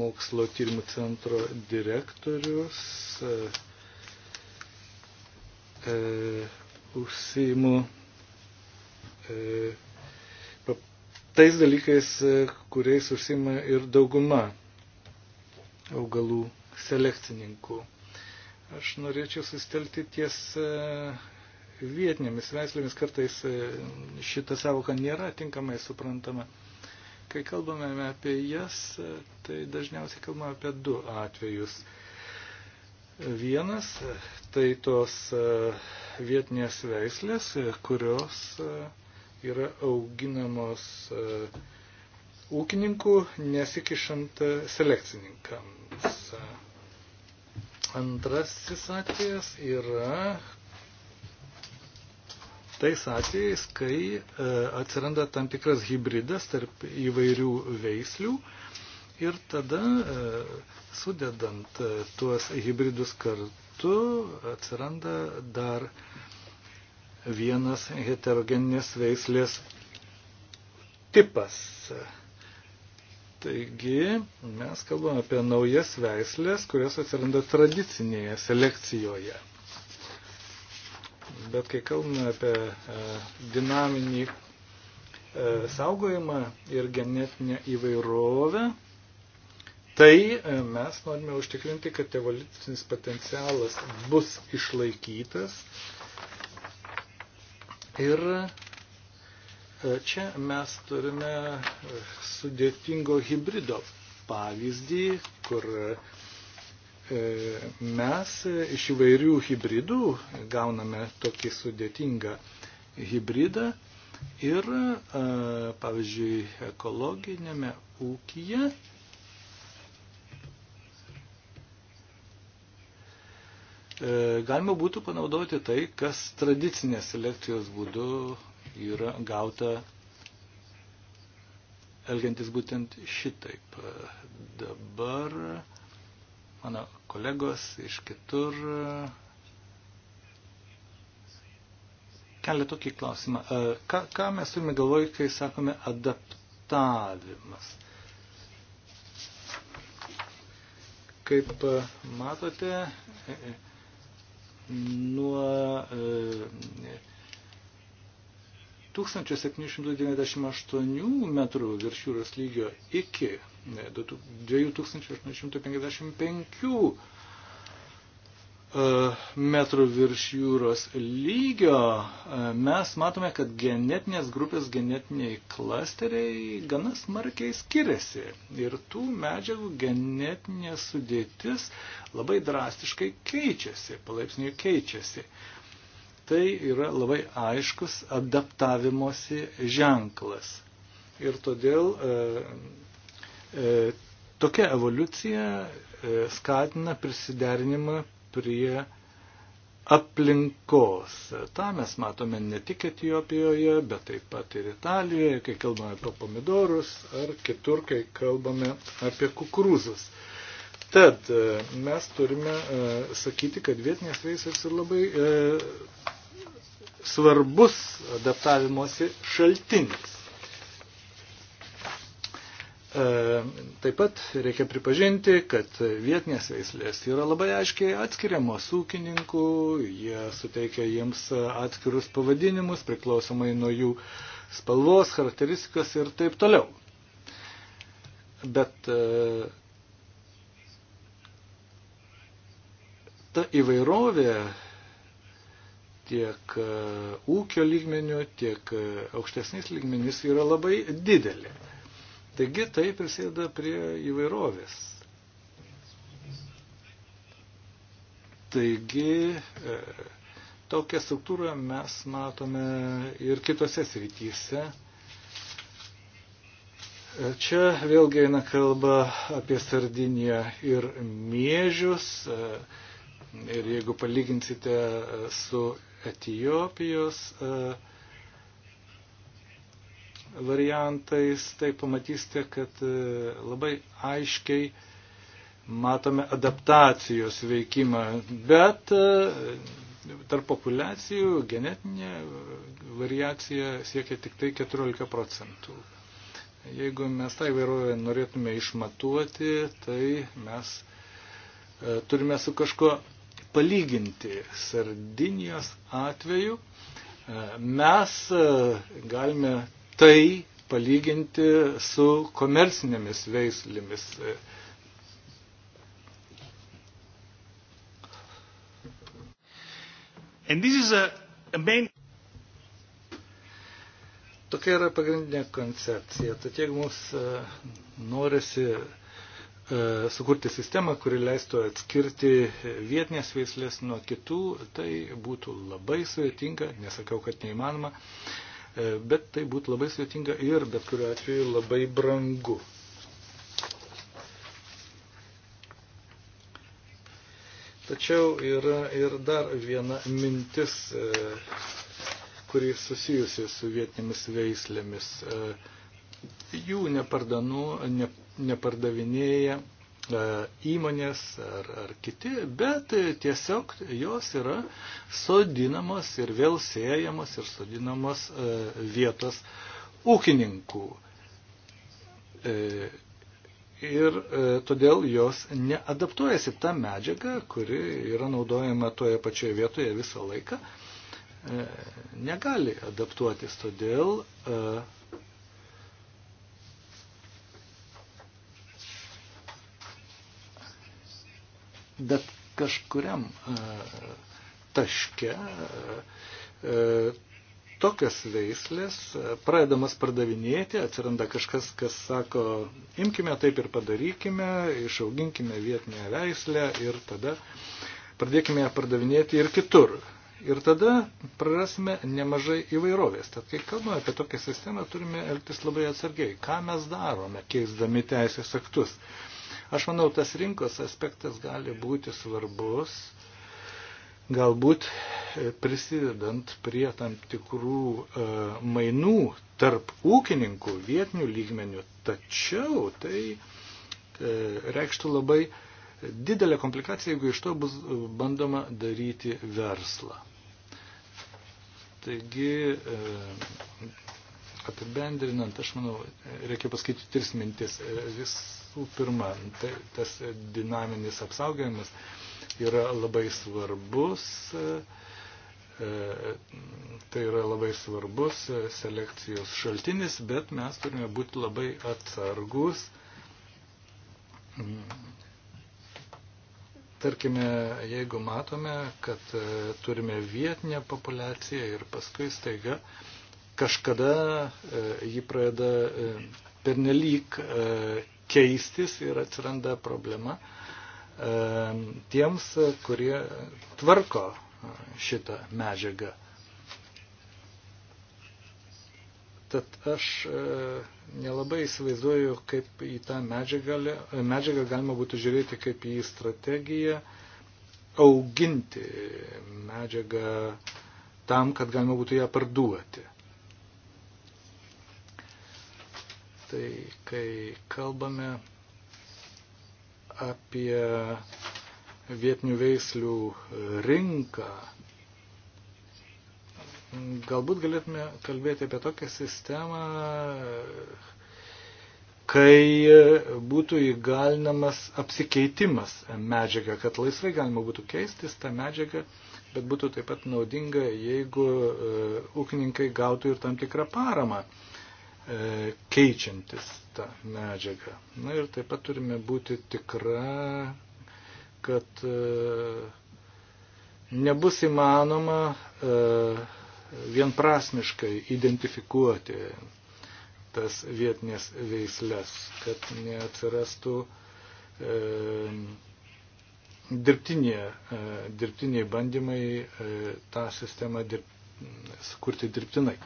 mokslo tyrimų centro direktorius. E, e užsiimu e, tais dalykais, kuriais užsima ir dauguma augalų selekcininkų. Aš norėčiau sustelti ties vietinėmis veislėmis kartais e, šita savoka nėra tinkamai suprantama. Kai kalbame apie jas, e, tai dažniausiai kalbame apie du atvejus. Vienas e, tai tos vietinės veislės, kurios yra auginamos ūkininkų nesikišant selekcininkams. Antrasis atvejas yra, tais atvejais, kai e, atsiranda tam tikras hybridas tarp įvairių veislių ir tada e, sudedant e, tuos hybridus kartu atsiranda dar vienas heterogeninės veislės tipas. Taigi mes kalbame apie naujas veislės, kurios atsiranda tradicinėje selekcijoje. Bet kai kalbame apie e, dinaminį e, saugojimą ir genetinę įvairovę, tai e, mes norime užtikrinti, kad evoliucinis potencialas bus išlaikytas. Ir čia mes turime sudėtingo hybrido pavyzdį, kur E, mes iš įvairių hybridų gauname tokį sudėtingą hybridą ir, e, pavyzdžiui, ekologinėme ūkyje e, galima būtų panaudoti tai, kas tradicinės selekcijos būdu yra gauta elgiantis būtent šitaip. Dabar mano kolegos iš kitur e, kelia tokį klausimą. E, ką, ką mes turime galvoj, kai sakome adaptavimas? Kaip e, matote, nuo 1798 metrų virš jūros lygio iki 2855 e, metrų virš jūros lygio e, mes matome, kad genetinės grupės genetiniai klasteriai gana smarkiai skiriasi. Ir tų medžiagų genetinė sudėtis labai drastiškai keičiasi, palaipsniui keičiasi. Tai yra labai aiškus adaptavimosi ženklas. Ir todėl e, E, tokia evoliucija e, skatina prisiderinimą prie aplinkos. Ta mes matome ne tik Etijopijoje, bet taip pat ir Italijoje, kai kalbame apie pomidorus, ar kitur, kai kalbame apie kukurūzus. Tad e, mes turime sakyti, kad vietinės veisės yra labai e, svarbus adaptavimosi šaltinis. E, taip pat reikia pripažinti, kad vietinės veislės yra labai aiškiai atskiriamos ūkininkų, jie suteikia jiems atskirus pavadinimus priklausomai nuo jų spalvos, charakteristikos ir taip toliau. Bet e, ta įvairovė tiek e, ūkio lygmenių, tiek aukštesnis lygmenis yra labai didelė. Taigi tai prisėda prie įvairovės. Taigi e, tokią struktūrą mes matome ir kitose srityse. E, čia vėlgi eina kalba apie Sardiniją ir miežius. E, ir jeigu palyginsite su Etijopijos uh, variantais, tai pamatysite, kad e, labai aiškiai matome adaptacijos veikimą, bet e, tarp populiacijų genetinė variacija siekia tik tai 14 procentų. Jeigu mes tą tai įvairovę norėtume išmatuoti, tai mes e, turime su kažko palyginti. Sardinijos atveju mes galime tai palyginti su komercinėmis veislėmis. Main... Tokia yra pagrindinė koncepcija. Tad jeigu mums e, norisi e, sukurti sistemą, kuri leistų atskirti vietinės veislės nuo kitų, tai būtų labai sudėtinga, nesakau, kad neįmanoma. E, bet tai būtų labai sveitinga ir bet kuriuo atveju labai brangu. Tačiau yra ir dar viena mintis, e, kuri susijusi su vietinėmis veislėmis. E, jų nepardanu, ne, nepardavinėja E, įmonės ar, ar kiti, bet tiesiog jos yra sodinamos ir vėl siejamos ir sodinamos e, vietos ūkininkų. E, ir todėl jos neadaptuojasi tą medžiagą, kuri yra naudojama toje pačioje vietoje visą laiką, negali adaptuotis. Todėl bet kažkuriam e, taške e, e, tokias veislės pradedamas pardavinėti, atsiranda kažkas, kas sako, imkime taip ir padarykime, išauginkime vietinę veislę ir tada pradėkime ją pardavinėti ir kitur. Ir tada prarasime nemažai įvairovės. Tad kai kalbame apie tokią sistemą, turime elgtis labai atsargiai. Ką mes darome, keisdami teisės aktus? Aš manau, tas rinkos aspektas gali būti svarbus, galbūt e, prisidedant prie tam tikrų e, mainų tarp ūkininkų vietinių lygmenių. Tačiau tai e, reikštų labai didelę komplikaciją, jeigu iš to bus bandoma daryti verslą. Taigi, apibendrinant, aš manau, reikia pasakyti tris mintis. Vis Visų pirma, tai, tas dinaminis apsaugojimas yra labai svarbus. E, tai yra labai svarbus selekcijos šaltinis, bet mes turime būti labai atsargus. Tarkime, jeigu matome, kad e, turime vietinę populaciją ir paskui staiga kažkada e, ji pradeda pernelyg keistis ir atsiranda problema e, tiems, kurie tvarko e, šitą medžiagą. Tad aš e, nelabai įsivaizduoju, kaip į tą medžiagą, medžiagą galima būtų žiūrėti kaip į strategiją auginti medžiagą tam, kad galima būtų ją parduoti. Tai kai kalbame apie vietinių veislių rinką, galbūt galėtume kalbėti apie tokią sistemą, kai būtų įgalinamas apsikeitimas medžiaga, kad laisvai galima būtų keistis tą medžiagą, bet būtų taip pat naudinga, jeigu e, ūkininkai gautų ir tam tikrą paramą E, keičiantis tą medžiagą. Na ir taip pat turime būti tikra, kad e, nebus įmanoma e, vienprasmiškai identifikuoti tas vietinės veislės, kad neatsirastų dirbtinė, dirbtiniai bandymai tą sistemą dirb, sukurti dirbtinai.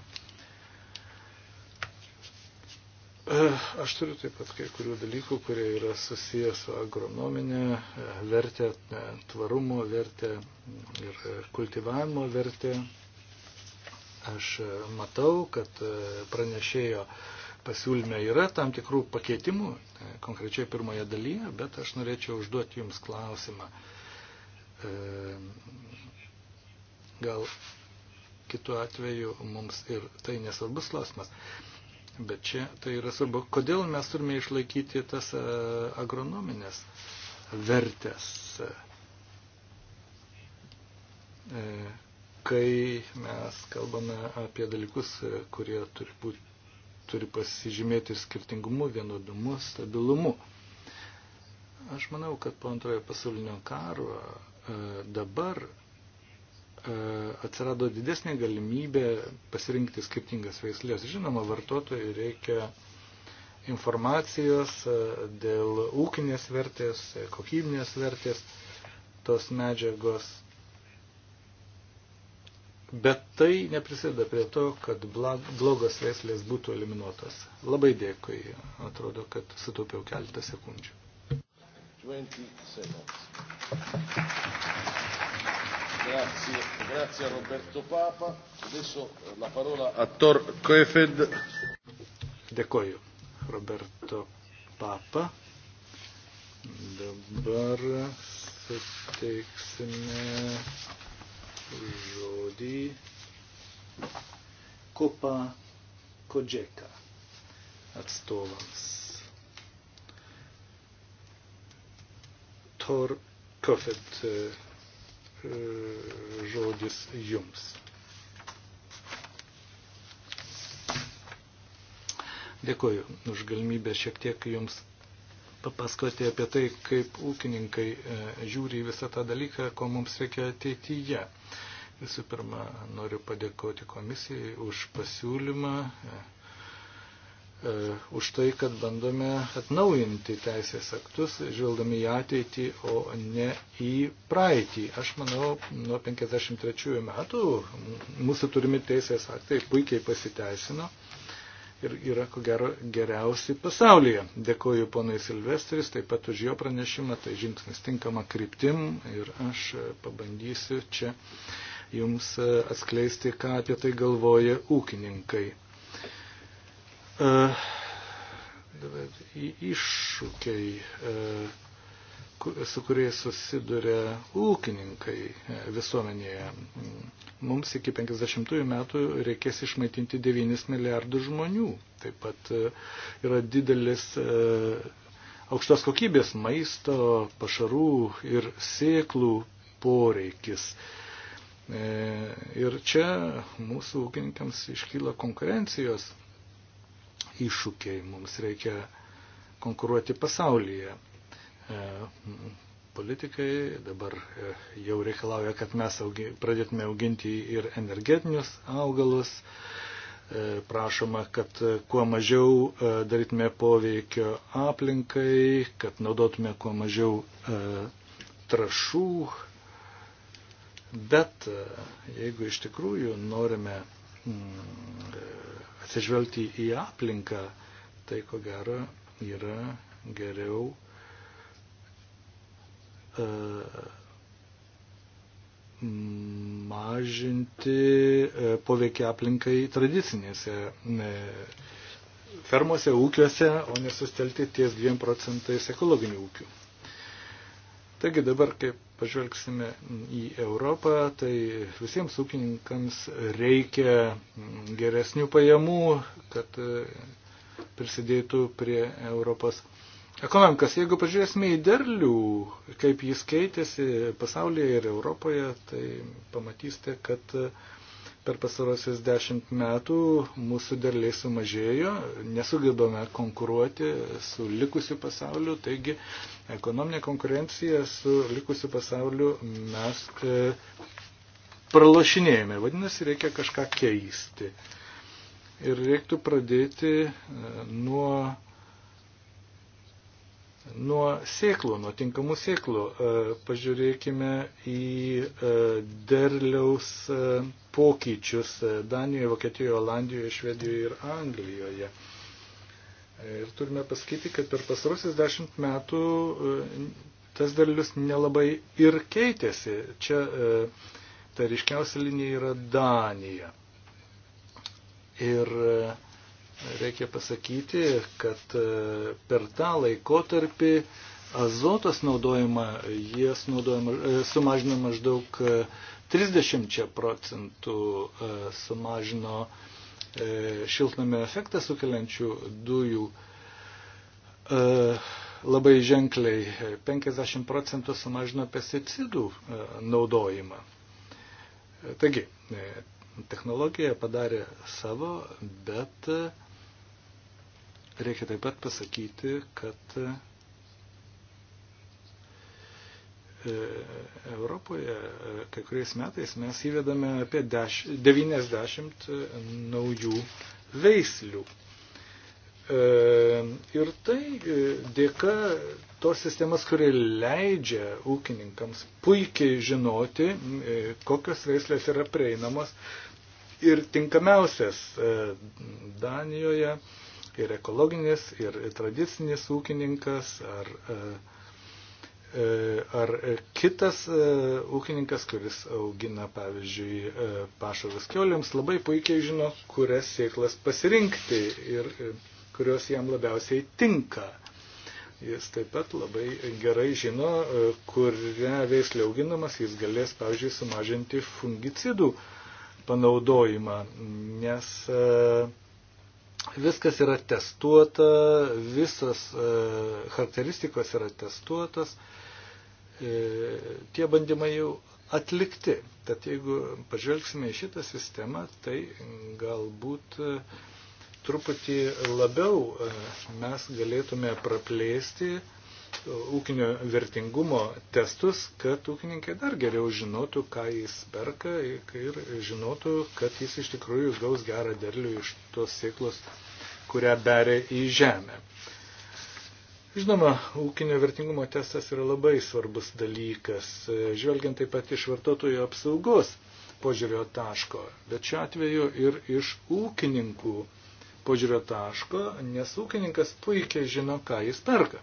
Aš turiu taip pat kai kurių dalykų, kurie yra susijęs su agronominė vertė, tvarumo vertė ir kultivavimo vertė. Aš matau, kad pranešėjo pasiūlyme yra tam tikrų pakeitimų, konkrečiai pirmoje dalyje, bet aš norėčiau užduoti Jums klausimą. Gal kitu atveju mums ir tai nesvarbus klausimas. Bet čia tai yra svarbu, kodėl mes turime išlaikyti tas e, agronominės vertės, e, kai mes kalbame apie dalykus, e, kurie turi, būt, turi pasižymėti skirtingumu, vienodumu, stabilumu. Aš manau, kad po antrojo pasaulinio karo dabar E, atsirado didesnė galimybė pasirinkti skirtingas veislės. Žinoma, vartotojui reikia informacijos e, dėl ūkinės vertės, e, kokybinės vertės tos medžiagos. Bet tai neprisideda prie to, kad blogos veislės būtų eliminuotos. Labai dėkui. Atrodo, kad sutaupiau keletą sekundžių. 20 seconds. Grazie, grazie a Roberto Papa. Adesso eh, la parola a Tor Koefed. Dėkoju, Roberto Papa. Dabar suteiksime žodį Kopa Kodžeka atstovams. Tor Kofet eh, E, žodis jums. Dėkuoju už galimybę šiek tiek jums papasakoti apie tai, kaip ūkininkai e, žiūri visą tą dalyką, ko mums reikia ateityje. Visų pirma, noriu padėkoti komisijai už pasiūlymą. E, E, už tai, kad bandome atnaujinti teisės aktus, žvelgdami į ateitį, o ne į praeitį. Aš manau, nuo 53 metų mūsų turimi teisės aktai puikiai pasiteisino ir yra, ko gero, geriausi pasaulyje. Dėkoju ponui Silvestris, taip pat už jo pranešimą, tai žingsnis tinkama kryptim ir aš pabandysiu čia jums atskleisti, ką apie tai galvoja ūkininkai. E, iššūkiai, e, su kuriais susiduria ūkininkai e, visuomenėje. Mums iki 50 metų reikės išmaitinti 9 milijardų žmonių. Taip pat yra didelis aukštos kokybės maisto, pašarų ir sėklų poreikis. Ir čia mūsų ūkininkams iškyla konkurencijos iššūkiai. Mums reikia konkuruoti pasaulyje. E, politikai dabar e, jau reikalauja, kad mes augi, pradėtume auginti ir energetinius augalus. E, prašoma, kad kuo mažiau darytume poveikio aplinkai, kad naudotume kuo mažiau trašų. Bet jeigu iš tikrųjų norime mm, atsižvelgti į aplinką, tai ko gero yra geriau e, mažinti e, poveikį aplinkai tradicinėse e, fermose, ūkiuose, o nesustelti ties 2 procentais ekologinių ūkių. Taigi dabar, kai pažvelgsime į Europą, tai visiems ūkininkams reikia geresnių pajamų, kad e, prisidėtų prie Europos ekonomikas. Jeigu pažiūrėsime į derlių, kaip jis keitėsi pasaulyje ir Europoje, tai pamatysite, kad e, Per pasarosius dešimt metų mūsų derliai sumažėjo, nesugebame konkuruoti su likusiu pasauliu, taigi ekonominė konkurencija su likusiu pasauliu mes e, pralašinėjame, vadinasi, reikia kažką keisti. Ir reiktų pradėti e, nuo nuo sėklų, nuo tinkamų sėklų. E, pažiūrėkime į e, derliaus e, pokyčius Danijoje, Vokietijoje, Olandijoje, Švedijoje ir Anglijoje. Ir turime pasakyti, kad per pasarusis dešimt metų tas derlius nelabai ir keitėsi. Čia ta ryškiausia linija yra Danija. Ir e, reikia pasakyti, kad e, per tą laikotarpį azotas naudojama, jas naudojama, e, sumažino maždaug 30 e, procentų sumažino šiltnamio efektą sukeliančių dujų labai ženkliai 50 procentų sumažino pesticidų naudojimą. Taigi, technologija padarė savo, bet uh, Reikia taip pat pasakyti, kad e, Europoje e, kai kuriais metais mes įvedame apie 90 e, naujų veislių. Ir tai dėka tos sistemas, kuri leidžia ūkininkams puikiai žinoti, kokios veislės yra prieinamos ir tinkamiausias Danijoje, ir ekologinis, ir tradicinis ūkininkas, ar, e, e, ar kitas e, ūkininkas, kuris augina, pavyzdžiui, pašarus keuliams, labai puikiai žino, kurias sėklas pasirinkti ir kurios jam labiausiai tinka. Jis taip pat labai gerai žino, kurią veislę auginamas jis galės, pavyzdžiui, sumažinti fungicidų panaudojimą, nes uh, Viskas yra testuota, visas e, charakteristikos yra testuotas, e, tie bandymai jau atlikti. Tad jeigu pažvelgsime į šitą sistemą, tai galbūt e, truputį labiau mes galėtume praplėsti ūkinio vertingumo testus, kad ūkininkai dar geriau žinotų, ką jis perka ir žinotų, kad jis iš tikrųjų gaus gerą derlių iš tos sėklos, kurią beria į žemę. Žinoma, ūkinio vertingumo testas yra labai svarbus dalykas, žvelgiant taip pat iš vartotojų apsaugos požiūrio taško, bet šiuo atveju ir iš ūkininkų požiūrio taško, nes ūkininkas puikiai žino, ką jis perka.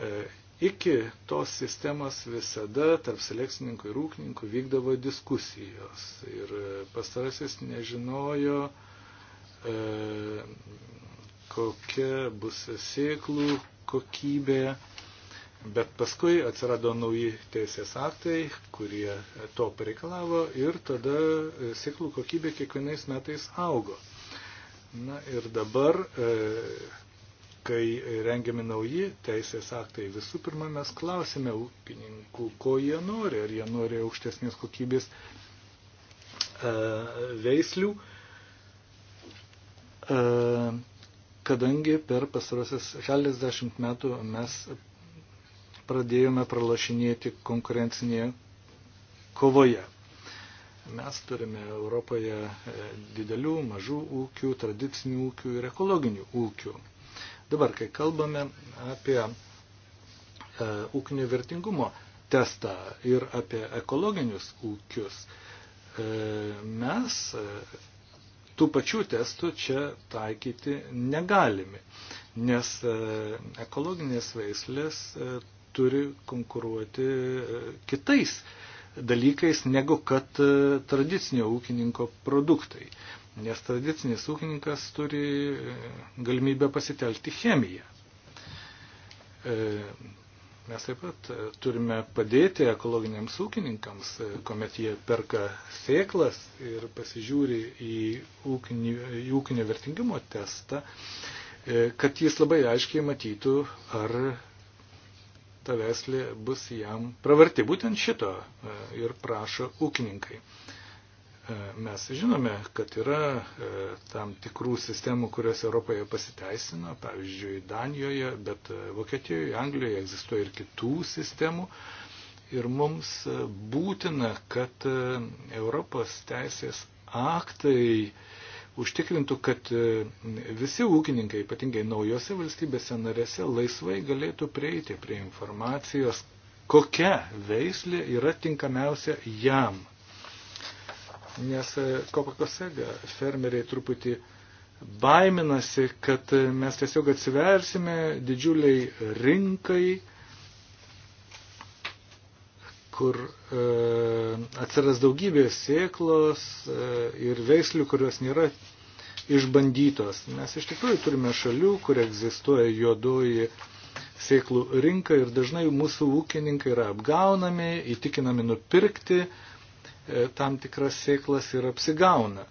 E, iki tos sistemos visada tarp selekcininkų ir ūkininkų vykdavo diskusijos ir e, pastarasis nežinojo, e, kokia bus sėklų kokybė, bet paskui atsirado nauji teisės aktai, kurie to pareikalavo ir tada sėklų kokybė kiekvienais metais augo. Na ir dabar kai rengiami nauji teisės aktai, visų pirma, mes klausime ūkininkų, ko jie nori, ar jie nori aukštesnės kokybės e, veislių, e, kadangi per pastarosius 60 metų mes pradėjome pralašinėti konkurencinėje kovoje. Mes turime Europoje e, didelių, mažų ūkių, tradicinių ūkių ir ekologinių ūkių. Dabar, kai kalbame apie e, ūkinio vertingumo testą ir apie ekologinius ūkius, e, mes e, tų pačių testų čia taikyti negalime, nes e, ekologinės veislės e, turi konkuruoti e, kitais dalykais negu kad e, tradicinio ūkininko produktai nes tradicinis ūkininkas turi e, galimybę pasitelkti chemiją. E, mes taip pat e, turime padėti ekologiniams ūkininkams, kuomet jie perka sėklas ir pasižiūri į ūkinį, į ūkinio vertingumo testą, kad jis labai aiškiai matytų, ar ta veslė bus jam pravarti. Būtent šito ir prašo ūkininkai. E, mes žinome, kad yra e, tam tikrų sistemų, kurios Europoje pasiteisina, pavyzdžiui, Danijoje, bet e, Vokietijoje, Anglijoje egzistuoja ir kitų sistemų. Ir mums būtina, kad Europos teisės aktai užtikrintų, kad visi ūkininkai, ypatingai naujose valstybėse narėse, laisvai galėtų prieiti prie informacijos, kokia veislė yra tinkamiausia jam Nes Kopakosega e, fermeriai truputį baiminasi, kad e, mes tiesiog atsiversime didžiuliai rinkai, kur e, atsiras daugybė sėklos e, ir veislių, kurios nėra išbandytos. Mes iš tikrųjų turime šalių, kur egzistuoja juodoji sėklų rinka ir dažnai mūsų ūkininkai yra apgaunami, įtikinami nupirkti E, tam tikras sėklas ir apsigauna.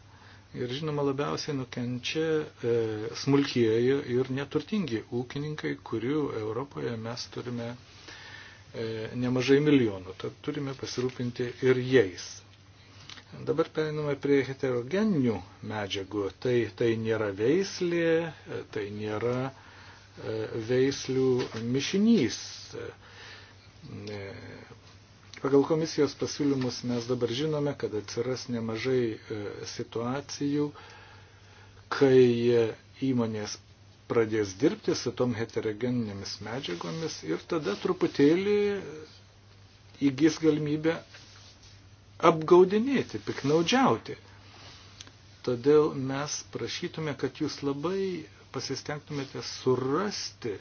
Ir žinoma, labiausiai nukenčia e, smulkieji ir neturtingi ūkininkai, kurių Europoje mes turime e, nemažai milijonų. Tad turime pasirūpinti ir jais. Dabar periname prie heterogeninių medžiagų. Tai, tai nėra veislė, tai nėra e, veislių mišinys. E, Pagal komisijos pasiūlymus mes dabar žinome, kad atsiras nemažai e, situacijų, kai e, įmonės pradės dirbti su tom heterogeninėmis medžiagomis ir tada truputėlį įgis galimybę apgaudinėti, piknaudžiauti. Todėl mes prašytume, kad jūs labai pasistengtumėte surasti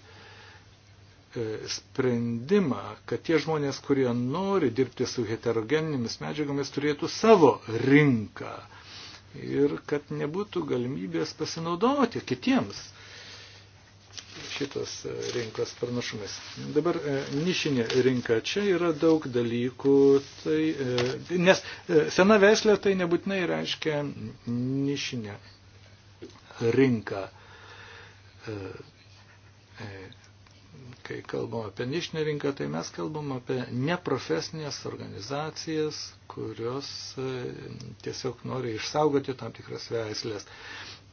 E, sprendimą, kad tie žmonės, kurie nori dirbti su heterogeninėmis medžiagomis, turėtų savo rinką ir kad nebūtų galimybės pasinaudoti kitiems šitos e, rinkos pranašumais. Dabar e, nišinė rinka. Čia yra daug dalykų. Tai, nes sena veislė tai nebūtinai reiškia nišinę rinką Kai kalbam apie nišinę rinką, tai mes kalbam apie neprofesinės organizacijas, kurios e, tiesiog nori išsaugoti tam tikras veislės.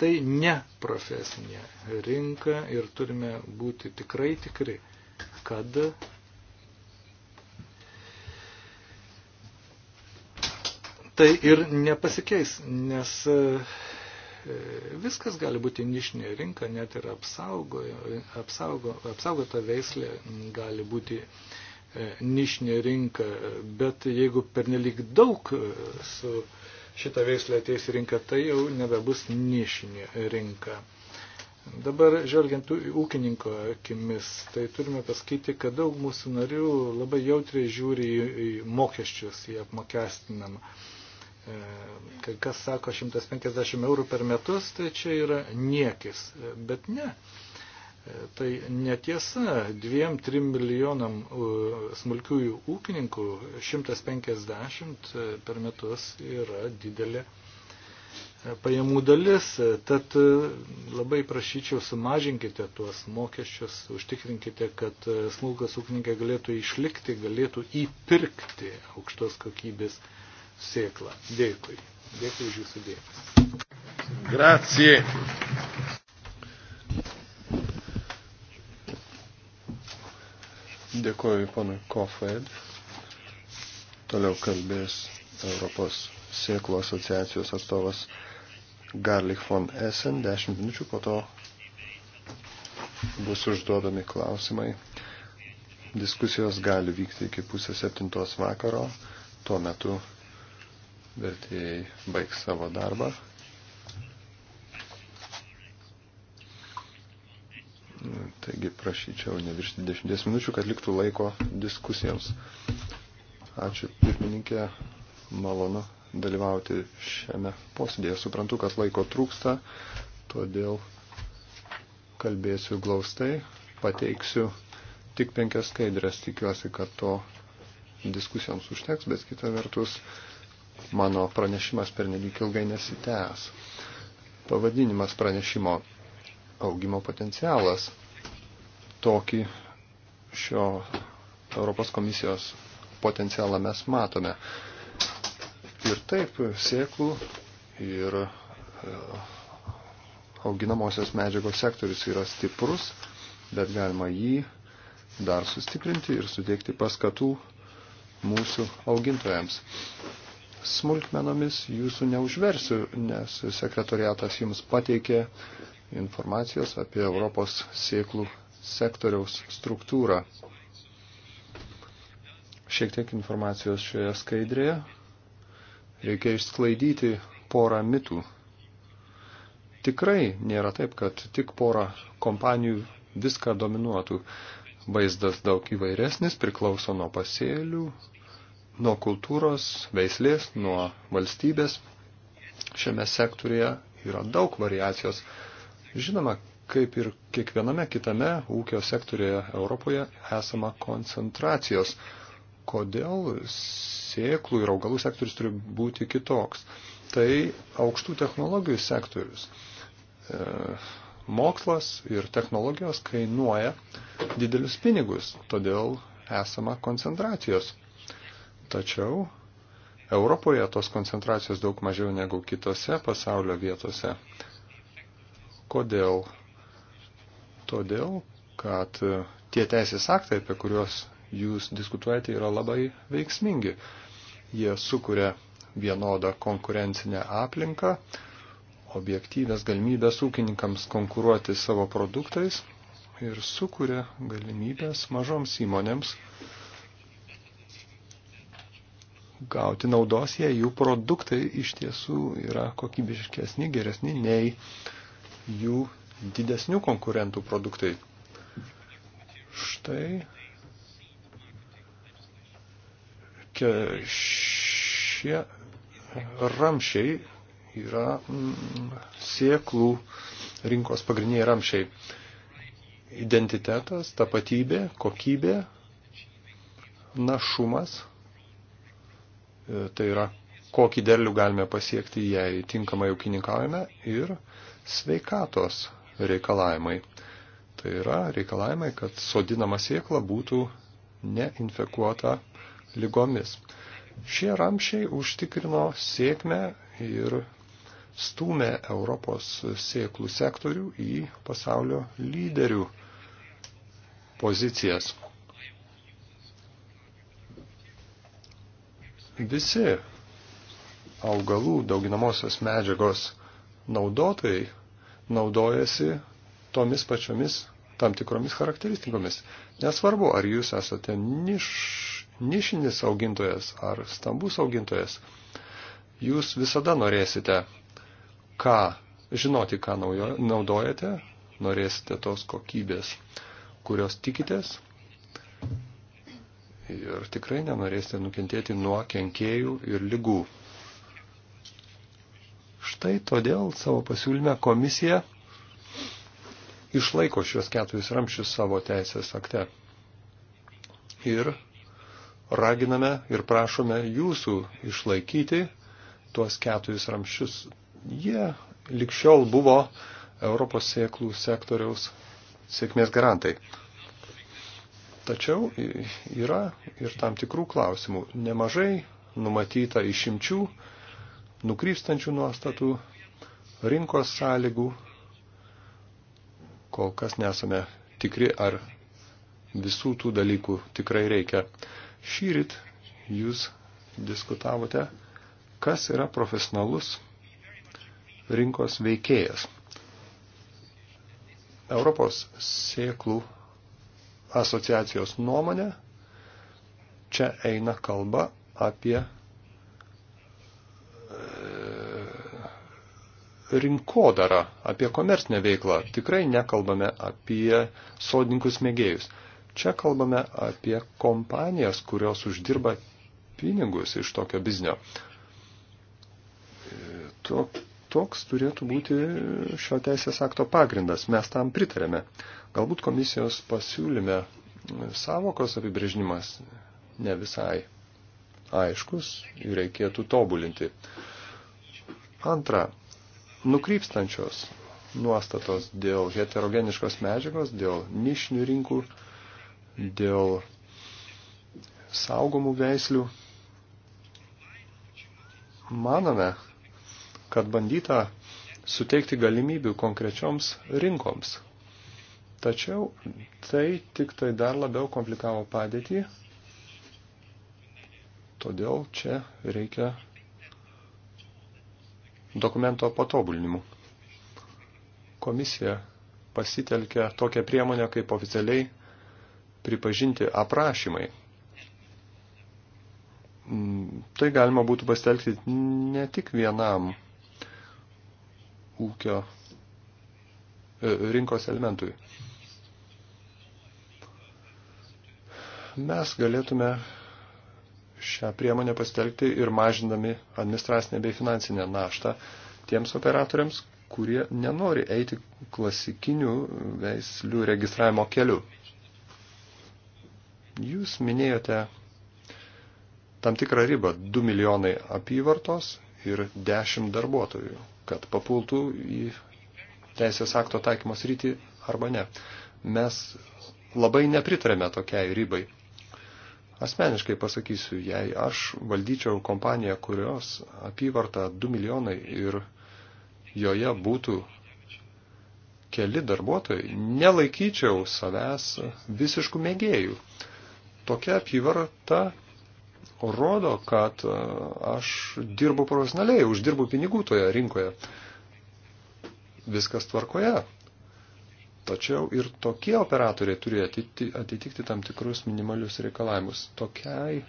Tai neprofesinė rinka ir turime būti tikrai tikri, kad tai ir nepasikeis, nes e, E, viskas gali būti nišinė rinka, net ir apsaugo, apsaugo, apsaugota veislė gali būti e, nišinė rinka, bet jeigu pernelik daug e, su šitą veislę ateis rinka, tai jau nebebus nišinė rinka. Dabar, žvelgiant ūkininko akimis, tai turime pasakyti, kad daug mūsų narių labai jautriai žiūri į, į mokesčius, į apmokestinamą E, kai kas sako 150 eurų per metus, tai čia yra niekis. E, bet ne. E, tai netiesa, 2-3 milijonam smulkiųjų ūkininkų 150 per metus yra didelė pajamų dalis, tad labai prašyčiau sumažinkite tuos mokesčius, užtikrinkite, kad smulkas ūkininkai galėtų išlikti, galėtų įpirkti aukštos kokybės sėklą. Dėkui. Dėkui už jūsų dėmesį. Grazie. Dėkuoju ponui Kofed. Toliau kalbės Europos sėklų asociacijos atstovas Garlik von Essen. 10 minučių po to bus užduodami klausimai. Diskusijos gali vykti iki pusės septintos vakaro. Tuo metu vertėjai baigs savo darbą. Taigi prašyčiau ne virš 20 minučių, kad liktų laiko diskusijoms. Ačiū pirmininkė, malonu dalyvauti šiame posėdėje. Suprantu, kad laiko trūksta, todėl kalbėsiu glaustai, pateiksiu tik penkias skaidrės, tikiuosi, kad to diskusijoms užteks, bet kita vertus mano pranešimas pernelyg ilgai nesitęs. Pavadinimas pranešimo augimo potencialas. Tokį šio Europos komisijos potencialą mes matome. Ir taip sėklų ir e, auginamosios medžiagos sektorius yra stiprus, bet galima jį dar sustiprinti ir sudėkti paskatų mūsų augintojams smulkmenomis jūsų neužversiu, nes sekretoriatas jums pateikė informacijos apie Europos sėklų sektoriaus struktūrą. Šiek tiek informacijos šioje skaidrėje. Reikia išsklaidyti porą mitų. Tikrai nėra taip, kad tik pora kompanijų viską dominuotų. Vaizdas daug įvairesnis, priklauso nuo pasėlių, nuo kultūros, veislės, nuo valstybės. Šiame sektorija yra daug variacijos. Žinoma, kaip ir kiekviename kitame ūkio sektorėje Europoje esama koncentracijos. Kodėl sėklų ir augalų sektorius turi būti kitoks? Tai aukštų technologijų sektorius. E, mokslas ir technologijos kainuoja didelius pinigus, todėl esama koncentracijos. Tačiau Europoje tos koncentracijos daug mažiau negu kitose pasaulio vietose. Kodėl? Todėl, kad tie teisės aktai, apie kuriuos jūs diskutuojate, yra labai veiksmingi. Jie sukuria vienodą konkurencinę aplinką, objektyvės galimybės ūkininkams konkuruoti savo produktais ir sukuria galimybės mažoms įmonėms gauti naudos, jei jų produktai iš tiesų yra kokybiškesni, geresni nei jų didesnių konkurentų produktai. Štai šie ramšiai yra mm, sieklų rinkos pagrindiniai ramšiai. Identitetas, tapatybė, kokybė, našumas – E, tai yra, kokį derlių galime pasiekti, jei tinkamai ūkininkaujame ir sveikatos reikalavimai. Tai yra reikalavimai, kad sodinama siekla būtų neinfekuota lygomis. Šie ramšiai užtikrino sėkmę ir stūmė Europos sėklų sektorių į pasaulio lyderių pozicijas. visi augalų dauginamosios medžiagos naudotojai naudojasi tomis pačiomis tam tikromis charakteristikomis. Nesvarbu, ar jūs esate niš, nišinis augintojas ar stambus augintojas, jūs visada norėsite ką, žinoti, ką naujo, naudojate, norėsite tos kokybės, kurios tikitės ir tikrai nenorėsite nukentėti nuo kenkėjų ir lygų. Štai todėl savo pasiūlyme komisija išlaiko šios keturis ramščius savo teisės akte. Ir raginame ir prašome jūsų išlaikyti tuos keturis ramščius. Jie likščiol buvo Europos sėklų sektoriaus sėkmės garantai. Tačiau yra ir tam tikrų klausimų. Nemažai numatyta išimčių, nukrypstančių nuostatų, rinkos sąlygų. Kol kas nesame tikri, ar visų tų dalykų tikrai reikia. Šyrit jūs diskutavote, kas yra profesionalus rinkos veikėjas. Europos sėklų asociacijos nuomonę, čia eina kalba apie e, rinkodarą, apie komercinę veiklą. Tikrai nekalbame apie sodininkus mėgėjus. Čia kalbame apie kompanijas, kurios uždirba pinigus iš tokio biznio. E, to, toks turėtų būti šio teisės akto pagrindas. Mes tam pritarėme. Galbūt komisijos pasiūlyme savokos apibrėžinimas ne visai aiškus ir reikėtų tobulinti. Antra, nukrypstančios nuostatos dėl heterogeniškos medžiagos, dėl nišinių rinkų, dėl saugomų veislių. Manome, kad bandyta suteikti galimybių konkrečioms rinkoms, Tačiau tai tik tai dar labiau komplikavo padėtį, todėl čia reikia dokumento patobulinimų. Komisija pasitelkia tokią priemonę kaip oficialiai pripažinti aprašymai. Tai galima būtų pasitelkti ne tik vienam ūkio e, rinkos elementui. mes galėtume šią priemonę pasitelkti ir mažindami administracinę bei finansinę naštą tiems operatoriams, kurie nenori eiti klasikinių veislių registravimo keliu. Jūs minėjote tam tikrą ribą 2 milijonai apyvartos ir 10 darbuotojų, kad papultų į teisės akto taikymos rytį arba ne. Mes labai nepritarėme tokiai ribai Asmeniškai pasakysiu, jei aš valdyčiau kompaniją, kurios apyvarta 2 milijonai ir joje būtų keli darbuotojai, nelaikyčiau savęs visiškų mėgėjų. Tokia apyvarta rodo, kad e, aš dirbu profesionaliai, uždirbu pinigų toje rinkoje. Viskas tvarkoje. Tačiau ir tokie operatoriai turi atitikti tam tikrus minimalius reikalavimus. Tokiai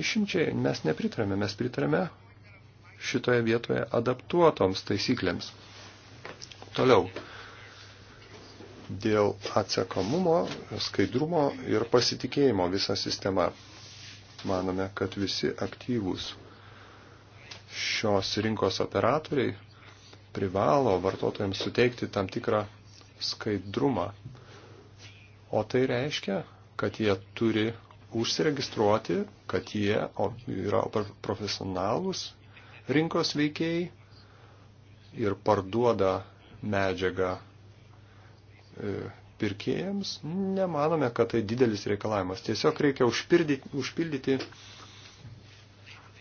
išimčiai mes nepritarėme. Mes pritarėme šitoje vietoje adaptuotoms taisyklėms. Toliau. Dėl atsekomumo, skaidrumo ir pasitikėjimo visa sistema. Manome, kad visi aktyvūs šios rinkos operatoriai privalo vartotojams suteikti tam tikrą skaidrumą. O tai reiškia, kad jie turi užsiregistruoti, kad jie yra profesionalūs rinkos veikėjai ir parduoda medžiagą e, pirkėjams. Nemanome, kad tai didelis reikalavimas. Tiesiog reikia užpildyti, užpildyti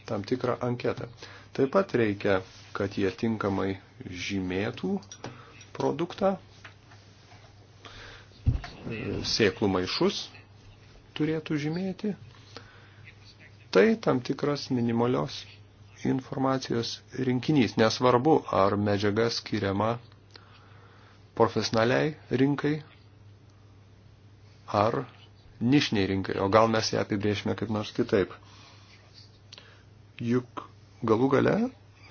tam tikrą anketą. Taip pat reikia, kad jie tinkamai žymėtų produktą, sėklų maišus turėtų žymėti. Tai tam tikras minimalios informacijos rinkinys. Nesvarbu, ar medžiaga skiriama profesionaliai rinkai ar nišiniai rinkai, o gal mes ją apibrėšime kaip nors kitaip. Juk galų gale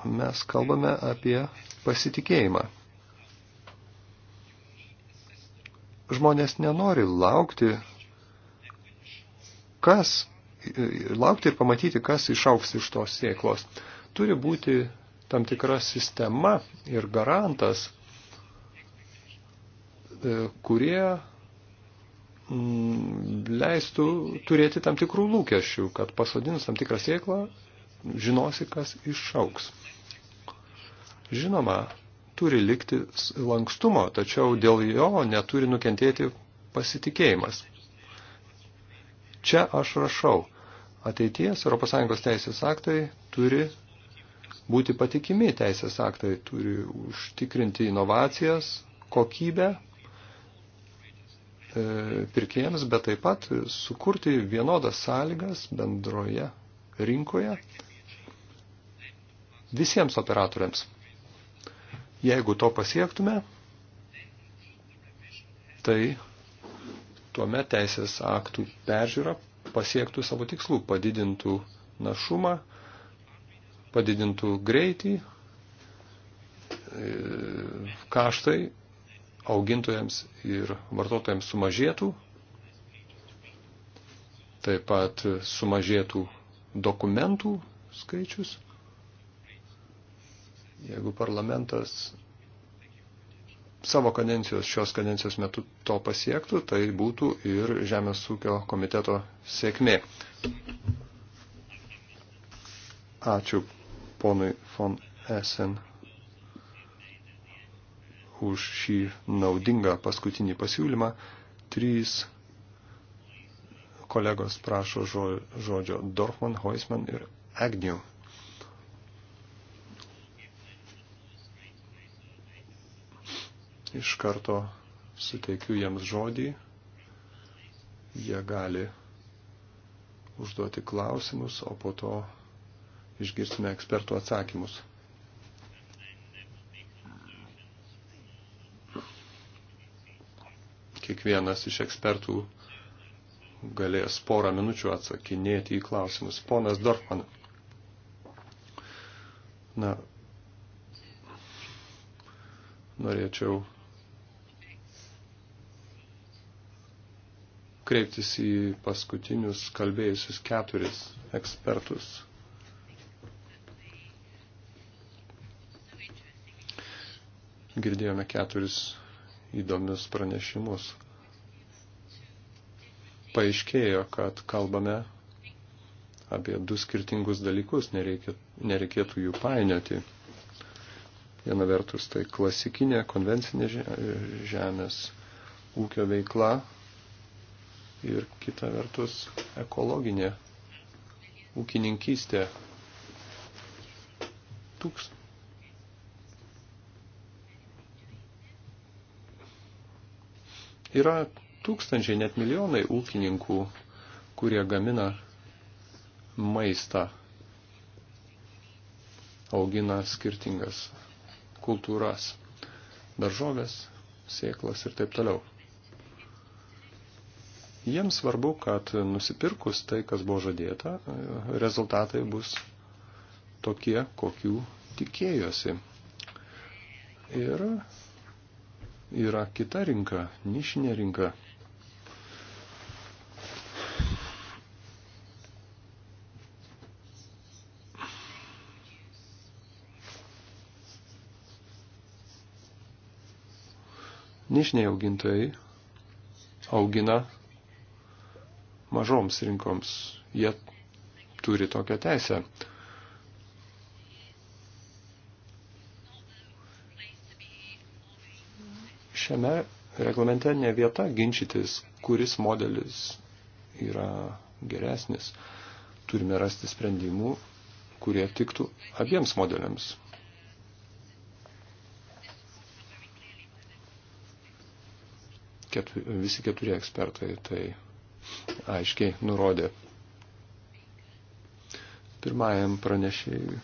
mes kalbame apie pasitikėjimą. žmonės nenori laukti, kas, laukti ir pamatyti, kas išauks iš tos sėklos. Turi būti tam tikra sistema ir garantas, e, kurie mm, leistų turėti tam tikrų lūkesčių, kad pasodinus tam tikrą sėklą, žinosi, kas išauks. Žinoma, turi likti lankstumo, tačiau dėl jo neturi nukentėti pasitikėjimas. Čia aš rašau, ateities ES teisės aktai turi būti patikimi teisės aktai, turi užtikrinti inovacijas, kokybę e, pirkėjams, bet taip pat sukurti vienodas sąlygas bendroje rinkoje visiems operatoriams. Jeigu to pasiektume, tai tuomet teisės aktų peržiūra pasiektų savo tikslų, padidintų našumą, padidintų greitį, kaštai augintojams ir vartotojams sumažėtų, taip pat sumažėtų dokumentų skaičius jeigu parlamentas savo kadencijos, šios kadencijos metu to pasiektų, tai būtų ir Žemės ūkio komiteto sėkmė. Ačiū ponui von Essen už šį naudingą paskutinį pasiūlymą. Trys kolegos prašo žodžio Dorfman, Heusman ir Agnew. Iš karto suteikiu jiems žodį. Jie gali užduoti klausimus, o po to išgirsime ekspertų atsakymus. Kiekvienas iš ekspertų galės porą minučių atsakinėti į klausimus. Ponas Dorfman. Na, norėčiau kreiptis į paskutinius kalbėjusius keturis ekspertus. Girdėjome keturis įdomius pranešimus. Paaiškėjo, kad kalbame apie du skirtingus dalykus, nereikia, nereikėtų jų painioti. Viena vertus tai klasikinė konvencinė žemės ūkio veikla, ir kita vertus ekologinė ūkininkystė. Tūks. Yra tūkstančiai, net milijonai ūkininkų, kurie gamina maistą, augina skirtingas kultūras, daržovės, sėklas ir taip toliau. Jiems svarbu, kad nusipirkus tai, kas buvo žadėta, rezultatai bus tokie, kokių tikėjosi. Ir yra kita rinka, nišinė rinka. Nišiniai augintojai augina mažoms rinkoms. Jie turi tokią teisę. Šiame reglamente ne vieta ginčytis, kuris modelis yra geresnis. Turime rasti sprendimų, kurie tiktų abiems modeliams. Ketu, visi keturi ekspertai tai aiškiai nurodė. Pirmajam pranešėjui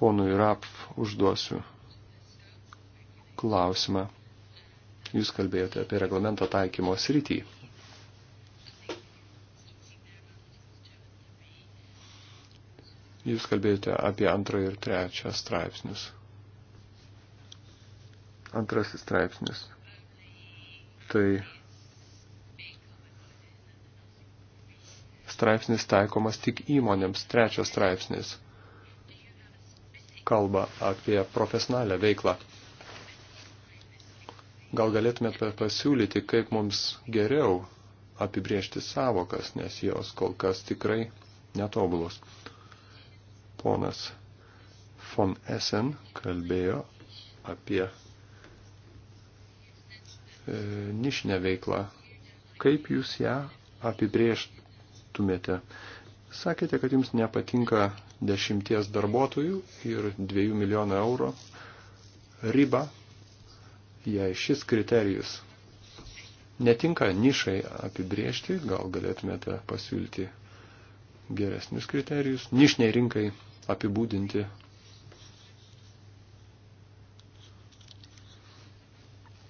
ponui Rap užduosiu klausimą. Jūs kalbėjote apie reglamento taikymo sritį. Jūs kalbėjote apie antrą ir trečią straipsnius. Antrasis straipsnis. Tai straipsnis taikomas tik įmonėms. Trečias straipsnis kalba apie profesionalią veiklą. Gal galėtumėte pasiūlyti, kaip mums geriau apibriežti savokas, nes jos kol kas tikrai netobulos. Ponas von Essen kalbėjo apie e, nišinę veiklą. Kaip jūs ją apibrėžt, galėtumėte. Sakėte, kad jums nepatinka dešimties darbuotojų ir dviejų milijonų eurų riba, jei šis kriterijus netinka nišai apibriežti, gal galėtumėte pasiūlyti geresnius kriterijus, nišiniai rinkai apibūdinti.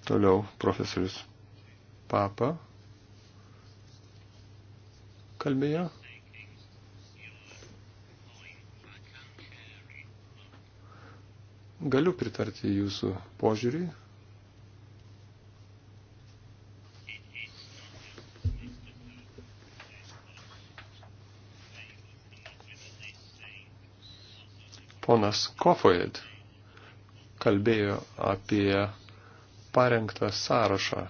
Toliau profesorius Papa kalbėjo. Galiu pritarti jūsų požiūriui. Ponas Kofoid kalbėjo apie parengtą sąrašą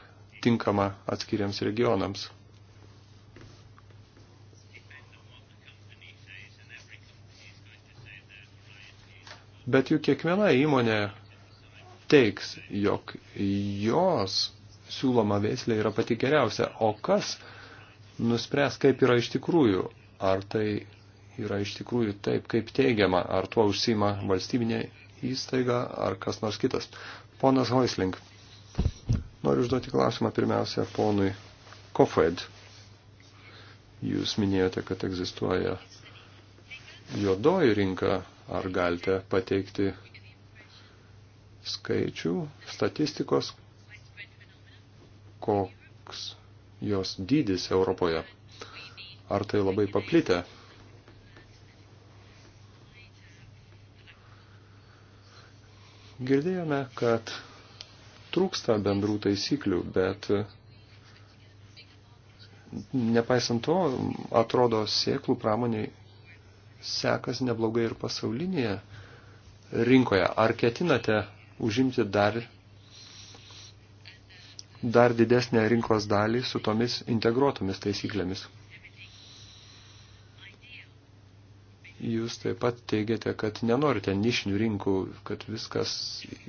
tinkamą atskiriams regionams. Bet juk kiekviena įmonė teiks, jog jos siūloma veislė yra pati geriausia, o kas nuspręs, kaip yra iš tikrųjų, ar tai yra iš tikrųjų taip, kaip teigiama, ar tuo užsima valstybinė įstaiga, ar kas nors kitas. Ponas Hoisling, noriu užduoti klausimą pirmiausia ponui Kofed. Jūs minėjote, kad egzistuoja juodoji rinka, ar galite pateikti skaičių, statistikos, koks jos dydis Europoje. Ar tai labai paplitę? Girdėjome, kad trūksta bendrų taisyklių, bet nepaisant to, atrodo, sėklų pramoniai sekas neblogai ir pasaulinėje rinkoje. Ar ketinate užimti dar, dar didesnę rinkos dalį su tomis integruotomis taisyklėmis? Jūs taip pat teigiate, kad nenorite nišinių rinkų, kad viskas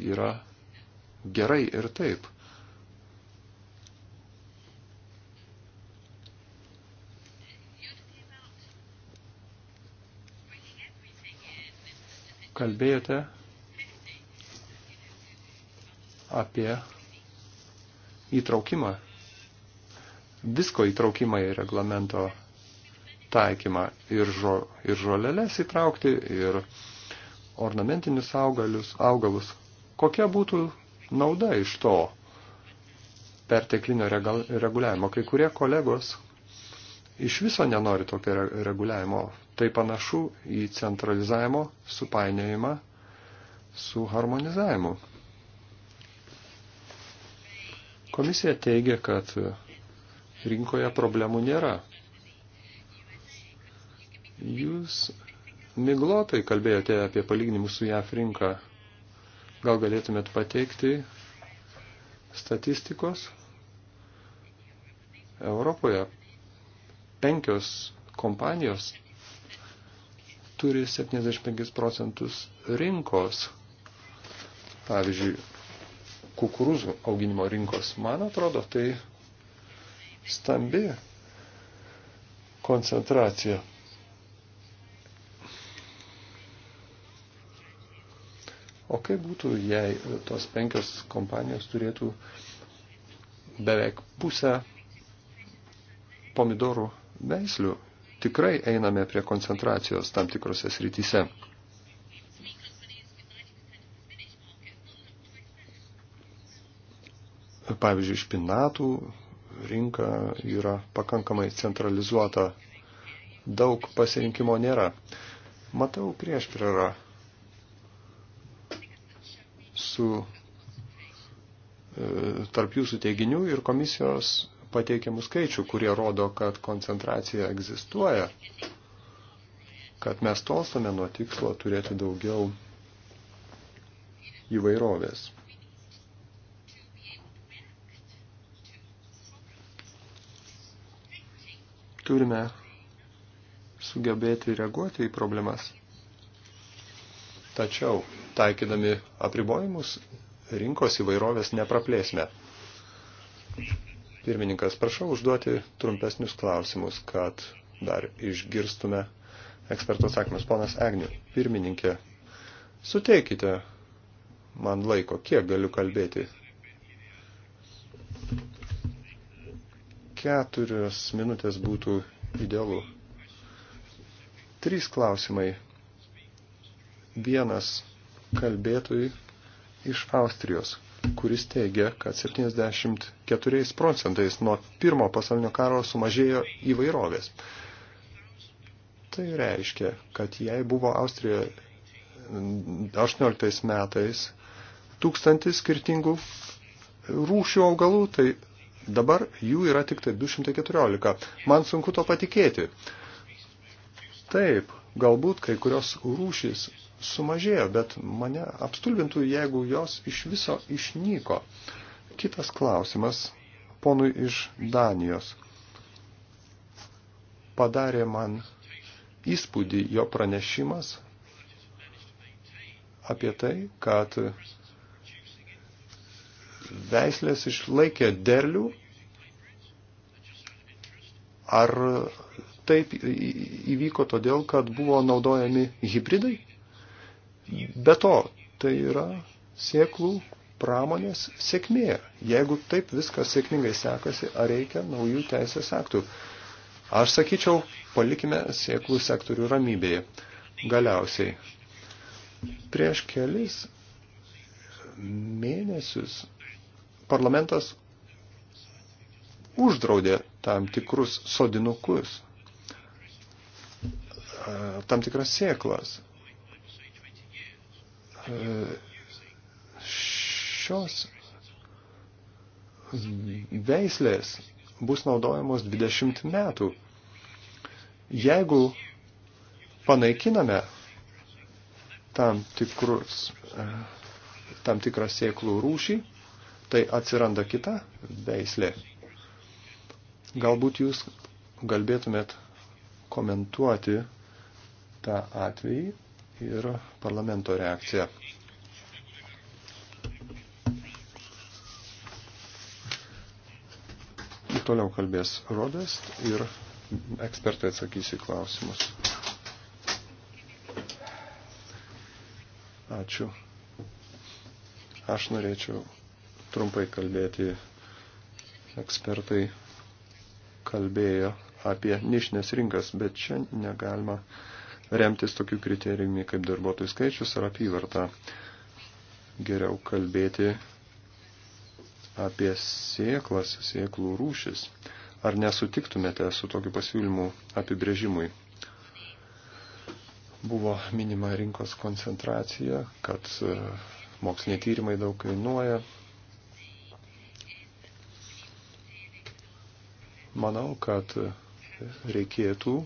yra gerai ir taip. kalbėjote apie įtraukimą, visko įtraukimą į reglamento taikymą ir, žo, ir žolelės įtraukti, ir ornamentinius augalius, augalus. Kokia būtų nauda iš to perteklinio reguliavimo? Kai kurie kolegos iš viso nenori tokio reguliavimo. Tai panašu į centralizavimo supainiojimą su harmonizavimu. Komisija teigia, kad rinkoje problemų nėra. Jūs miglotai kalbėjote apie palyginimus su JAF rinka. Gal galėtumėt pateikti statistikos? Europoje penkios kompanijos turi 75 procentus rinkos, pavyzdžiui, kukurūzų auginimo rinkos. Man atrodo, tai stambi koncentracija. O kaip būtų, jei tos penkios kompanijos turėtų beveik pusę pomidorų veislių tikrai einame prie koncentracijos tam tikrose srityse. Pavyzdžiui, špinatų rinka yra pakankamai centralizuota, daug pasirinkimo nėra. Matau prieš prierą su e, tarp jūsų teiginių ir komisijos pateikiamų skaičių, kurie rodo, kad koncentracija egzistuoja, kad mes tolstame nuo tikslo turėti daugiau įvairovės. Turime sugebėti reaguoti į problemas. Tačiau, taikydami apribojimus, rinkos įvairovės nepraplėsime. Pirmininkas, prašau užduoti trumpesnius klausimus, kad dar išgirstume eksperto atsakymus. Ponas Agniu, pirmininkė, suteikite man laiko, kiek galiu kalbėti. Keturios minutės būtų idealu. Trys klausimai. Vienas kalbėtojui iš Austrijos kuris teigia, kad 74 procentais nuo pirmo pasaulinio karo sumažėjo įvairovės. Tai reiškia, kad jei buvo Austrijoje 18 metais tūkstantis skirtingų rūšių augalų, tai dabar jų yra tik tai 214. Man sunku to patikėti. Taip, galbūt kai kurios rūšys sumažėjo, bet mane apstulbintų, jeigu jos iš viso išnyko. Kitas klausimas ponui iš Danijos. Padarė man įspūdį jo pranešimas apie tai, kad veislės išlaikė derlių. Ar taip įvyko todėl, kad buvo naudojami hybridai? Be to, tai yra sieklų pramonės sėkmė. Jeigu taip viskas sėkmingai sekasi, ar reikia naujų teisės aktų? Aš sakyčiau, palikime sieklų sektorių ramybėje. Galiausiai, prieš kelis mėnesius parlamentas uždraudė tam tikrus sodinukus, tam tikras sėklas šios veislės bus naudojamos 20 metų. Jeigu panaikiname tam, tikrus, e, tam tikrą sėklų rūšį, tai atsiranda kita veislė. Galbūt jūs galbėtumėt komentuoti tą atvejį ir parlamento reakcija. Ir toliau kalbės Rodest ir ekspertai atsakys į klausimus. Ačiū. Aš norėčiau trumpai kalbėti. Ekspertai kalbėjo apie nišinės rinkas, bet čia negalima uh, remtis tokiu kriterijumi kaip darbuotojų skaičius ar apyvarta. Geriau kalbėti apie sėklas, sėklų rūšis. Ar nesutiktumėte su tokiu pasiūlymu apibrėžimui? Buvo minima rinkos koncentracija, kad e, moksliniai tyrimai daug kainuoja. Manau, kad reikėtų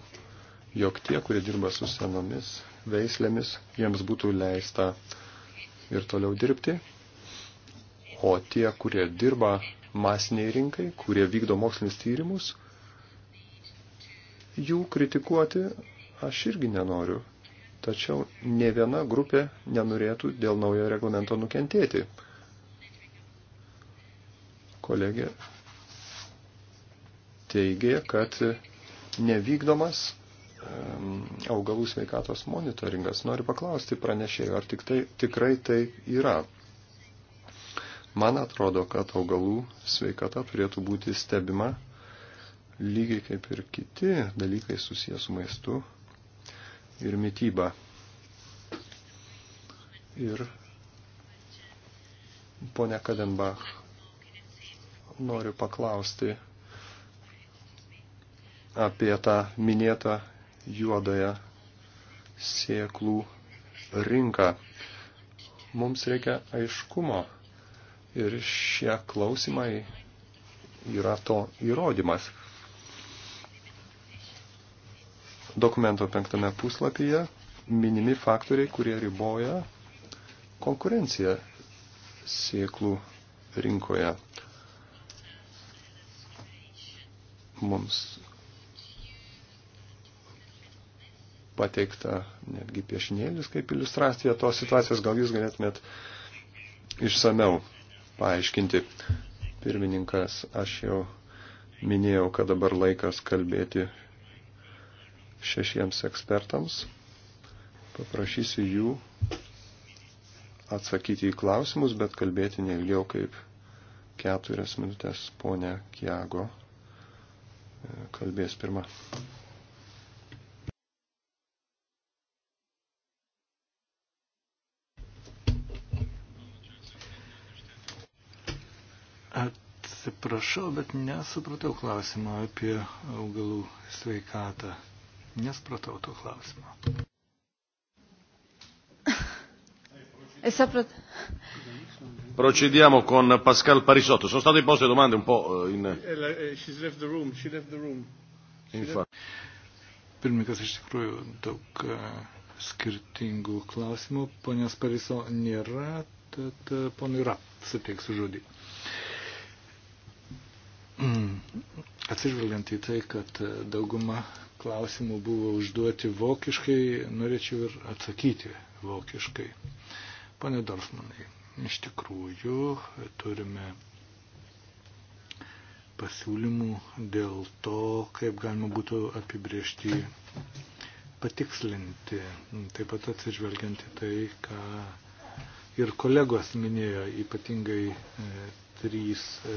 jog tie, kurie dirba su senomis veislėmis, jiems būtų leista ir toliau dirbti, o tie, kurie dirba masiniai rinkai, kurie vykdo mokslinis tyrimus, jų kritikuoti aš irgi nenoriu. Tačiau ne viena grupė nenorėtų dėl naujo reglamento nukentėti. Kolegė teigė, kad nevykdomas augalų sveikatos monitoringas. Noriu paklausti pranešėjų, ar tik tai, tikrai tai yra. Man atrodo, kad augalų sveikata turėtų būti stebima lygiai kaip ir kiti dalykai susijęs su maistu ir mytyba. Ir ponia Kadenbach, noriu paklausti apie tą minėtą juodąją sėklų rinką. Mums reikia aiškumo ir šie klausimai yra to įrodymas. Dokumento penktame puslapyje minimi faktoriai, kurie riboja konkurenciją sėklų rinkoje. Mums pateikta netgi piešinėlis kaip iliustracija tos situacijos. Gal jūs galėtumėt išsameu paaiškinti. Pirmininkas, aš jau minėjau, kad dabar laikas kalbėti šešiems ekspertams. Paprašysiu jų atsakyti į klausimus, bet kalbėti neilgiau kaip keturias minutės. Pone Kiago e, kalbės pirmą. Atsiprašau, bet nesupratau klausimą apie augalų sveikatą. Nespratau to klausimo. E Procediamo con Pascal Parisotto. Sono state poste domande un po' eh, in. Eh, eh, she's left the room. She left the room. Pirmininkas iš tikrųjų daug skirtingų klausimų. Ponios Pariso nėra, tad ponui Rap suteiksiu žodį. Mm. Atsižvelgiant į tai, kad e, dauguma klausimų buvo užduoti vokiškai, norėčiau ir atsakyti vokiškai. Pane Dorfmanai, iš tikrųjų turime pasiūlymų dėl to, kaip galima būtų apibriežti, patikslinti, taip pat atsižvelgiant į tai, ką ir kolegos minėjo, ypatingai e, trys e,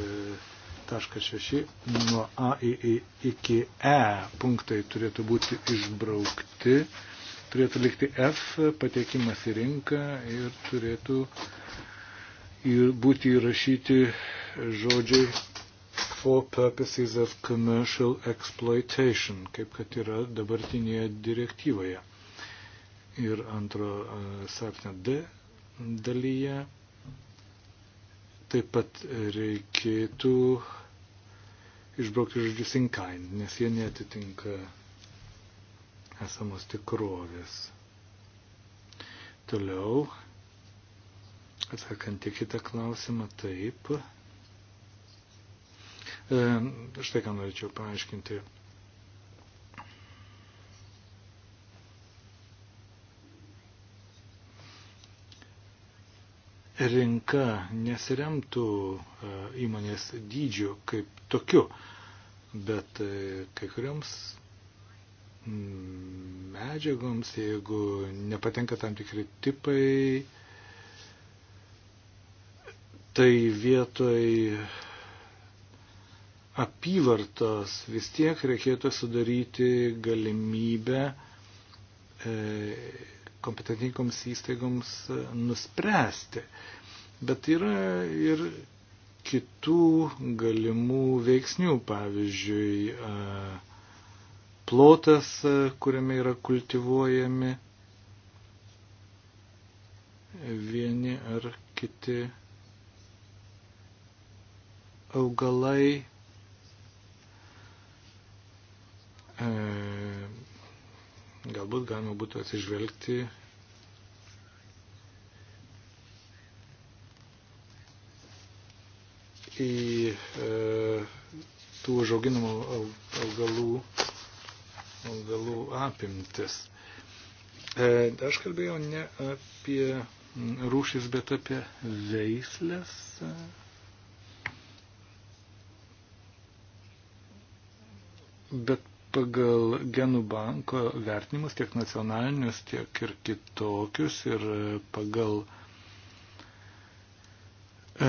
1.6 nuo A iki E punktai turėtų būti išbraukti, turėtų likti F patekimas į rinką ir turėtų būti įrašyti žodžiai for purposes of commercial exploitation, kaip kad yra dabartinėje direktyvoje. Ir antro e, sapne D dalyje Taip pat reikėtų išbraukti žodžius in kind, nes jie netitinka esamos tikrovės. Toliau, atsakant į kitą klausimą, taip. E, štai ką norėčiau paaiškinti rinka nesiremtų e, įmonės dydžiu kaip tokiu, bet e, kai kuriams mm, medžiagoms, jeigu nepatenka tam tikri tipai, tai vietoj apyvartos vis tiek reikėtų sudaryti galimybę e, kompetentingoms įstaigoms e, nuspręsti. Bet yra ir kitų galimų veiksnių, pavyzdžiui, e, plotas, e, kuriame yra kultivuojami vieni ar kiti augalai. E, galbūt galima būtų atsižvelgti į e, tų užauginamų augalų, augalų apimtis. E, aš kalbėjau ne apie rūšis, bet apie veislės. Bet pagal genų banko vertinimus, tiek nacionalinius, tiek ir kitokius, ir e, pagal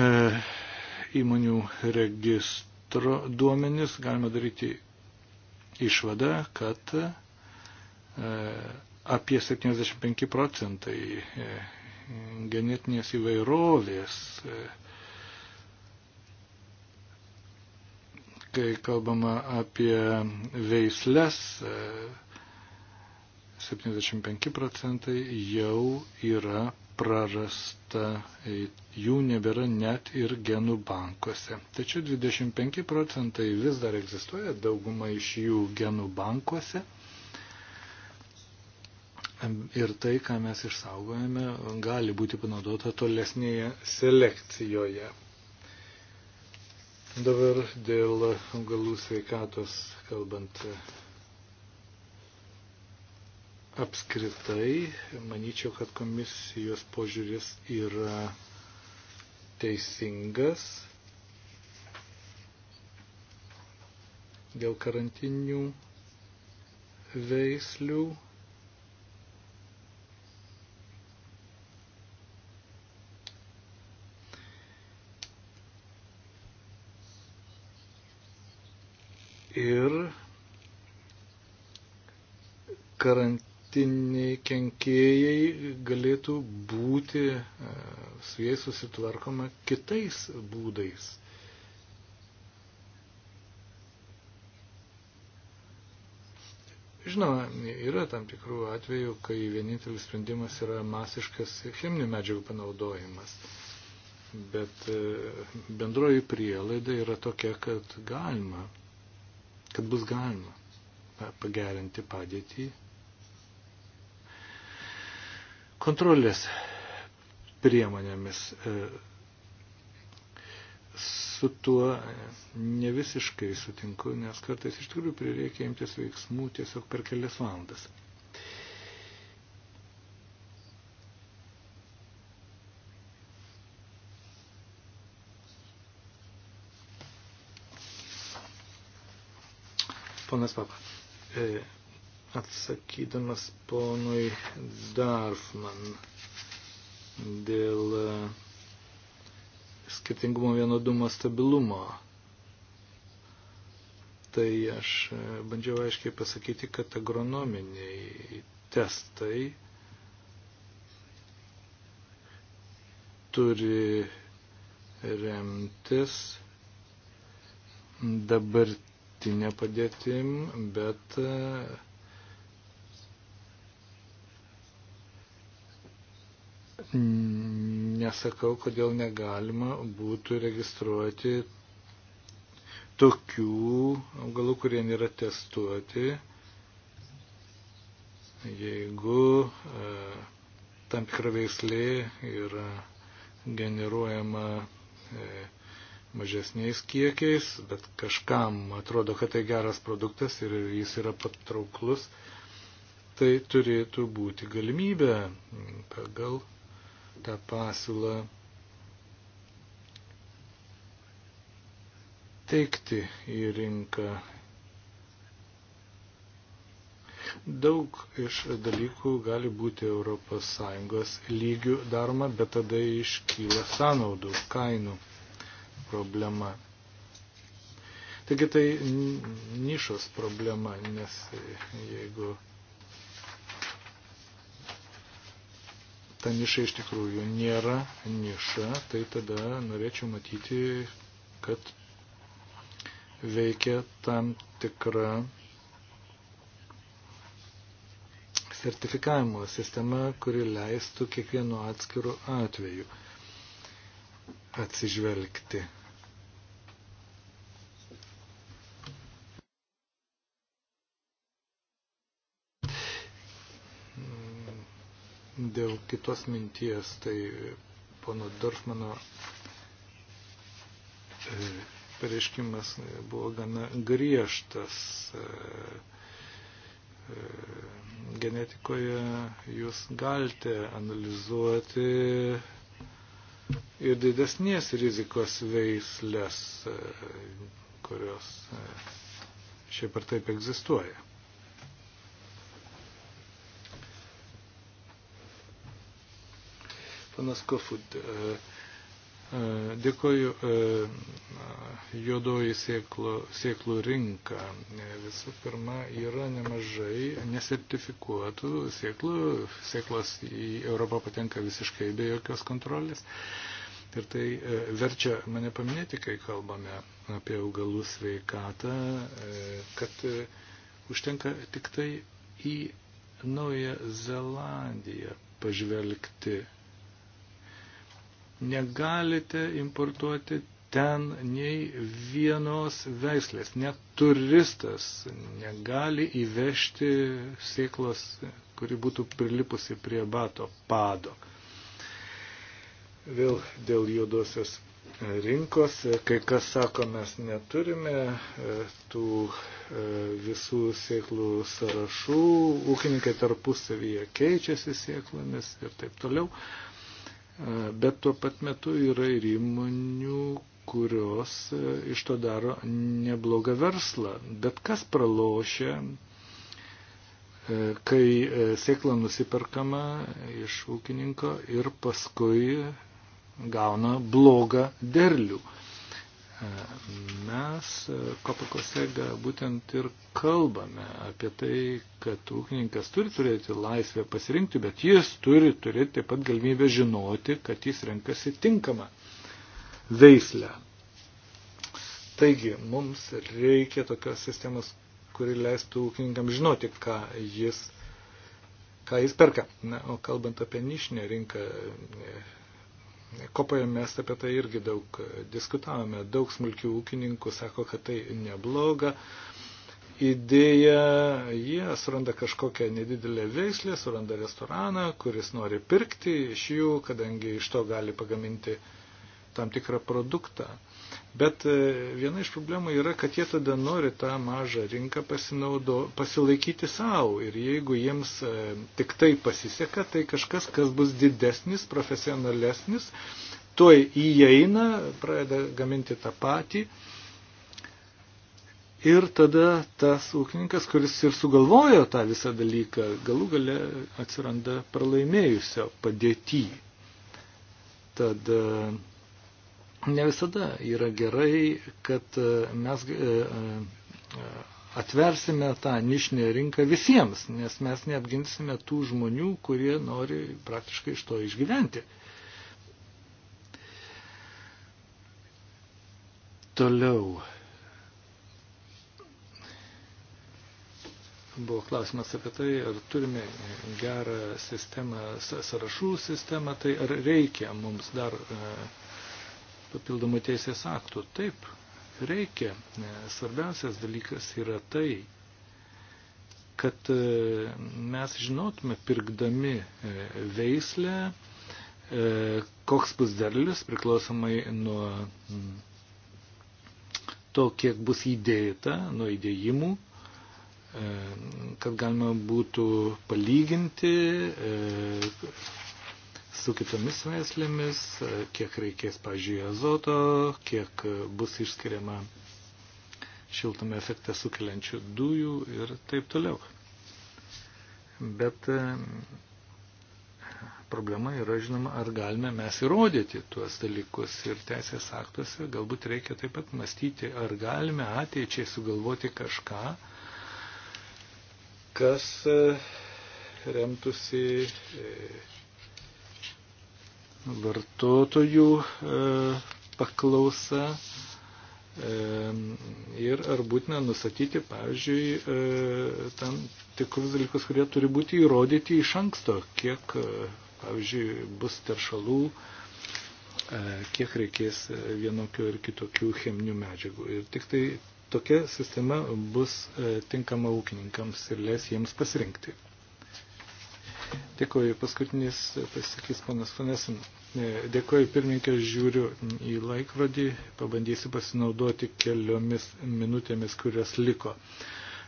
e, įmonių registro duomenis galima daryti išvadą, kad e, apie 75 procentai e, genetinės įvairovės e, kai kalbama apie veislės, 75 e, procentai jau yra prarasta, e, jų nebėra net ir genų bankuose. Tačiau 25 procentai vis dar egzistuoja, dauguma iš jų genų bankuose. Ir tai, ką mes išsaugojame, gali būti panaudota tolesnėje selekcijoje. Dabar dėl augalų sveikatos kalbant apskritai, manyčiau, kad komisijos požiūris yra teisingas dėl karantinių veislių ir karantiniai kenkėjai galėtų būti e, su jais susitvarkoma kitais būdais. Žinoma, yra tam tikrų atvejų, kai vienintelis sprendimas yra masiškas cheminių medžiagų panaudojimas. Bet e, bendroji prielaida yra tokia, kad galima kad bus galima pagerinti padėtį. Kontrolės priemonėmis e, su tuo e, ne visiškai sutinku, nes kartais iš tikrųjų prireikia imtis veiksmų tiesiog per kelias valandas. Ponas Papa, e, atsakydamas ponui Darfman dėl e, skirtingumo vienodumo stabilumo, tai aš e, bandžiau aiškiai pasakyti, kad agronominiai testai turi remtis dabartiniais dabartinė padėtim, bet e, nesakau, kodėl negalima būtų registruoti tokių augalų, kurie nėra testuoti, jeigu e, tam tikra veislė yra generuojama e, mažesniais kiekiais, bet kažkam atrodo, kad tai geras produktas ir jis yra patrauklus, tai turėtų būti galimybė pagal tą pasiūlą teikti į rinką. Daug iš dalykų gali būti ES lygių daroma, bet tada iškyla sąnaudų, kainų problema. Taigi tai nišos problema, nes jeigu ta niša iš tikrųjų nėra niša, tai tada norėčiau matyti, kad veikia tam tikra sertifikavimo sistema, kuri leistų kiekvienu atskiru atveju atsižvelgti. dėl kitos minties, tai pono Dorfmano e, pareiškimas buvo gana griežtas. E, e, genetikoje jūs galite analizuoti ir didesnės rizikos veislės, kurios šiaip ar taip egzistuoja. Panas Kofut, e, e, dėkoju e, juodoji sėklų, sėklų rinka. Visų pirma, yra nemažai nesertifikuotų sėklų. Sėklos į Europą patenka visiškai be jokios kontrolės. Ir tai verčia mane paminėti, kai kalbame apie augalų sveikatą, kad užtenka tik tai į Naują Zelandiją pažvelgti negalite importuoti ten nei vienos veislės, net turistas negali įvežti sėklos, kuri būtų prilipusi prie bato pado. Vėl dėl juodosios rinkos, kai kas sako, mes neturime e, tų e, visų sėklų sąrašų, ūkininkai tarpusavyje keičiasi sėklomis ir taip toliau bet tuo pat metu yra ir įmonių, kurios e, iš to daro neblogą verslą. Bet kas pralošia, e, kai e, sėkla nusiperkama iš ūkininko ir paskui gauna blogą derlių. Mes e, Kopakosega būtent ir kalbame apie tai, kad ūkininkas turi turėti laisvę pasirinkti, bet jis turi turėti taip pat galimybę žinoti, kad jis renkasi tinkamą veislę. Taigi, mums reikia tokios sistemos, kuri leistų ūkininkam žinoti, ką jis, ką jis perka. Na, o kalbant apie nišinę rinką, Kopoje mes apie tai irgi daug e, diskutavome. Daug smulkių ūkininkų sako, kad tai nebloga idėja. Jie suranda kažkokią nedidelę veislę, suranda restoraną, kuris nori pirkti iš jų, kadangi iš to gali pagaminti tam tikrą produktą. Bet e, viena iš problemų yra, kad jie tada nori tą mažą rinką pasinaudo, pasilaikyti savo. Ir jeigu jiems e, tik tai pasiseka, tai kažkas, kas bus didesnis, profesionalesnis, tuoj įeina, pradeda gaminti tą patį. Ir tada tas ūkininkas, kuris ir sugalvojo tą visą dalyką, galų gale atsiranda pralaimėjusio padėtyje. Tad e, ne visada yra gerai, kad e, mes e, e, atversime tą nišinę rinką visiems, nes mes neapginsime tų žmonių, kurie nori praktiškai iš to išgyventi. Toliau. Buvo klausimas apie tai, ar turime gerą sistemą, sąrašų sistemą, tai ar reikia mums dar uh, papildomų teisės aktų. Taip, reikia. E, svarbiausias dalykas yra tai, kad e, mes žinotume, pirkdami e, veislę, koks bus derlius priklausomai nuo mm, to, kiek bus įdėta, nuo įdėjimų, kad galima būtų palyginti, su kitomis veislėmis, kiek reikės, pažiūrėjau, azoto, kiek bus išskiriama šiltume efektą sukeliančių dujų ir taip toliau. Bet e, problema yra, žinoma, ar galime mes įrodyti tuos dalykus ir teisės aktuose galbūt reikia taip pat mąstyti, ar galime ateičiai sugalvoti kažką, kas e, remtųsi e, vartotojų e, paklausa e, ir ar būtina nustatyti, pavyzdžiui, e, tam tikrus dalykus, kurie turi būti įrodyti iš anksto, kiek, pavyzdžiui, bus teršalų, kiek reikės vienokių ir kitokių cheminių medžiagų. Ir tik tai tokia sistema bus tinkama ūkininkams ir leis jiems pasirinkti. Dėkuoju, paskutinis pasakys ponas Fanesin. E, Dėkuoju, pirmininkė, žiūriu į laikrodį, pabandysiu pasinaudoti keliomis minutėmis, kurios liko.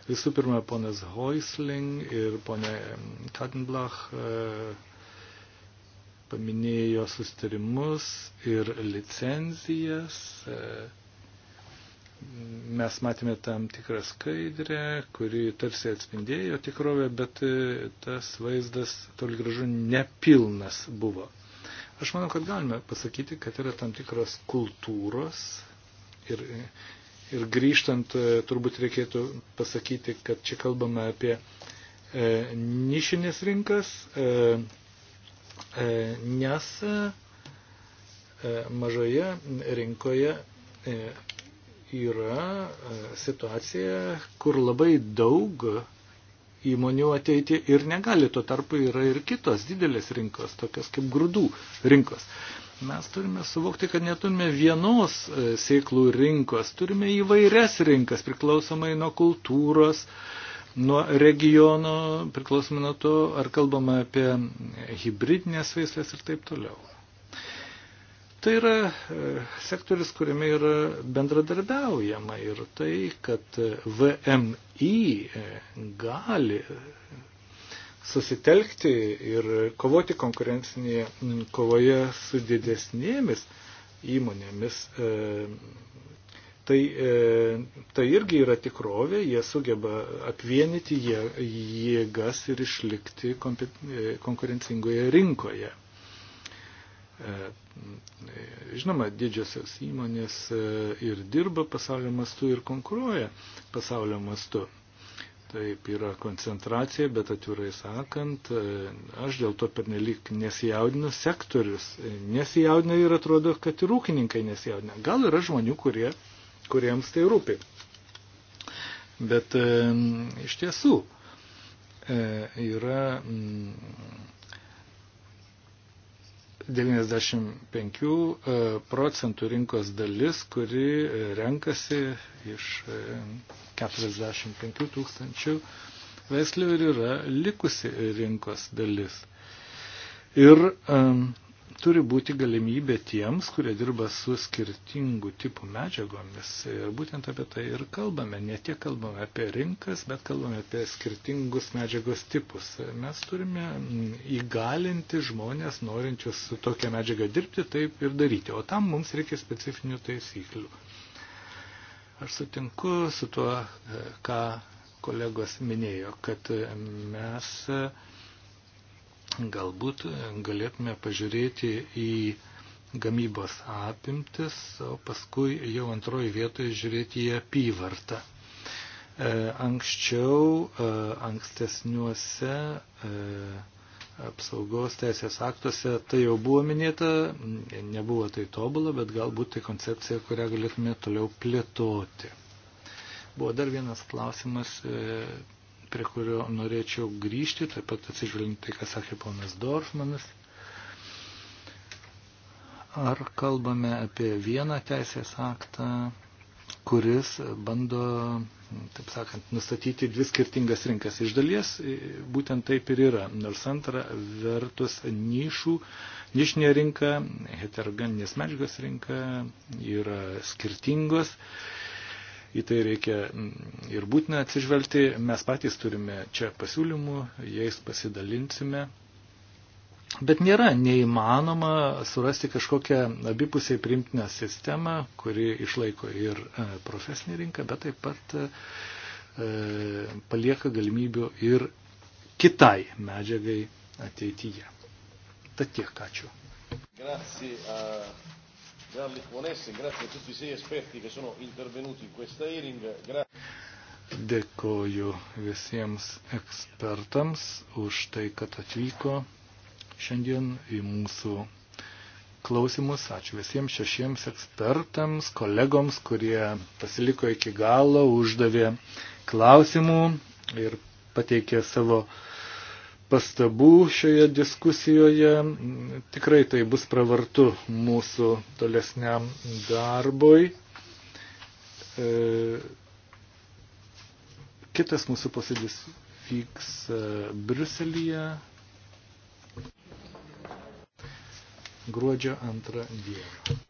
Visų pirma, ponas Hoisling ir ponė Tatenblach e, paminėjo sustarimus ir licenzijas. E, mes matėme tam tikrą skaidrę, kuri tarsi atspindėjo tikrovę, bet e, tas vaizdas toli gražu nepilnas buvo. Aš manau, kad galime pasakyti, kad yra tam tikros kultūros ir, ir grįžtant e, turbūt reikėtų pasakyti, kad čia kalbame apie e, nišinės rinkas, e, e, nes e, mažoje rinkoje e, yra e, situacija, kur labai daug įmonių ateiti ir negali. Tuo tarpu yra ir kitos didelės rinkos, tokios kaip grūdų rinkos. Mes turime suvokti, kad neturime vienos e, sėklų rinkos, turime įvairias rinkas priklausomai nuo kultūros, nuo regiono, priklausomai nuo to, ar kalbame apie hybridinės veislės ir taip toliau. Tai yra e, sektorius, kuriame yra bendradarbiaujama ir tai, kad VMI e, gali susitelkti ir kovoti konkurencinėje kovoje su didesnėmis įmonėmis. E, tai, tai irgi yra tikrovė, jie sugeba apvienyti jėgas ir išlikti konkurencingoje rinkoje. E, žinoma, didžiosios įmonės e, ir dirba pasaulio mastu ir konkuruoja pasaulio mastu. Taip yra koncentracija, bet atvirai sakant, e, aš dėl to pernelyg nesijaudinu, sektorius nesijaudina ir atrodo, kad ir ūkininkai nesijaudina. Gal yra žmonių, kurie, kuriems tai rūpi. Bet iš tiesų yra 95 e, procentų rinkos dalis, kuri e, renkasi iš 45 e, tūkstančių veislių ir yra likusi rinkos dalis. Ir um, turi būti galimybė tiems, kurie dirba su skirtingų tipų medžiagomis. Ir būtent apie tai ir kalbame. Ne tiek kalbame apie rinkas, bet kalbame apie skirtingus medžiagos tipus. Mes turime įgalinti žmonės, norinčius su tokia medžiaga dirbti, taip ir daryti. O tam mums reikia specifinių taisyklių. Aš sutinku su tuo, ką kolegos minėjo, kad mes Galbūt e, galėtume pažiūrėti į gamybos apimtis, o paskui jau antroji vietoje žiūrėti į apyvartą. E, anksčiau, e, ankstesniuose apsaugos teisės aktuose tai jau buvo minėta, nebuvo tai tobula, bet galbūt tai koncepcija, kurią galėtume toliau plėtoti. Buvo dar vienas klausimas prie kurio norėčiau grįžti, taip pat atsižvelgiant tai, ką sakė ponas Dorfmanas. Ar kalbame apie vieną teisės aktą, kuris bando, taip sakant, nustatyti dvi skirtingas rinkas. Iš dalies e, būtent taip ir yra. Nors antra vertus nišų, nišinė rinka, heterogeninės medžiagos rinka yra skirtingos į tai reikia mm, ir būtina atsižvelgti. Mes patys turime čia pasiūlymų, jais pasidalinsime. Bet nėra neįmanoma surasti kažkokią abipusiai primtinę sistemą, kuri išlaiko ir e, profesinį rinką, bet taip pat e, e, palieka galimybių ir kitai medžiagai ateityje. Tad tiek, ačiū. Grazie. Uh... Gianni Fonesse, grazie a tutti i sei esperti che sono intervenuti in questa hearing. Gra Dėkoju visiems ekspertams už tai, kad atvyko šiandien į mūsų klausimus. Ačiū visiems šešiems ekspertams, kolegoms, kurie pasiliko iki galo, uždavė klausimų ir pateikė savo pastabų šioje diskusijoje. Tikrai tai bus pravartu mūsų tolesniam darbui. E, kitas mūsų posėdis vyks e, Bruselėje gruodžio antrą dieną.